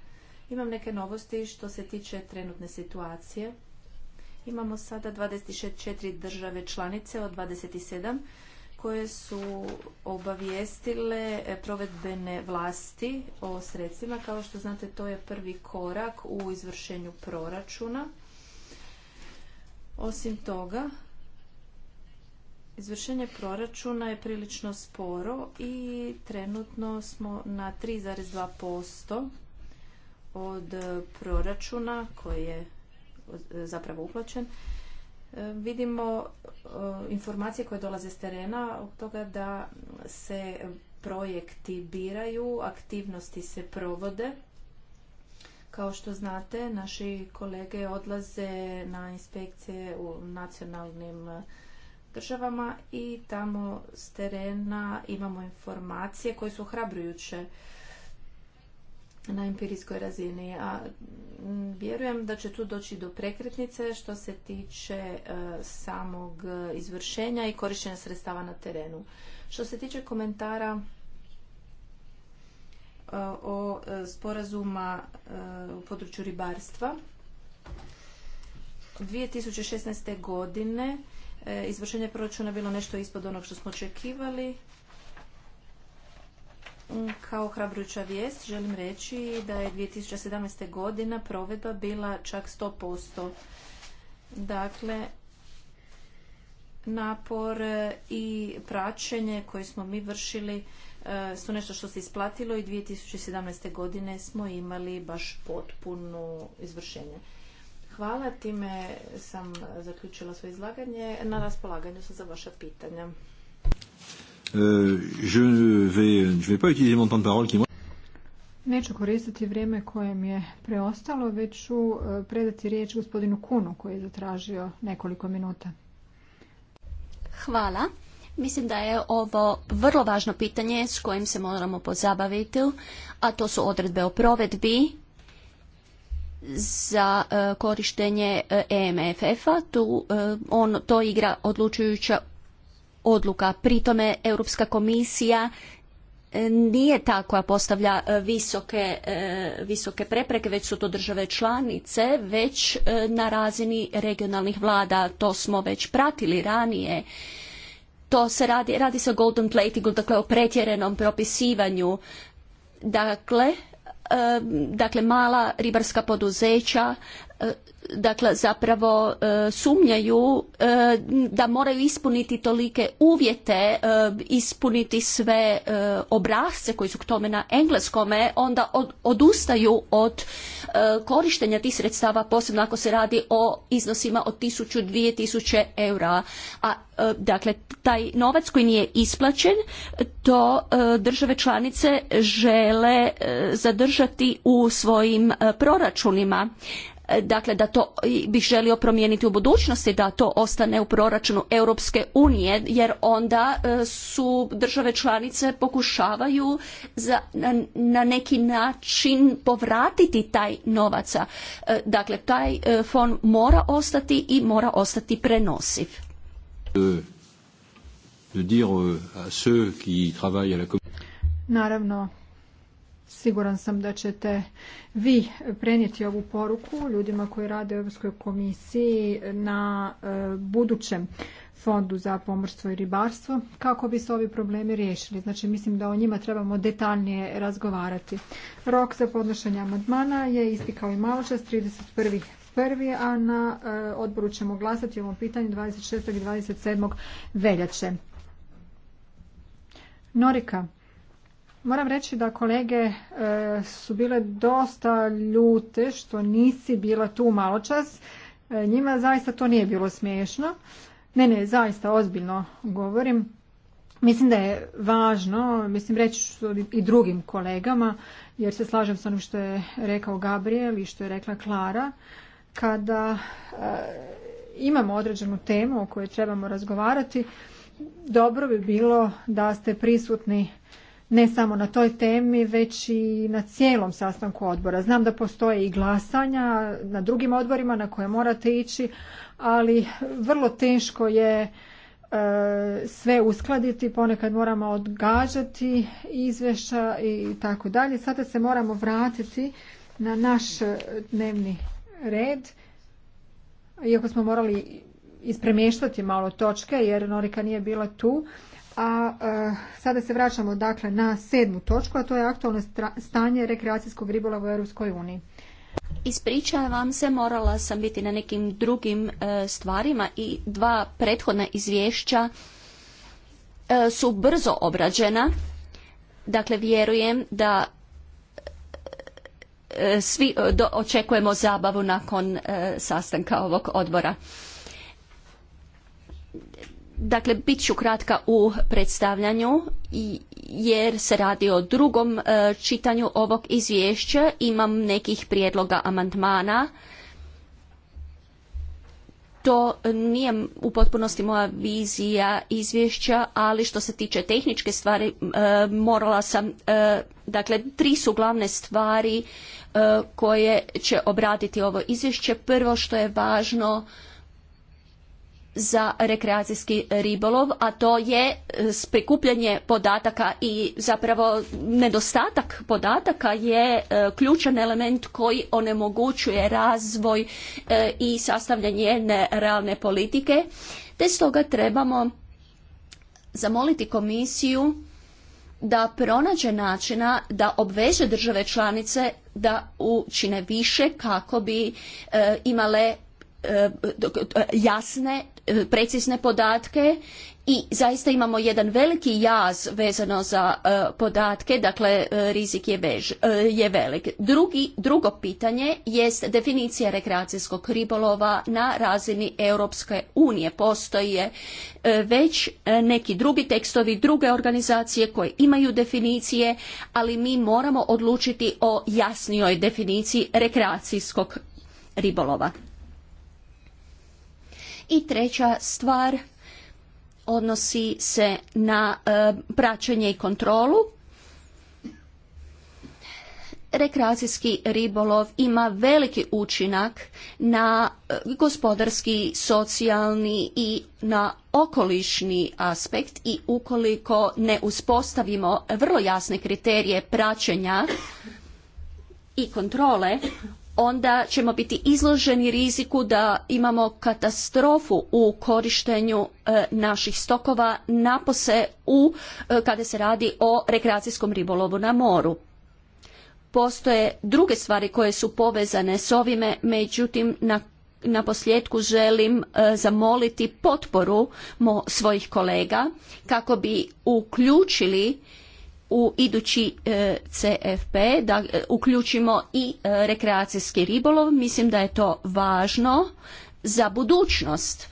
C: Imam neke novosti što se tiče trenutne situacije. Imamo sada 24 države članice od 27 koje su obavijestile e, provedbene vlasti o sredstvima. Kao što znate, to je prvi korak u izvršenju proračuna. Osim toga, izvršenje proračuna je prilično sporo i trenutno smo na 3,2% od e, proračuna koji je e, zapravo uplaćen E, vidimo e, informacije koje dolaze s terena od toga da se projekti biraju, aktivnosti se provode. Kao što znate, naši kolege odlaze na inspekcije u nacionalnim e, državama i tamo s terena imamo informacije koje su hrabrujuće na empirijskoj razini. A vjerujem da će tu doći do prekretnice što se tiče e, samog izvršenja i korištenja sredstava na terenu. Što se tiče komentara e, o e, sporazuma u području ribarstva, 2016. godine izvršenje proračuna bilo nešto ispod onog što smo očekivali kao hrabruća vijest želim reći da je 2017. godina provedba bila čak 100%. Dakle, napor i praćenje koje smo mi vršili e, su nešto što se isplatilo i 2017. godine smo imali baš potpuno izvršenje. Hvala, time sam zaključila svoje izlaganje. Na raspolaganju sam za vaša pitanja.
B: Neću koristiti vrijeme koje mi je preostalo, već ću e, predati riječ gospodinu Kunu koji je zatražio nekoliko minuta.
D: Hvala. Mislim da je ovo vrlo važno pitanje s kojim se moramo pozabaviti, a to su odredbe o provedbi za e, korištenje EMFF-a. E tu on, to igra odlučujuća odluka. Pritome Europska komisija e, nije ta koja postavlja e, visoke, e, visoke prepreke, već su to države članice, već na razini regionalnih vlada. To smo već pratili ranije. To se radi, radi se o golden platingu, dakle o pretjerenom propisivanju. Dakle, dakle mala ribarska poduzeća E, dakle zapravo e, sumnjaju e, da moraju ispuniti tolike uvjete, ispuniti sve obrazce koji su k tome na engleskome, onda odustaju od korištenja tih sredstava, posebno ako se radi o iznosima od 1000-2000 eura. A dakle, taj novac koji nije isplaćen, to države članice žele zadržati u svojim proračunima. E, dakle da to bih želio promijeniti u budućnosti da to ostane u proračunu Europske unije jer onda e, su države članice pokušavaju na, neki način povratiti taj novaca. E, dakle, taj fond mora ostati i mora ostati prenosiv.
B: Naravno, Siguran sam da ćete vi prenijeti ovu poruku ljudima koji rade u Europskoj komisiji na e, budućem fondu za pomorstvo i ribarstvo kako bi se ovi problemi riješili. Znači mislim da o njima trebamo detaljnije razgovarati. Rok za podnošenje amandmana je isti kao i maločas 31. Prvi, a na e, odboru ćemo glasati o ovom pitanju 26. i 27. veljače. Norika, Moram reći da kolege e, su bile dosta ljute što nisi bila tu maločas. E, njima zaista to nije bilo smiješno. Ne, ne, zaista ozbiljno govorim. Mislim da je važno, mislim reći i drugim kolegama, jer se slažem s onim što je rekao Gabriel i što je rekla Klara, kada e, imamo određenu temu o kojoj trebamo razgovarati, dobro bi bilo da ste prisutni ne samo na toj temi, već i na cijelom sastanku odbora. Znam da postoje i glasanja na drugim odborima na koje morate ići, ali vrlo teško je e, sve uskladiti, ponekad moramo odgađati izvješća i tako dalje. Sada se moramo vratiti na naš dnevni red, iako smo morali ispremještati malo točke jer Norika nije bila tu a e, sada se vraćamo
D: dakle na sedmu točku, a to je aktualno stanje rekreacijskog ribolova u Europskoj uniji. Ispričavam se, morala sam biti na nekim drugim e, stvarima i dva prethodna izvješća e, su brzo obrađena. Dakle, vjerujem da svi do, očekujemo zabavu nakon sastanka ovog odbora. Dakle, bit ću kratka u predstavljanju jer se radi o drugom e, čitanju ovog izvješća. Imam nekih prijedloga amandmana. To nije u potpunosti moja vizija izvješća, ali što se tiče tehničke stvari e, morala sam, e, dakle tri su glavne stvari koje će obraditi ovo izvješće. Prvo što je važno za rekreacijski ribolov, a to je e, prikupljanje podataka i zapravo nedostatak podataka je e, ključan element koji onemogućuje razvoj e, i sastavljanje jedne realne politike, te stoga trebamo zamoliti komisiju da pronađe načina da obveže države članice da učine više kako bi imale jasne precizne podatke i zaista imamo jedan veliki jaz vezano za e, podatke, dakle e, rizik je, e, je velik. Drugi, drugo pitanje jest definicija rekreacijskog ribolova na razini Europske unije. Postoje već neki drugi tekstovi, druge organizacije koje imaju definicije, ali mi moramo odlučiti o jasnijoj definiciji rekreacijskog ribolova. I treća stvar odnosi se na e, praćenje i kontrolu. Rekreacijski ribolov ima veliki učinak na e, gospodarski, socijalni i na okolišni aspekt i ukoliko ne uspostavimo vrlo jasne kriterije praćenja i kontrole, onda ćemo biti izloženi riziku da imamo katastrofu u korištenju e, naših stokova napose u e, kada se radi o rekreacijskom ribolovu na moru postoje druge stvari koje su povezane s ovime međutim na posljedku želim e, zamoliti potporu svojih kolega kako bi uključili u idući e, CFP da e, uključimo i e, rekreacijski ribolov. Mislim da je to važno za budućnost.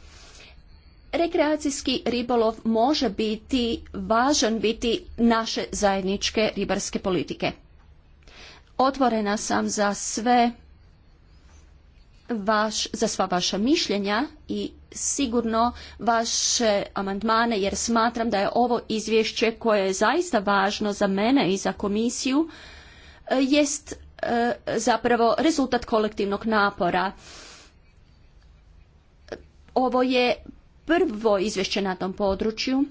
D: Rekreacijski ribolov može biti važan biti naše zajedničke ribarske politike. Otvorena sam za sve za sva vaša mišljenja i sigurno vaše amandmane jer smatram da je ovo izvješće koje je zaista važno za mene i za komisiju e, jest e, zapravo rezultat kolektivnog napora. Ovo je prvo izvješće na tom području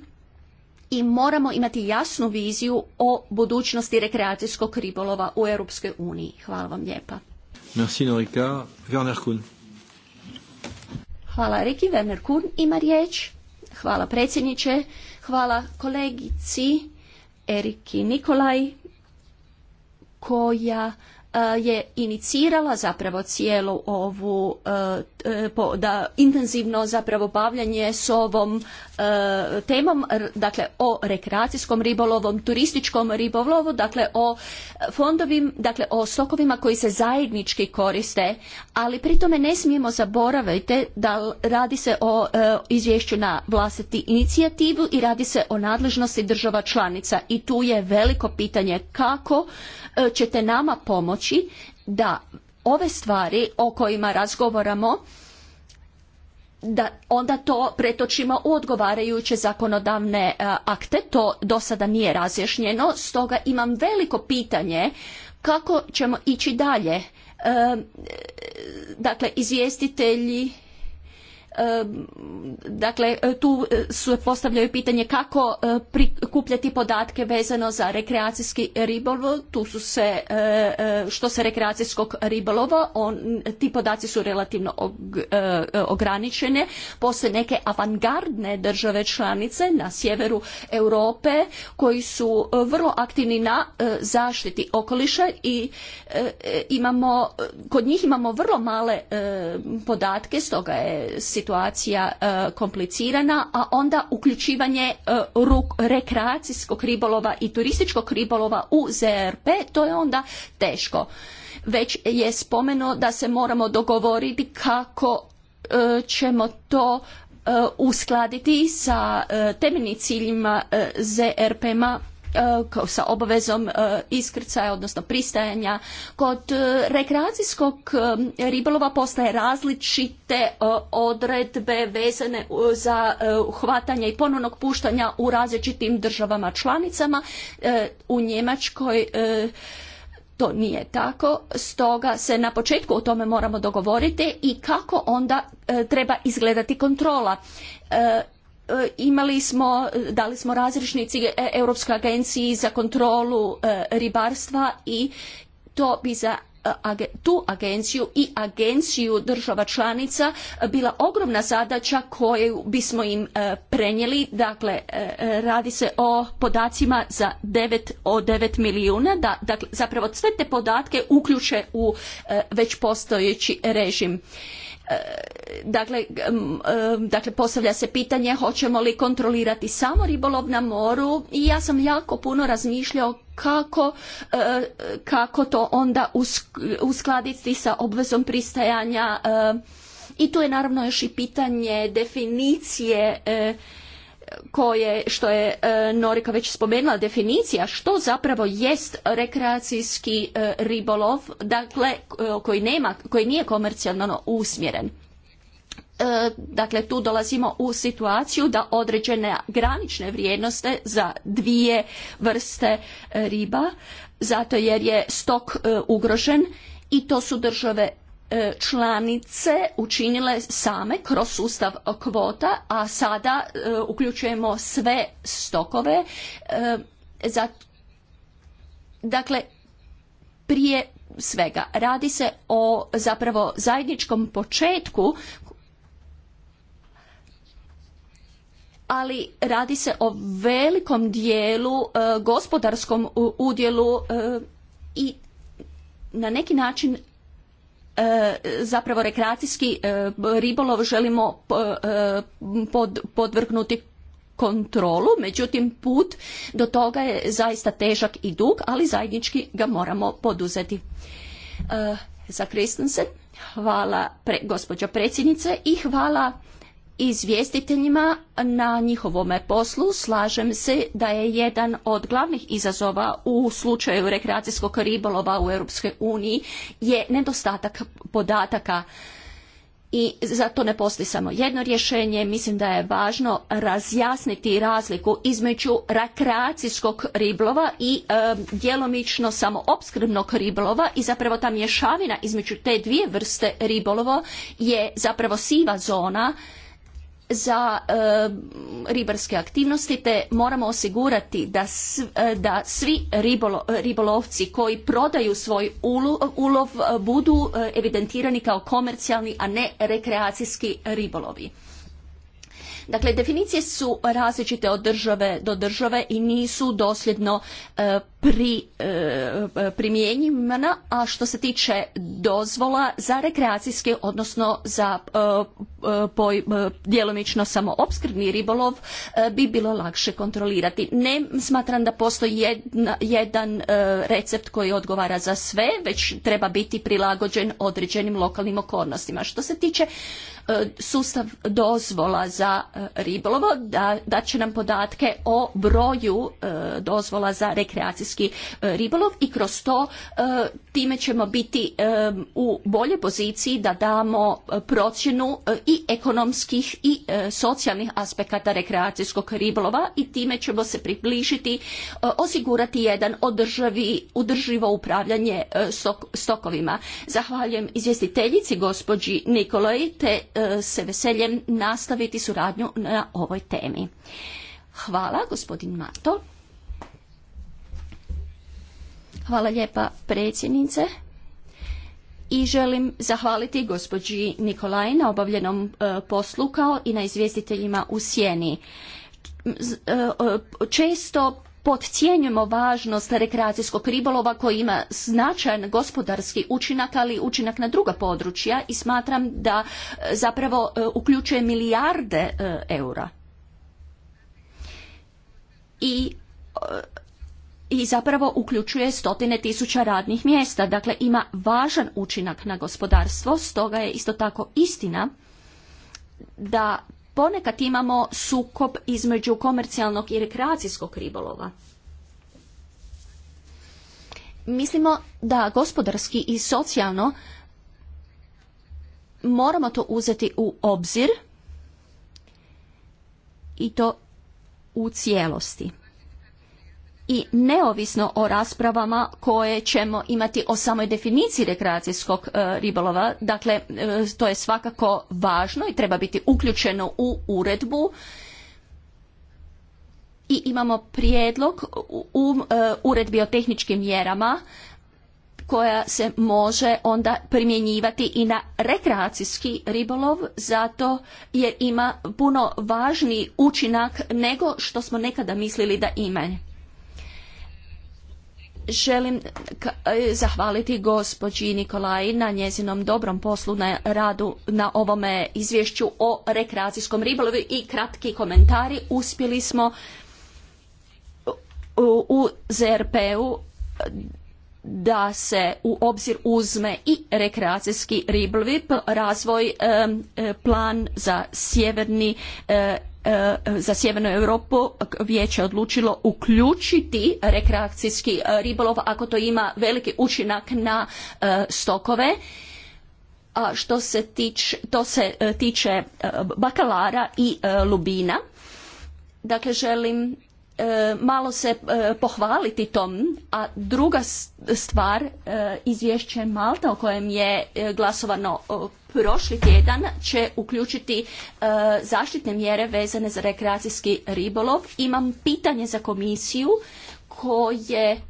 D: i moramo imati jasnu viziju o budućnosti rekreacijskog ribolova u Europskoj uniji. Hvala vam lijepa. Merci Hvala Riki. Werner Kuhn ima riječ. Hvala predsjedniče. Hvala kolegici Eriki Nikolaj koja eh, je inicirala zapravo cijelu ovu eh, E, da intenzivno zapravo bavljanje s ovom e, temom, dakle o rekreacijskom ribolovom, turističkom ribolovu, dakle o fondovim, dakle o stokovima koji se zajednički koriste, ali pri tome ne smijemo zaboraviti da radi se o e, izvješću na vlastiti inicijativu i radi se o nadležnosti država članica i tu je veliko pitanje kako e, ćete nama pomoći da ove stvari o kojima razgovaramo da onda to pretočimo u odgovarajuće zakonodavne e, akte, to do sada nije razjašnjeno, stoga imam veliko pitanje kako ćemo ići dalje. E, e, dakle, izvjestitelji dakle tu se postavljaju pitanje kako e, prikupljati podatke vezano za rekreacijski ribolov, tu su se e, e, što se rekreacijskog ribolova, on, ti podaci su relativno ograničene, postoje neke avangardne države članice na sjeveru Europe koji su vrlo aktivni na zaštiti okoliša i imamo, kod njih imamo vrlo male podatke, stoga je situacija e, komplicirana, a onda uključivanje e, ruk, rekreacijskog ribolova i turističkog ribolova u ZRP, to je onda teško. Već je spomeno da se moramo dogovoriti kako e, ćemo to e, uskladiti sa temeljnim ciljima ZRP-ma E, sa obavezom e, iskrcaja, odnosno pristajanja. Kod e, rekreacijskog ribolova postaje različite odredbe vezane za hvatanje i ponovnog puštanja u različitim državama članicama. U Njemačkoj to nije tako, stoga se na početku o tome moramo dogovoriti i kako onda treba izgledati kontrola. E, imali smo, dali smo razrišnici e, Europskoj agenciji za kontrolu e, ribarstva i to bi za tu agenciju i agenciju država članica bila ogromna zadaća koju bismo im prenijeli. Dakle, radi se o podacima za 9, od 9 milijuna, da dakle, zapravo sve te podatke uključe u već postojeći režim. Dakle, dakle, postavlja se pitanje hoćemo li kontrolirati samo ribolov na moru i ja sam jako puno razmišljao kako, e, kako to onda uskladiti sa obvezom pristajanja e, i tu je naravno još i pitanje definicije e, koje, što je e, Norika već spomenula, definicija što zapravo jest rekreacijski e, ribolov, dakle e, koji, nema, koji nije komercijalno usmjeren. Dakle, tu dolazimo u situaciju da određene granične vrijednosti za dvije vrste riba, zato jer je stok ugrožen i to su države E, članice učinile same kroz sustav kvota, a sada e, uključujemo sve stokove. E, za, dakle, prije svega radi se o zapravo zajedničkom početku ali radi se o velikom dijelu gospodarskom udjelu i na neki način E, zapravo rekreacijski e, ribolov želimo e, podvrgnuti kontrolu, međutim put do toga je zaista težak i dug, ali zajednički ga moramo poduzeti. Za Kristensen, hvala gospođo predsjednice i hvala izvjestiteljima na njihovome poslu. Slažem se da je jedan od glavnih izazova u slučaju rekreacijskog ribolova u Europskoj uniji je nedostatak podataka i za to ne postoji samo jedno rješenje. Mislim da je važno razjasniti razliku između rekreacijskog ribolova i e, djelomično samoopskrbnog ribolova i zapravo ta mješavina između te dvije vrste ribolova je zapravo siva zona za e, ribarske aktivnosti te moramo osigurati da, e, svi e, ribolovci koji prodaju svoj ulov, budu evidentirani kao komercijalni, a ne rekreacijski ribolovi. Dakle, definicije su različite od države do države i nisu dosljedno pri, e, primjenjivana, a što se tiče dozvola za rekreacijske, odnosno za e, e, e djelomično samo ribolov, bi bilo lakše kontrolirati. Ne smatram da postoji jedan recept koji odgovara za sve, već treba biti prilagođen određenim lokalnim okolnostima. Što se tiče sustav dozvola za ribolovo, da, će nam podatke o broju dozvola za rekreacijske E, ribolov i kroz to e, time ćemo biti e, u boljoj poziciji da damo procjenu i ekonomskih i socijalnih aspekata rekreacijskog ribolova i time ćemo se približiti osigurati jedan održavi, održivo upravljanje stokovima. Zahvaljujem izvjestiteljici gospođi Nikoloj te se veseljem nastaviti suradnju na ovoj temi. Hvala, gospodin Mato. Hvala lijepa predsjednice i želim zahvaliti gospođi Nikolaj na obavljenom e, poslu kao i na izvjestiteljima u Sjeni. E, često podcjenjujemo važnost rekreacijskog ribolova koji ima značajan gospodarski učinak, ali i učinak na druga područja i smatram da e, zapravo uključuje milijarde eura. I i zapravo uključuje stotine tisuća radnih mjesta. Dakle, ima važan učinak na gospodarstvo, stoga je isto tako istina da ponekad imamo sukob između komercijalnog i rekreacijskog ribolova. Mislimo da gospodarski i socijalno moramo to uzeti u obzir i to u cijelosti i neovisno o raspravama koje ćemo imati o samoj definiciji rekreacijskog e, ribolova. Dakle, e, to je svakako važno i treba biti uključeno u uredbu. I imamo prijedlog u, e, uredbi o tehničkim mjerama koja se može onda primjenjivati i na rekreacijski ribolov zato jer ima puno važniji učinak nego što smo nekada mislili da ima želim e, zahvaliti gospođi Nikolaj na njezinom dobrom poslu na radu na ovome izvješću o rekreacijskom ribolovu i kratki komentari. Uspjeli smo u, ZRP-u da se u obzir uzme i rekreacijski ribolov, razvoj, e, plan za sjeverni e, Eh, za Sjevernu Europu vijeće je odlučilo uključiti rekreacijski eh, ribolov ako to ima veliki učinak na eh, stokove. A što se to se tiče bakalara i lubina. Dakle, želim E, malo se e, pohvaliti tom, a druga stvar, e, izvješće Malta o kojem je glasovano prošli tjedan će uključiti zaštitne mjere vezane za rekreacijski ribolov. Imam pitanje za komisiju koje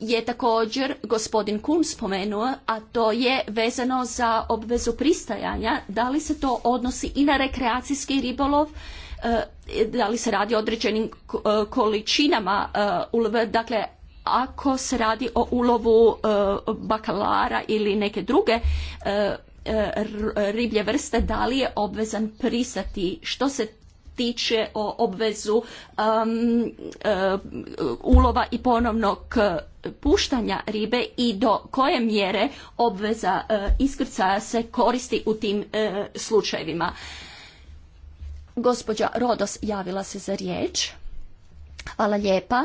D: je također gospodin Kun spomenuo, a to je vezano za obvezu pristajanja. Da li se to odnosi i na rekreacijski ribolov? E, da li se radi o određenim e, količinama e, ulova, dakle ako se radi o ulovu bakalara ili neke druge riblje vrste, da li je obvezan prisati što se tiče o obvezu ulova i ponovnog puštanja ribe i do koje mjere obveza iskrcaja se koristi u tim slučajevima. Gospođa Rodos javila se za riječ. Hvala lijepa.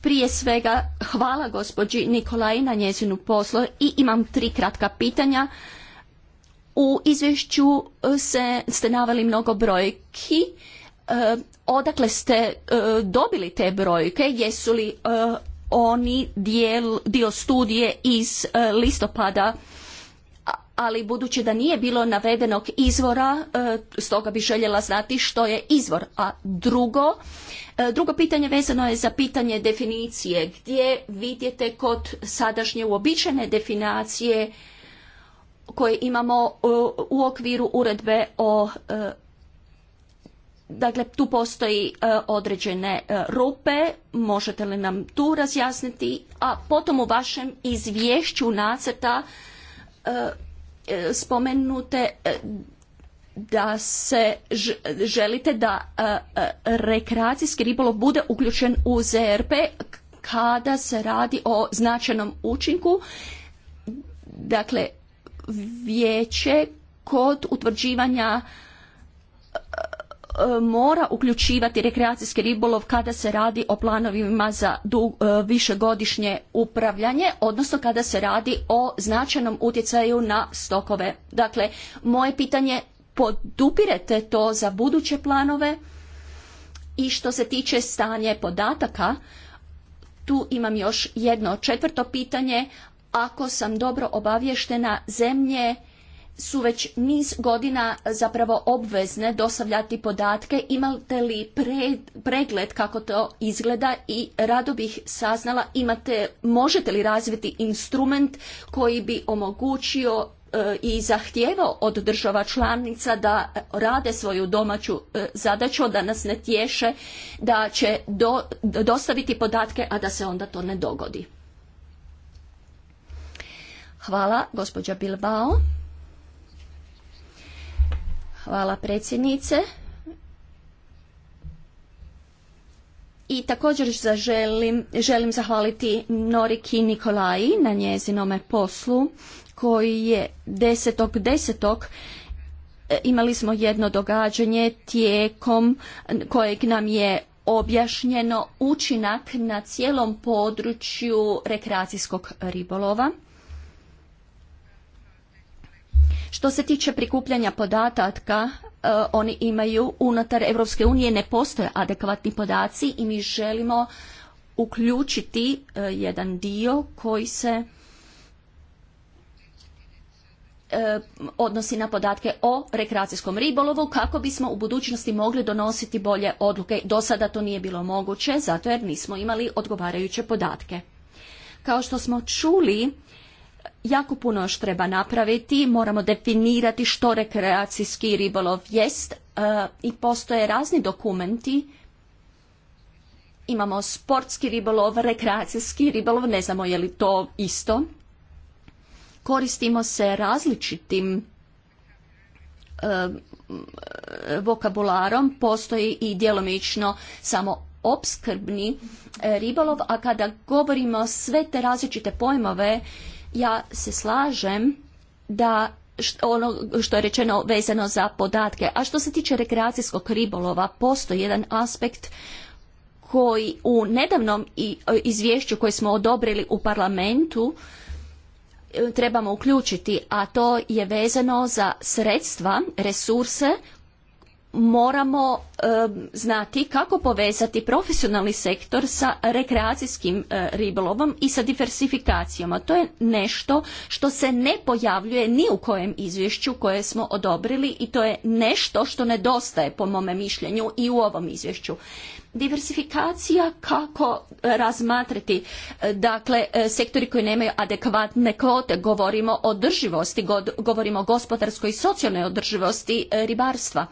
D: Prije svega hvala gospođi Nikolaj na njezinu poslu i imam tri kratka pitanja. U izvješću e, se, ste naveli mnogo brojki. E, odakle ste e, dobili te brojke? Jesu li oni dio studije iz listopada ali budući da nije bilo navedenog izvora, e, stoga bi željela znati što je izvor. A drugo, e, drugo pitanje vezano je za pitanje definicije. Gdje vidite kod sadašnje uobičajene definacije koje imamo e, u okviru uredbe o Dakle, tu postoji određene rupe, možete li nam tu razjasniti, a potom u vašem izvješću nacrta E, spomenute e, da se želite da e, rekreacijski ribolov bude uključen u ZRP kada se radi o značajnom učinku. Dakle, vijeće kod utvrđivanja E, mora uključivati rekreacijski ribolov kada se radi o planovima za e, višegodišnje upravljanje, odnosno kada se radi o značajnom utjecaju na stokove. Dakle, moje pitanje podupirete to za buduće planove i što se tiče stanje podataka, tu imam još jedno četvrto pitanje. Ako sam dobro obavještena, zemlje su već niz godina zapravo obvezne dostavljati podatke. Imate li pregled kako to izgleda i rado bih saznala imate, možete li razviti instrument koji bi omogućio e, i zahtijevao od država članica da rade svoju domaću e, zadaću, da nas ne tješe, da će dostaviti podatke, a da se onda to ne dogodi. Hvala, gospođa Bilbao. Hvala predsjednice. I također zaželim, želim zahvaliti Noriki Nikolaji na njezinome poslu koji je desetog e, imali smo jedno događanje tijekom kojeg nam je objašnjeno učinak na cijelom području rekreacijskog ribolova. Što se tiče prikupljanja podataka, e, oni imaju unutar Europske unije ne postoje adekvatni podaci i mi želimo uključiti e, jedan dio koji se e, odnosi na podatke o rekreacijskom ribolovu kako bismo u budućnosti mogli donositi bolje odluke. Do sada to nije bilo moguće zato jer nismo imali odgovarajuće podatke. Kao što smo čuli, jako puno još treba napraviti, moramo definirati što rekreacijski ribolov jest e, i postoje razni dokumenti imamo sportski ribolov, rekreacijski ribolov, ne znamo je li to isto. Koristimo se različitim e, vokabularom, postoji i djelomično samo opskrbni e, ribolov, a kada govorimo sve te različite pojmove ja se slažem da ono što je rečeno vezano za podatke. A što se tiče rekreacijskog ribolova, postoji jedan aspekt koji u nedavnom e, izvješću koje smo odobrili u parlamentu e, trebamo uključiti, a to je vezano za sredstva, resurse moramo znati kako povezati profesionalni sektor sa rekreacijskim e, ribolovom i sa diversifikacijama. To je nešto što se ne pojavljuje ni u kojem izvješću koje smo odobrili i to je nešto što nedostaje po mome mišljenju i u ovom izvješću. Diversifikacija kako razmatrati, e, dakle, e, sektori koji nemaju adekvatne kvote, govorimo o održivosti, govorimo o gospodarskoj i socijalnoj održivosti ribarstva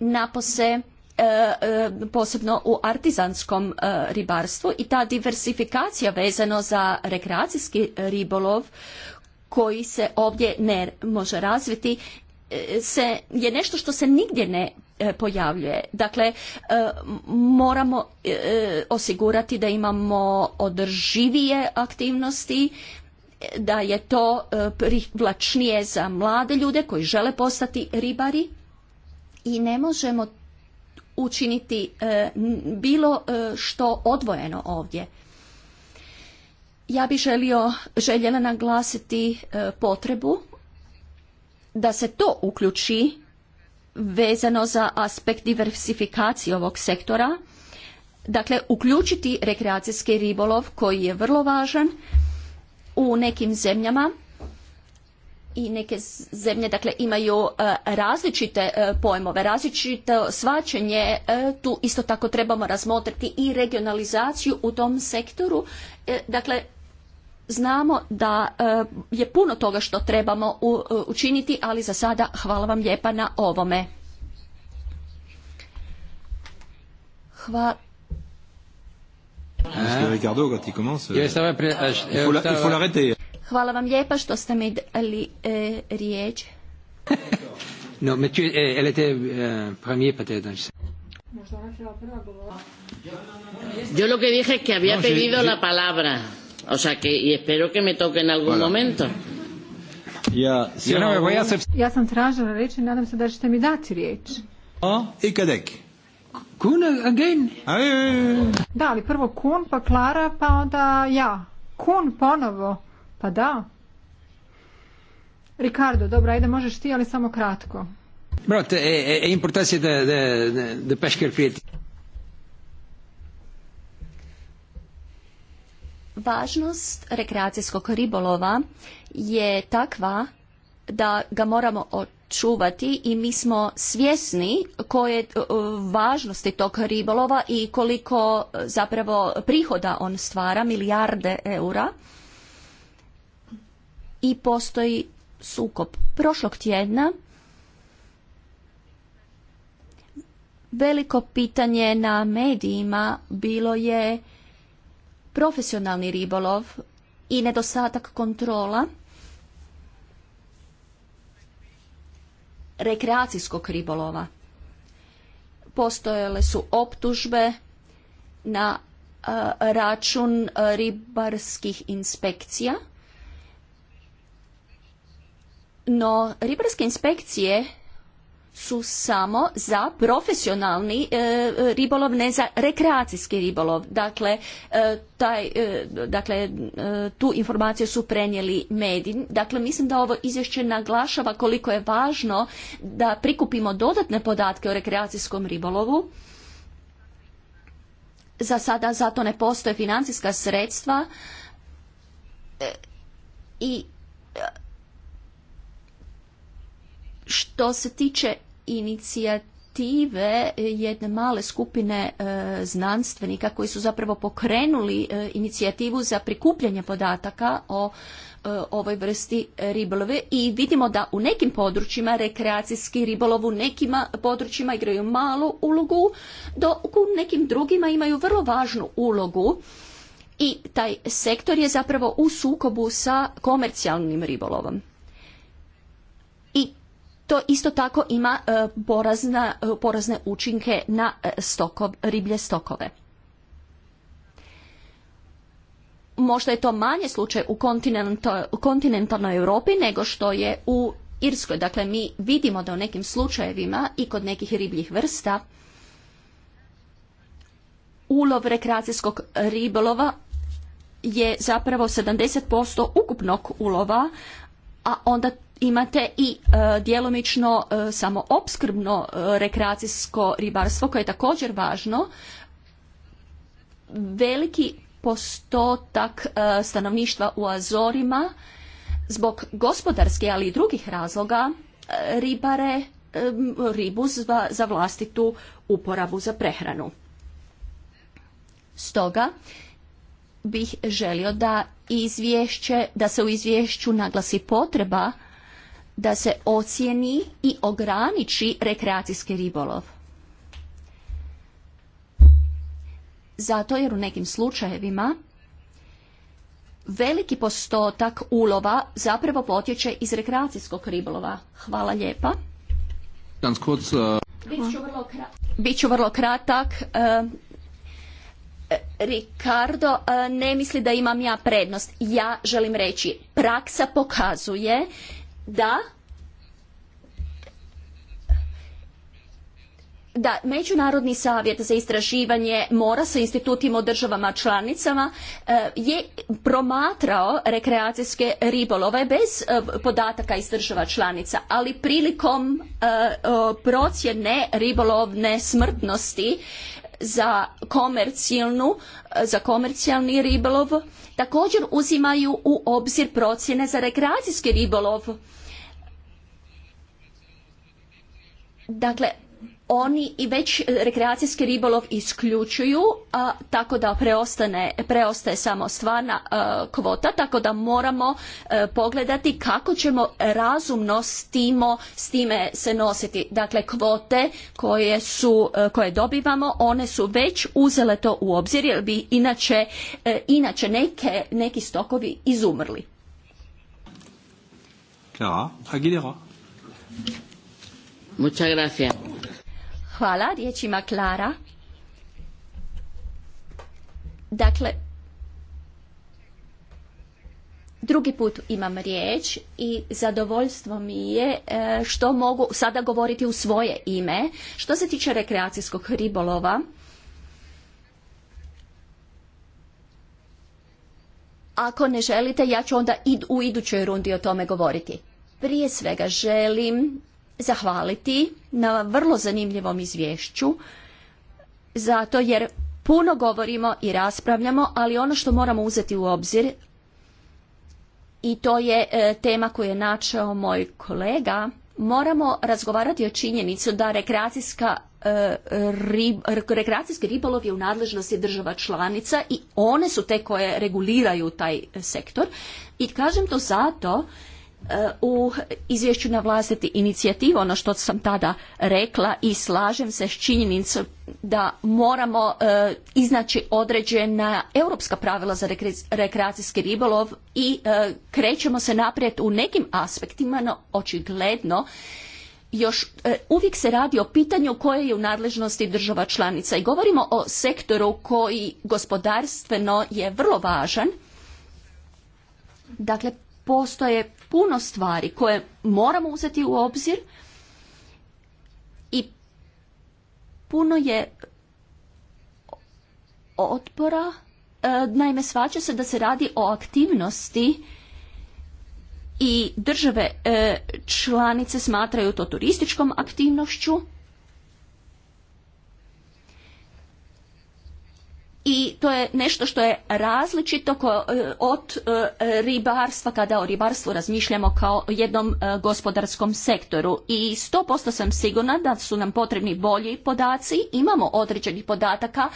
D: napose e, e, posebno u artizanskom e, ribarstvu i ta diversifikacija vezano za rekreacijski ribolov koji se ovdje ne može razviti se, je nešto što se nigdje ne pojavljuje. Dakle, moramo osigurati da imamo održivije aktivnosti, da je to privlačnije za mlade ljude koji žele postati ribari i ne možemo učiniti e, bilo e, što odvojeno ovdje. Ja bih želio, željela naglasiti e, potrebu da se to uključi vezano za aspekt diversifikacije ovog sektora, dakle uključiti rekreacijski ribolov koji je vrlo važan u nekim zemljama i neke zemlje dakle imaju e, različite e, pojmove, različito svačenje, e, tu isto tako trebamo razmotriti i regionalizaciju u tom sektoru. Dakle, znamo da je puno toga što trebamo učiniti, ali za sada hvala vam lijepa na ovome. Hvala vam lijepa što ste mi dali e, riječ.
A: No, Mathieu, e, elle était e, premier peut-être.
B: Yo lo que dije es que había pedido la palabra,
D: o sea que y espero que me toque en algún momento. Ja,
B: ja sam tražila riječ i nadam se da ćete mi dati riječ.
A: O, i kadek.
B: Kun again?
A: E,
B: da, ali prvo Kun, pa Klara, pa onda ja. Kun ponovo. Pa da. Ricardo, dobro, ajde možeš ti, ali samo kratko.
A: Brat, e, e, e da, da, da
D: Važnost rekreacijskog ribolova je takva da ga moramo očuvati i mi smo svjesni koje e, važnosti tog ribolova i koliko e, zapravo prihoda on stvara, milijarde eura i postoji sukob. Prošlog tjedna veliko pitanje na medijima bilo je profesionalni ribolov i nedostatak kontrola rekreacijskog ribolova. Postojale su optužbe na račun ribarskih inspekcija no, ribarske inspekcije su samo za profesionalni e, ribolov, ne za rekreacijski ribolov. Dakle, e, taj, e, dakle tu informaciju su prenijeli mediji. Dakle, mislim da ovo izvješće naglašava koliko je važno da prikupimo dodatne podatke o rekreacijskom ribolovu. Za sada zato ne postoje financijska sredstva i što se tiče inicijative jedne male skupine e, znanstvenika koji su zapravo pokrenuli e, inicijativu za prikupljanje podataka o e, ovoj vrsti ribolove i vidimo da u nekim područjima rekreacijski ribolov u nekim područjima igraju malu ulogu, dok u nekim drugima imaju vrlo važnu ulogu i taj sektor je zapravo u sukobu sa komercijalnim ribolovom to isto tako ima e, e, porazne učinke na e, riblje stokove. Možda je to manje slučaj u, kontinentalnoj Europi nego što je u Irskoj. Dakle, mi vidimo da u nekim slučajevima i kod nekih ribljih vrsta ulov rekreacijskog ribolova je zapravo 70% ukupnog ulova, a onda imate i e, djelomično e, samo opskrbno e, rekreacijsko ribarstvo koje je također važno. Veliki postotak stanovništva u Azorima zbog gospodarske ali i drugih razloga ribare ribu za, za vlastitu uporabu za prehranu. Stoga bih želio da izvješće, da se u izvješću naglasi potreba da se ocijeni i ograniči rekreacijski ribolov. Zato jer u nekim slučajevima veliki postotak ulova zapravo potječe iz rekreacijskog ribolova. Hvala lijepa.
A: Äh,
D: Biću vrlo, kratak. Ehm, e, Ricardo e, ne misli da imam ja prednost. Ja želim reći, praksa pokazuje da da Međunarodni savjet za istraživanje mora sa institutima u državama članicama e, je promatrao rekreacijske ribolove bez e, podataka iz država članica, ali prilikom e, procjene ribolovne smrtnosti za komercijalnu, e, za komercijalni ribolov također uzimaju u obzir procjene za rekreacijski ribolov. Dakle, oni i već rekreacijski ribolov isključuju tako da preostane, preostaje samo stvarna kvota tako da moramo e, pogledati kako ćemo razumno s, s time se nositi dakle kvote koje, e, koje dobivamo one su već uzele to u obzir jer bi inače, e, inače neki stokovi izumrli Hvala, riječ ima Klara. Dakle, drugi put imam riječ i zadovoljstvo mi je e, što mogu sada govoriti u svoje ime. Što se tiče rekreacijskog ribolova, ako ne želite, ja ću onda u idućoj rundi o tome govoriti. Prije svega želim zahvaliti na vrlo zanimljivom izvješću, zato jer puno govorimo i raspravljamo, ali ono što moramo uzeti u obzir i to je e, tema koju je načao moj kolega, moramo razgovarati o činjenicu da rekreacijska e, rekreacijski ribolov je u nadležnosti država članica i one su te koje reguliraju taj sektor. I kažem to zato u izvješću na vlastiti inicijativu, ono što sam tada rekla i slažem se s činjenicom da moramo e, iznaći određena europska pravila za rekreacijski ribolov i e, krećemo se naprijed u nekim aspektima, no očigledno još e, uvijek se radi o pitanju koje je u nadležnosti država članica i govorimo o sektoru koji gospodarstveno je vrlo važan. Dakle, postoje puno stvari koje moramo uzeti u obzir i puno je otpora. E, naime, svača se da se radi o aktivnosti i države e, članice smatraju to turističkom aktivnošću i to je nešto što je različito e, od e, ribarstva kada o ribarstvu razmišljamo kao jednom e, gospodarskom sektoru i 100% sam sigurna da su nam potrebni bolji podaci, imamo određenih podataka,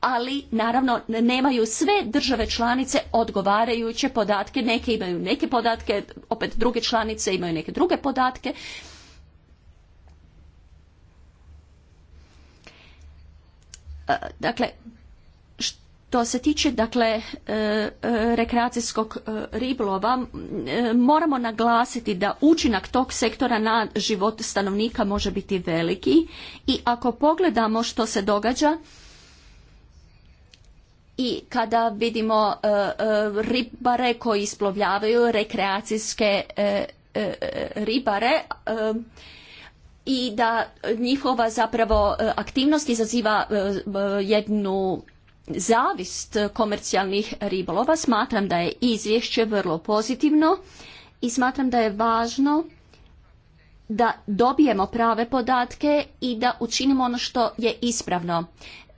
D: ali naravno nemaju sve države članice odgovarajuće podatke, neke imaju neke podatke, opet druge članice imaju neke druge podatke. Dakle, što se tiče dakle e, e, rekreacijskog e, ribolova moramo naglasiti da učinak tog sektora na život stanovnika može biti veliki i ako pogledamo što se događa i kada vidimo ribare koji isplovljavaju rekreacijske ribare i da njihova zapravo aktivnost izaziva jednu zavist komercijalnih ribolova. Smatram da je izvješće vrlo pozitivno i smatram da je važno da dobijemo prave podatke i da učinimo ono što je ispravno.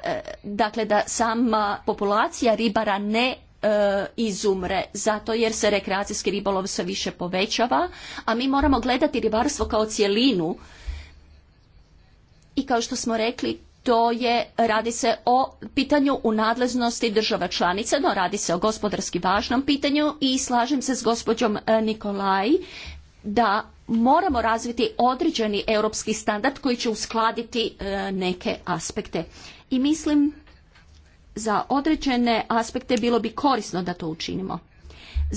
D: E, dakle, da sama populacija ribara ne e, izumre, zato jer se rekreacijski ribolov sve više povećava, a mi moramo gledati ribarstvo kao cjelinu. I kao što smo rekli, to je, radi se o pitanju u nadležnosti država članica, no radi se o gospodarski važnom pitanju i slažem se s gospođom e, Nikolaj da moramo razviti određeni europski standard koji će uskladiti e, neke aspekte. I mislim za određene aspekte bilo bi korisno da to učinimo.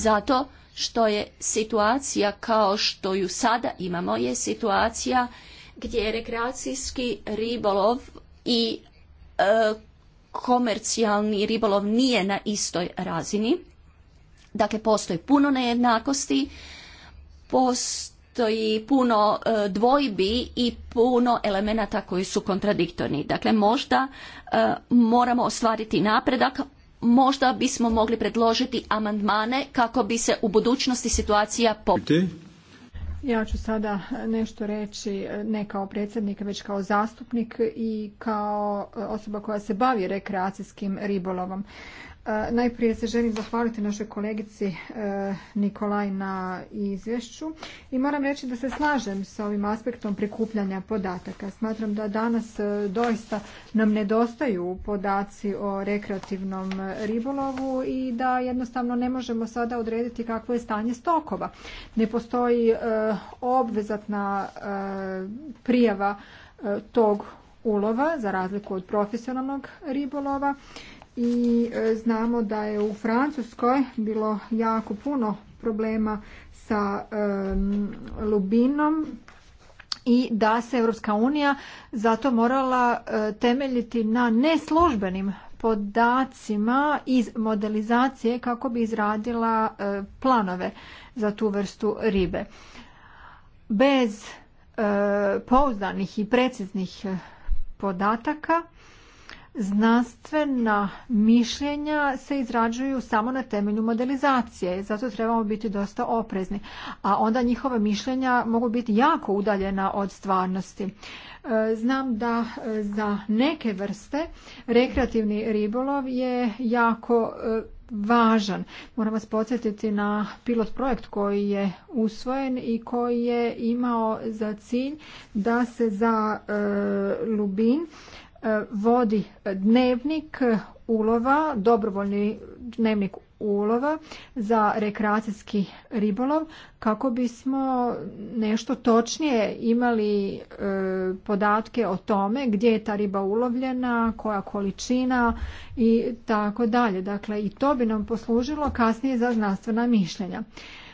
D: Zato što je situacija kao što ju sada imamo je situacija gdje rekreacijski ribolov i e, komercijalni ribolov nije na istoj razini. Dakle, postoji puno nejednakosti, postoji puno e, dvojbi i puno elemenata koji su kontradiktorni. Dakle, možda e, moramo ostvariti napredak, možda bismo mogli predložiti amandmane kako bi se u budućnosti situacija
A: popravila.
D: Ja ću sada
B: nešto reći ne kao predsjednik, već kao zastupnik i kao e, osoba koja se bavi rekreacijskim ribolovom. E, najprije se želim zahvaliti našoj kolegici e, Nikolaj na izvješću i moram reći da se slažem sa ovim aspektom prikupljanja podataka. Smatram da danas e, doista nam nedostaju podaci o rekreativnom ribolovu i da jednostavno ne možemo sada odrediti kakvo je stanje stokova. Ne postoji obvezatna prijava tog ulova za razliku od profesionalnog ribolova i e, znamo da je u Francuskoj bilo jako puno problema sa lubinom i da se Europska unija zato morala e, temeljiti na neslužbenim podacima iz modelizacije kako bi izradila e, planove za tu vrstu ribe. Bez pouzdanih i preciznih podataka znanstvena mišljenja se izrađuju samo na temelju modelizacije, zato trebamo biti dosta oprezni, a onda njihova mišljenja mogu biti jako udaljena od stvarnosti. E, znam da e, za neke vrste rekreativni ribolov je jako e, važan. Moram vas podsjetiti na pilot projekt koji je usvojen i koji je imao za cilj da se za Lubin E, vodi dnevnik ulova, dobrovoljni dnevnik ulova za rekreacijski ribolov kako bismo nešto točnije imali e, podatke o tome gdje je ta riba ulovljena, koja količina i tako dalje. Dakle i to bi nam poslužilo kasnije za znanstvena mišljenja.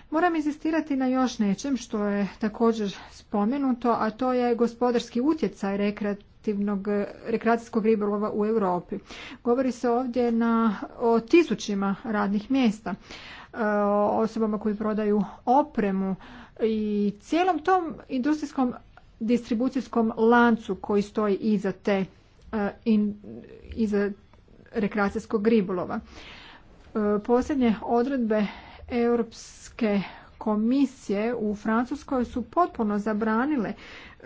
B: Moram insistirati na još nečem što je također spomenuto, a to je gospodarski utjecaj rekreacijskog aktivnog e, rekreacijskog ribolova u Europi. Govori se ovdje na, o tisućima radnih mjesta, e, o osobama koji prodaju opremu i cijelom tom industrijskom distribucijskom lancu koji stoji iza te e, iza rekreacijskog ribolova. Posljednje odredbe Europske komisije u Francuskoj su potpuno zabranile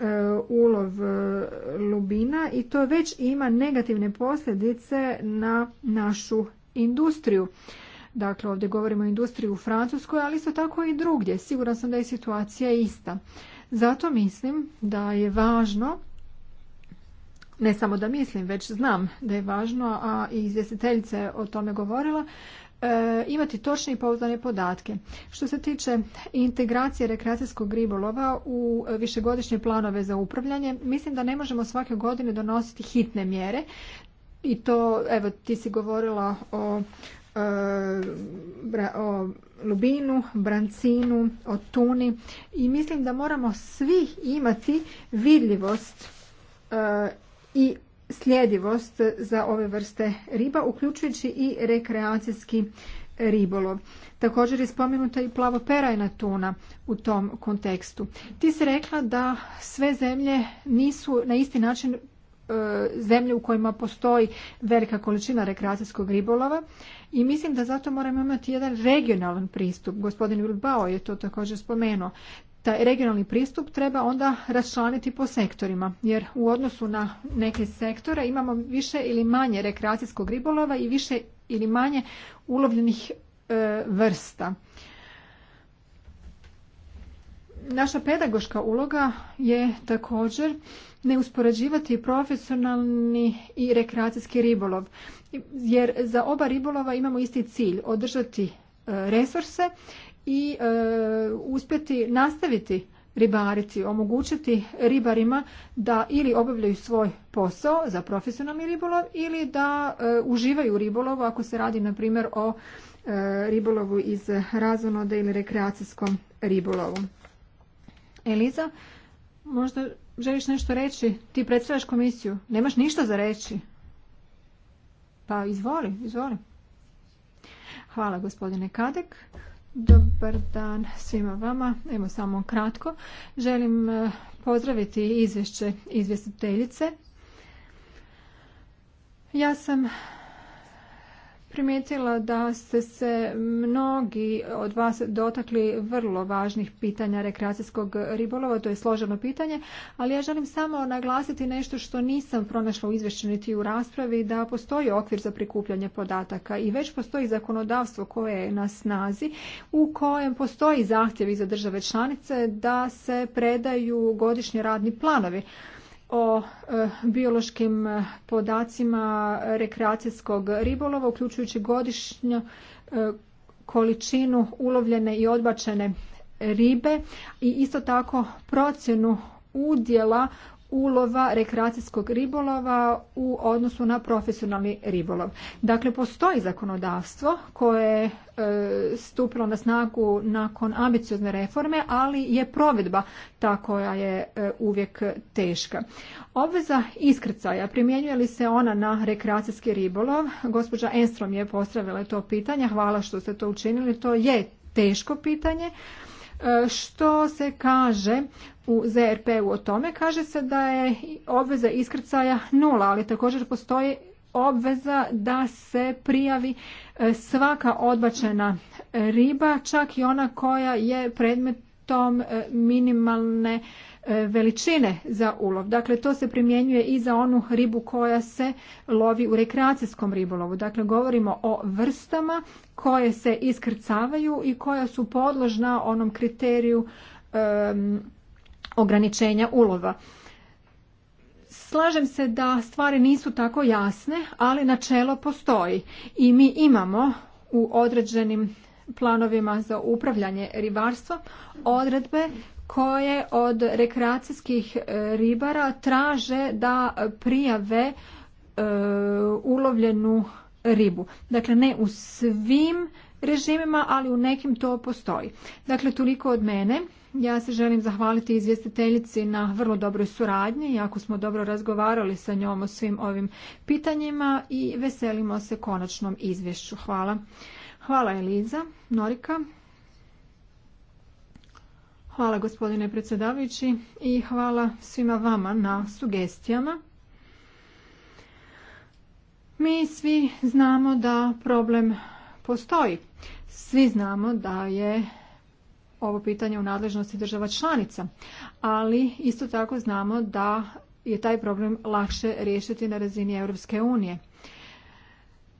B: E, ulov e, lubina i to već ima negativne posljedice na našu industriju. Dakle, ovdje govorimo o industriji u Francuskoj, ali isto tako i drugdje. Siguran sam da je situacija ista. Zato mislim da je važno, ne samo da mislim, već znam da je važno, a i izvjestiteljica je o tome govorila, E, imati točne i pouzdane podatke. Što se tiče integracije rekreacijskog ribolova u višegodišnje planove za upravljanje, mislim da ne možemo svake godine donositi hitne mjere i to, evo, ti si govorila o e, o lubinu, brancinu, o tuni i mislim da moramo svi imati vidljivost e, i sljedivost za ove vrste riba, uključujući i rekreacijski ribolov. Također je spomenuta i plavoperajna tuna u tom kontekstu. Ti se rekla da sve zemlje nisu na isti način e, zemlje u kojima postoji velika količina rekreacijskog ribolova i mislim da zato moramo imati jedan regionalan pristup. Gospodin Bilbao je to također spomenuo taj regionalni pristup treba onda raščlaniti po sektorima, jer u odnosu na neke sektore imamo više ili manje rekreacijskog ribolova i više ili manje ulovljenih e, vrsta. Naša pedagoška uloga je također ne uspoređivati profesionalni i rekreacijski ribolov, jer za oba ribolova imamo isti cilj, održati e, resurse i e, uspjeti nastaviti ribariti, omogućiti ribarima da ili obavljaju svoj posao za profesionalni ribolov ili da e, uživaju ribolovu ako se radi na primjer o e, ribolovu iz razonoda ili rekreacijskom ribolovu. Eliza, možda želiš nešto reći? Ti predstavljaš komisiju. Nemaš ništa za reći. Pa izvoli, izvoli. Hvala gospodine Kadek. Dobar dan svima vama. Evo samo kratko. Želim e, pozdraviti izvješće izvjestiteljice. Ja sam primijetila da ste se mnogi od vas dotakli vrlo važnih pitanja rekreacijskog ribolova, to je složeno pitanje, ali ja želim samo naglasiti nešto što nisam pronašla u izvješću niti u raspravi, da postoji okvir za prikupljanje podataka i već postoji zakonodavstvo koje je na snazi u kojem postoji zahtjevi za države članice da se predaju godišnji radni planovi o e, biološkim e, podacima rekreacijskog ribolova, uključujući godišnju e, količinu ulovljene i odbačene ribe i isto tako procjenu udjela ulova rekreacijskog ribolova u odnosu na profesionalni ribolov. Dakle, postoji zakonodavstvo koje je stupilo na snagu nakon ambiciozne reforme, ali je provedba ta koja je e, uvijek teška. Obveza iskrcaja, primjenjuje li se ona na rekreacijski ribolov? Gospođa Enstrom je postavila to pitanje. Hvala što ste to učinili. To je teško pitanje. Što se kaže u ZRP-u o tome? Kaže se da je obveza iskrcaja nula, ali također postoji obveza da se prijavi e, svaka odbačena e, riba, čak i ona koja je predmetom e, minimalne E, veličine za ulov. Dakle, to se primjenjuje i za onu ribu koja se lovi u rekreacijskom ribolovu. Dakle, govorimo o vrstama koje se iskrcavaju i koja su podložna onom kriteriju ograničenja ulova. Slažem se da stvari nisu tako jasne, ali načelo postoji i mi imamo u određenim planovima za upravljanje ribarstva odredbe koje od rekreacijskih e, ribara traže da prijave e, ulovljenu ribu. Dakle, ne u svim režimima, ali u nekim to postoji. Dakle, toliko od mene. Ja se želim zahvaliti izvjestiteljici na vrlo dobroj suradnji, jako smo dobro razgovarali sa njom o svim ovim pitanjima i veselimo se konačnom izvješću. Hvala. Hvala Eliza, Norika. Hvala gospodine predsjedavajući i hvala svima vama na sugestijama. Mi svi znamo da problem postoji. Svi znamo da je ovo pitanje u nadležnosti država članica, ali isto tako znamo da je taj problem lakše riješiti na razini Europske unije.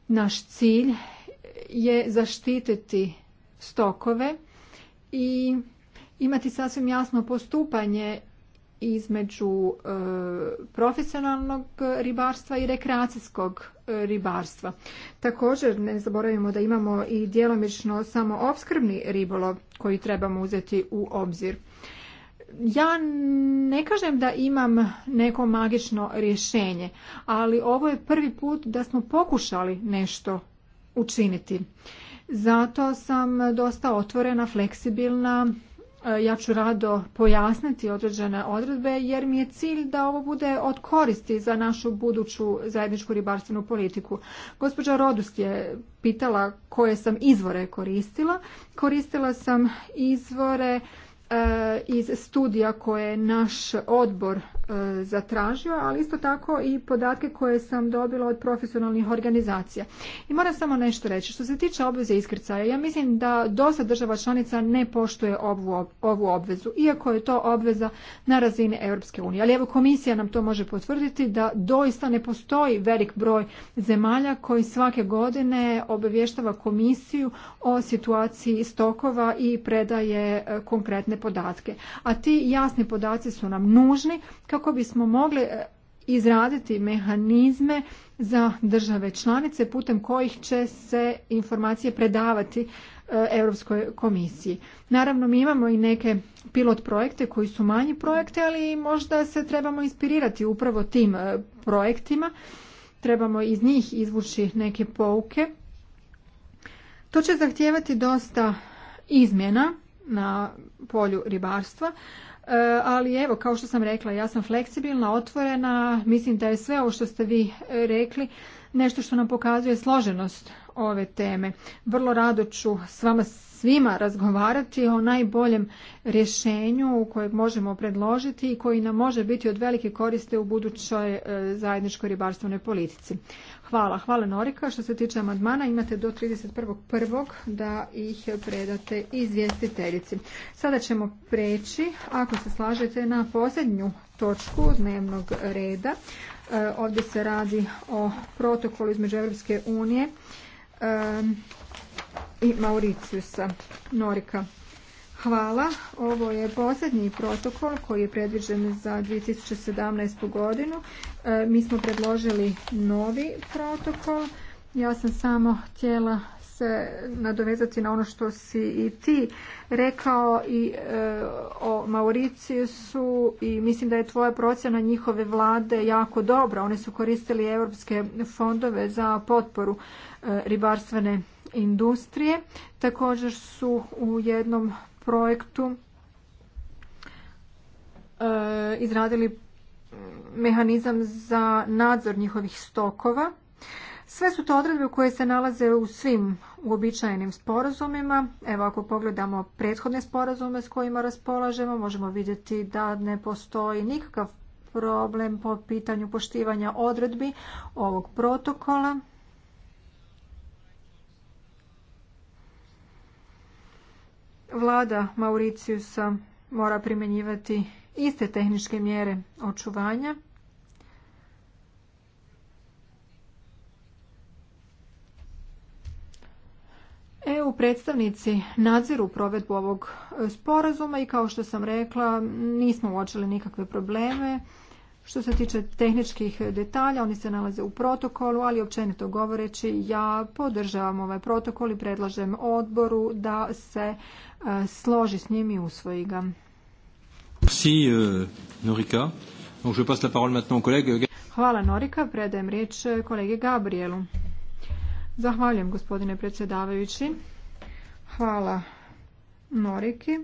B: Naš cilj je zaštititi stokove i imati sasvim jasno postupanje između e, profesionalnog ribarstva i rekreacijskog e, ribarstva. Također ne zaboravimo da imamo i djelomično samo opskrbni ribolov koji trebamo uzeti u obzir. Ja ne kažem da imam neko magično rješenje, ali ovo je prvi put da smo pokušali nešto učiniti. Zato sam dosta otvorena, fleksibilna E, ja ću rado pojasniti određene odredbe jer mi je cilj da ovo bude od koristi za našu buduću zajedničku ribarstvenu politiku. Gospođa Rodust je pitala koje sam izvore koristila. Koristila sam izvore e, iz studija koje je naš odbor E, zatražio, ali isto tako i podatke koje sam dobila od profesionalnih organizacija. I moram samo nešto reći. Što se tiče obveze iskrcaja, ja mislim da dosta država članica ne poštuje ovu, ovu obvezu, iako je to obveza na razini Europske unije. Ali evo komisija nam to može potvrditi da doista ne postoji velik broj zemalja koji svake godine obavještava komisiju o situaciji stokova i predaje e, konkretne podatke. A ti jasni podaci su nam nužni kako kako bismo mogli e, izraditi mehanizme za države članice putem kojih će se informacije predavati e, Europskoj komisiji. Naravno, mi imamo i neke pilot projekte koji su manji projekte, ali možda se trebamo inspirirati upravo tim e, projektima. Trebamo iz njih izvući neke pouke. To će zahtijevati dosta izmjena na polju ribarstva, E, ali evo kao što sam rekla ja sam fleksibilna, otvorena, mislim da je sve ovo što ste vi e, rekli nešto što nam pokazuje složenost ove teme. Vrlo rado ću s vama svima razgovarati o najboljem rješenju kojeg možemo predložiti i koji nam može biti od velike koriste u budućoj e, zajedničkoj ribarstvenoj politici. Hvala. Hvala Norika. Što se tiče amandmana imate do 31.1. da ih predate izvjestiteljici. Sada ćemo preći, ako se slažete, na posljednju točku dnevnog reda. E, ovdje se radi o protokolu između Europske unije e, i Mauriciusa Norika. Hvala. Ovo je posljednji protokol koji je predviđen za 2017. godinu. E, mi smo predložili novi protokol. Ja sam samo htjela se nadovezati na ono što si i ti rekao i e, o su i mislim da je tvoja procjena njihove vlade jako dobra. Oni su koristili europske fondove za potporu e, ribarstvene industrije. Također su u jednom projektu e, izradili mehanizam za nadzor njihovih stokova. Sve su to odredbe koje se nalaze u svim uobičajenim sporazumima. Evo ako pogledamo prethodne sporazume s kojima raspolažemo, možemo vidjeti da ne postoji nikakav problem po pitanju poštivanja odredbi ovog protokola. Vlada Mauriciusa mora primjenjivati iste tehničke mjere očuvanja EU predstavnici nadziru provedbu ovog sporazuma i kao što sam rekla nismo uočili nikakve probleme što se tiče tehničkih detalja, oni se nalaze u protokolu, ali općenito govoreći ja podržavam ovaj protokol i predlažem odboru da se e, složi s njim i usvoji ga. Hvala Norika, predajem riječ e, kolegi Gabrielu. Zahvaljujem gospodine predsjedavajući. Hvala Noriki.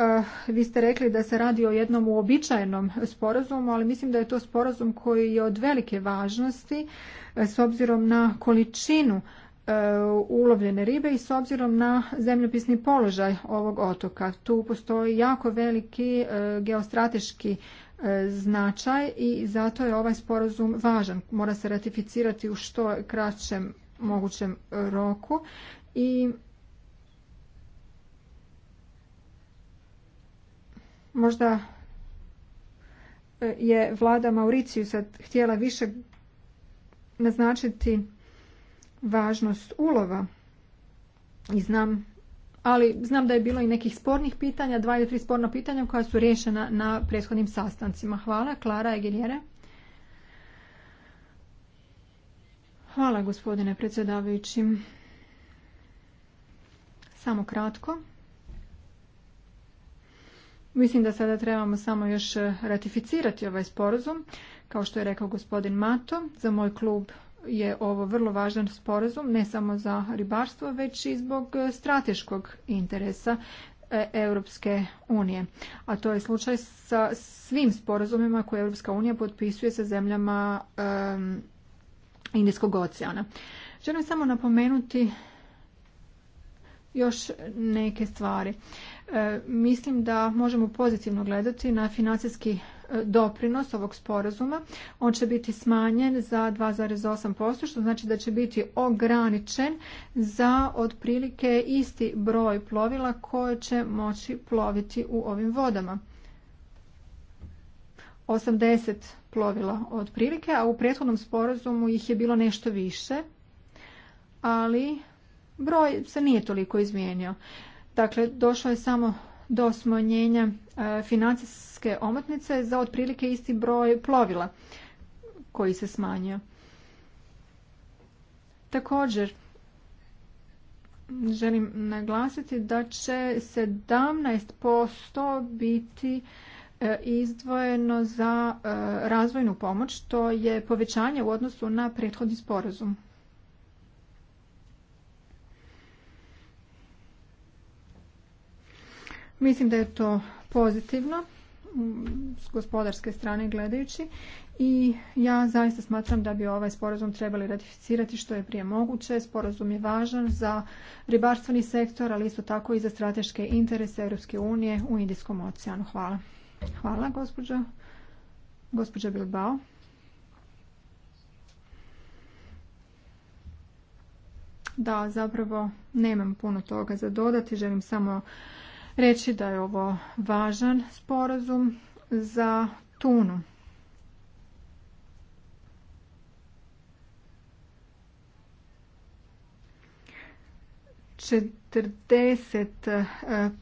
B: Eh, vi ste rekli da se radi o jednom uobičajenom sporazumu, ali mislim da je to sporazum koji je od velike važnosti eh, s obzirom na količinu eh, ulovljene ribe i s obzirom na zemljopisni položaj ovog otoka. Tu postoji jako veliki geostrateški značaj i zato je ovaj sporazum važan. Mora se ratificirati u što kraćem mogućem roku i Možda e, je vlada Mauriciju sad htjela više naznačiti važnost ulova i znam ali znam da je bilo i nekih spornih pitanja, dva ili tri sporna pitanja koja su riješena na prethodnim sastancima. Hvala. Klara Egiljere. Hvala gospodine predsjedavajući. Samo kratko. Mislim da sada trebamo samo još e, ratificirati ovaj sporazum. Kao što je rekao gospodin Mato, za moj klub je ovo vrlo važan sporazum, ne samo za ribarstvo, već i zbog e, strateškog interesa e, Europske unije. A to je slučaj sa svim sporazumima koje Europska unija potpisuje sa zemljama um, Indijskog oceana. Želim samo napomenuti još neke stvari. E, mislim da možemo pozitivno gledati na financijski e, doprinos ovog sporazuma. On će biti smanjen za 2,8%, što znači da će biti ograničen za otprilike isti broj plovila koje će moći ploviti u ovim vodama. 80 plovila otprilike, a u prethodnom sporazumu ih je bilo nešto više, ali broj se nije toliko izmijenio. Dakle, došlo je samo do smanjenja e, financijske omotnice za otprilike isti broj plovila koji se smanjio. Također, želim naglasiti da će 17% biti e, izdvojeno za e, razvojnu pomoć, to je povećanje u odnosu na prethodni sporazum. Mislim da je to pozitivno mm, s gospodarske strane gledajući i ja zaista smatram da bi ovaj sporazum trebali ratificirati što je prije moguće. Sporazum je važan za ribarstveni sektor, ali isto tako i za strateške interese Europske unije u Indijskom oceanu. Hvala. Hvala, gospođo. Gospođa Bilbao. Da, zapravo nemam puno toga za dodati. Želim samo reći da je ovo važan sporazum za Tunu. Četrdeset eh,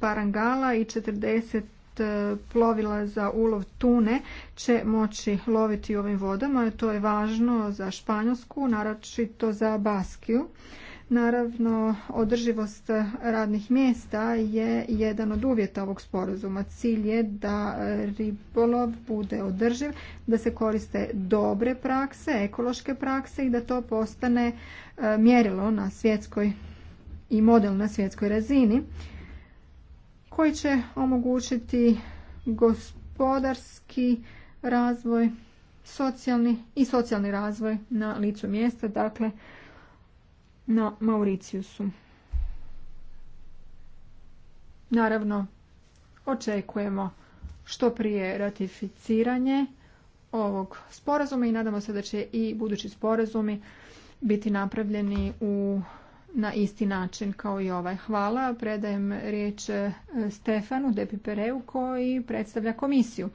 B: parangala i četrdeset eh, plovila za ulov tune će moći loviti u ovim vodama. To je važno za Španjolsku, naročito za Baskiju. Naravno, održivost radnih mjesta je jedan od uvjeta ovog sporazuma. Cilj je da ribolov bude održiv, da se koriste dobre prakse, ekološke prakse i da to postane e, mjerilo na svjetskoj i model na svjetskoj razini koji će omogućiti gospodarski razvoj socijalni i socijalni razvoj na licu mjesta, dakle na mauriciusu Naravno, očekujemo što prije ratificiranje ovog sporazuma i nadamo se da će i budući sporazumi biti napravljeni u, na isti način kao i ovaj. Hvala. Predajem riječ e, Stefanu Depipereu koji predstavlja komisiju.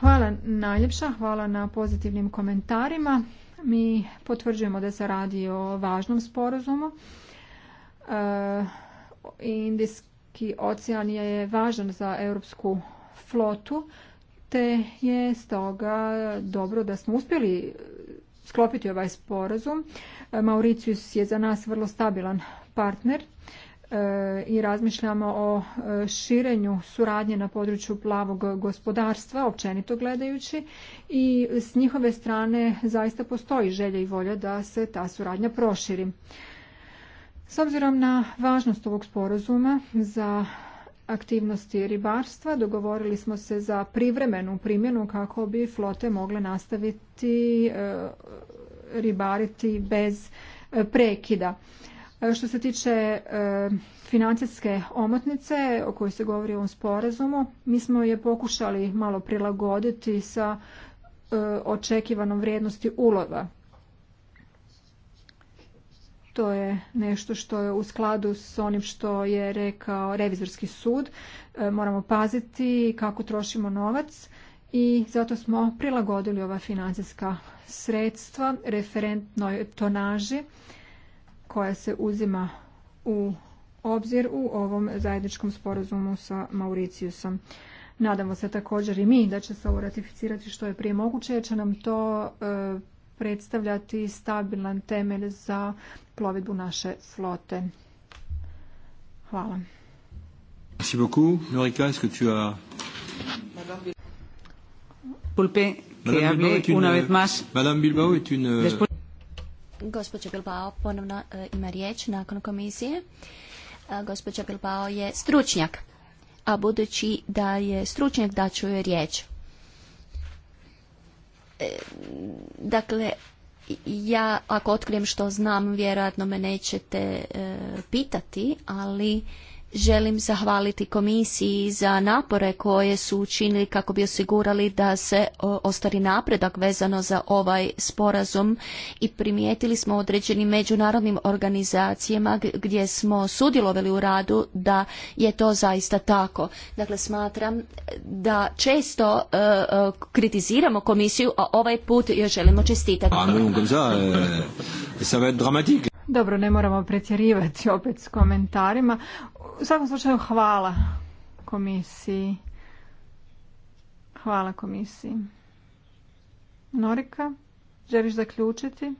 B: Hvala najljepša, hvala na pozitivnim komentarima mi potvrđujemo da se radi o važnom sporazumu. E, Indijski ocean je važan za europsku flotu, te je stoga dobro da smo uspjeli sklopiti ovaj sporazum. E, Mauricius je za nas vrlo stabilan partner E, i razmišljamo o e, širenju suradnje na području plavog gospodarstva, općenito gledajući, i s njihove strane zaista postoji želja i volja da se ta suradnja proširi. S obzirom na važnost ovog sporazuma za aktivnosti ribarstva dogovorili smo se za privremenu primjenu kako bi flote mogle nastaviti e, ribariti bez prekida. E, što se tiče e, financijske omotnice o kojoj se govori u ovom sporazumu, mi smo je pokušali malo prilagoditi sa e, očekivanom vrijednosti ulova. To je nešto što je u skladu s onim što je rekao revizorski sud. Moramo paziti kako trošimo novac i zato smo prilagodili ova financijska sredstva referentnoj tonaži koja se uzima u obzir u ovom zajedničkom sporazumu sa Mauricijusom. Nadamo se također i mi da će se ovo ratificirati što je prije moguće, jer će nam to e, predstavljati stabilan temelj za plovidbu naše flote. Hvala.
A: Merci
D: Gospođa Bilbao ponovno e, ima riječ nakon komisije. E, gospođa Bilbao je stručnjak, a budući da je stručnjak ću joj riječ. E, dakle, ja ako otkrijem što znam, vjerojatno me nećete pitati, ali Želim zahvaliti komisiji za napore koje su učinili kako bi osigurali da se ostvari napredak vezano za ovaj sporazum i primijetili smo određenim međunarodnim organizacijama gdje smo sudjelovali u radu da je to zaista tako. Dakle, smatram da često e, e, kritiziramo komisiju, a ovaj put joj želimo čestitati.
A: E,
D: Dobro, ne moramo pretjerivati opet s komentarima.
B: U svakom slučaju hvala komisiji. Hvala komisiji. Norika, želiš zaključiti?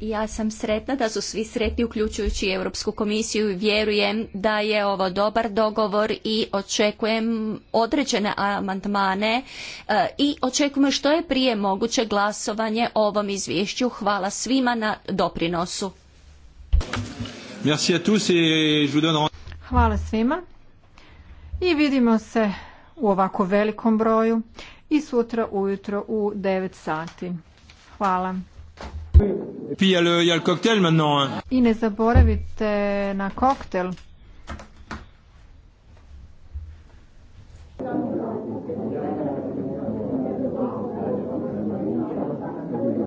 D: Ja sam sretna da su svi sretni uključujući Europsku komisiju i vjerujem da je ovo dobar dogovor i očekujem određene amandmane eh, i očekujem što je prije moguće glasovanje o ovom izvješću. Hvala svima na doprinosu.
A: Merci à tous et je vous donne...
D: Hvala svima
B: i vidimo se u ovako velikom broju i sutra ujutro u 9 sati. Hvala. I ne zaboravite na koktel.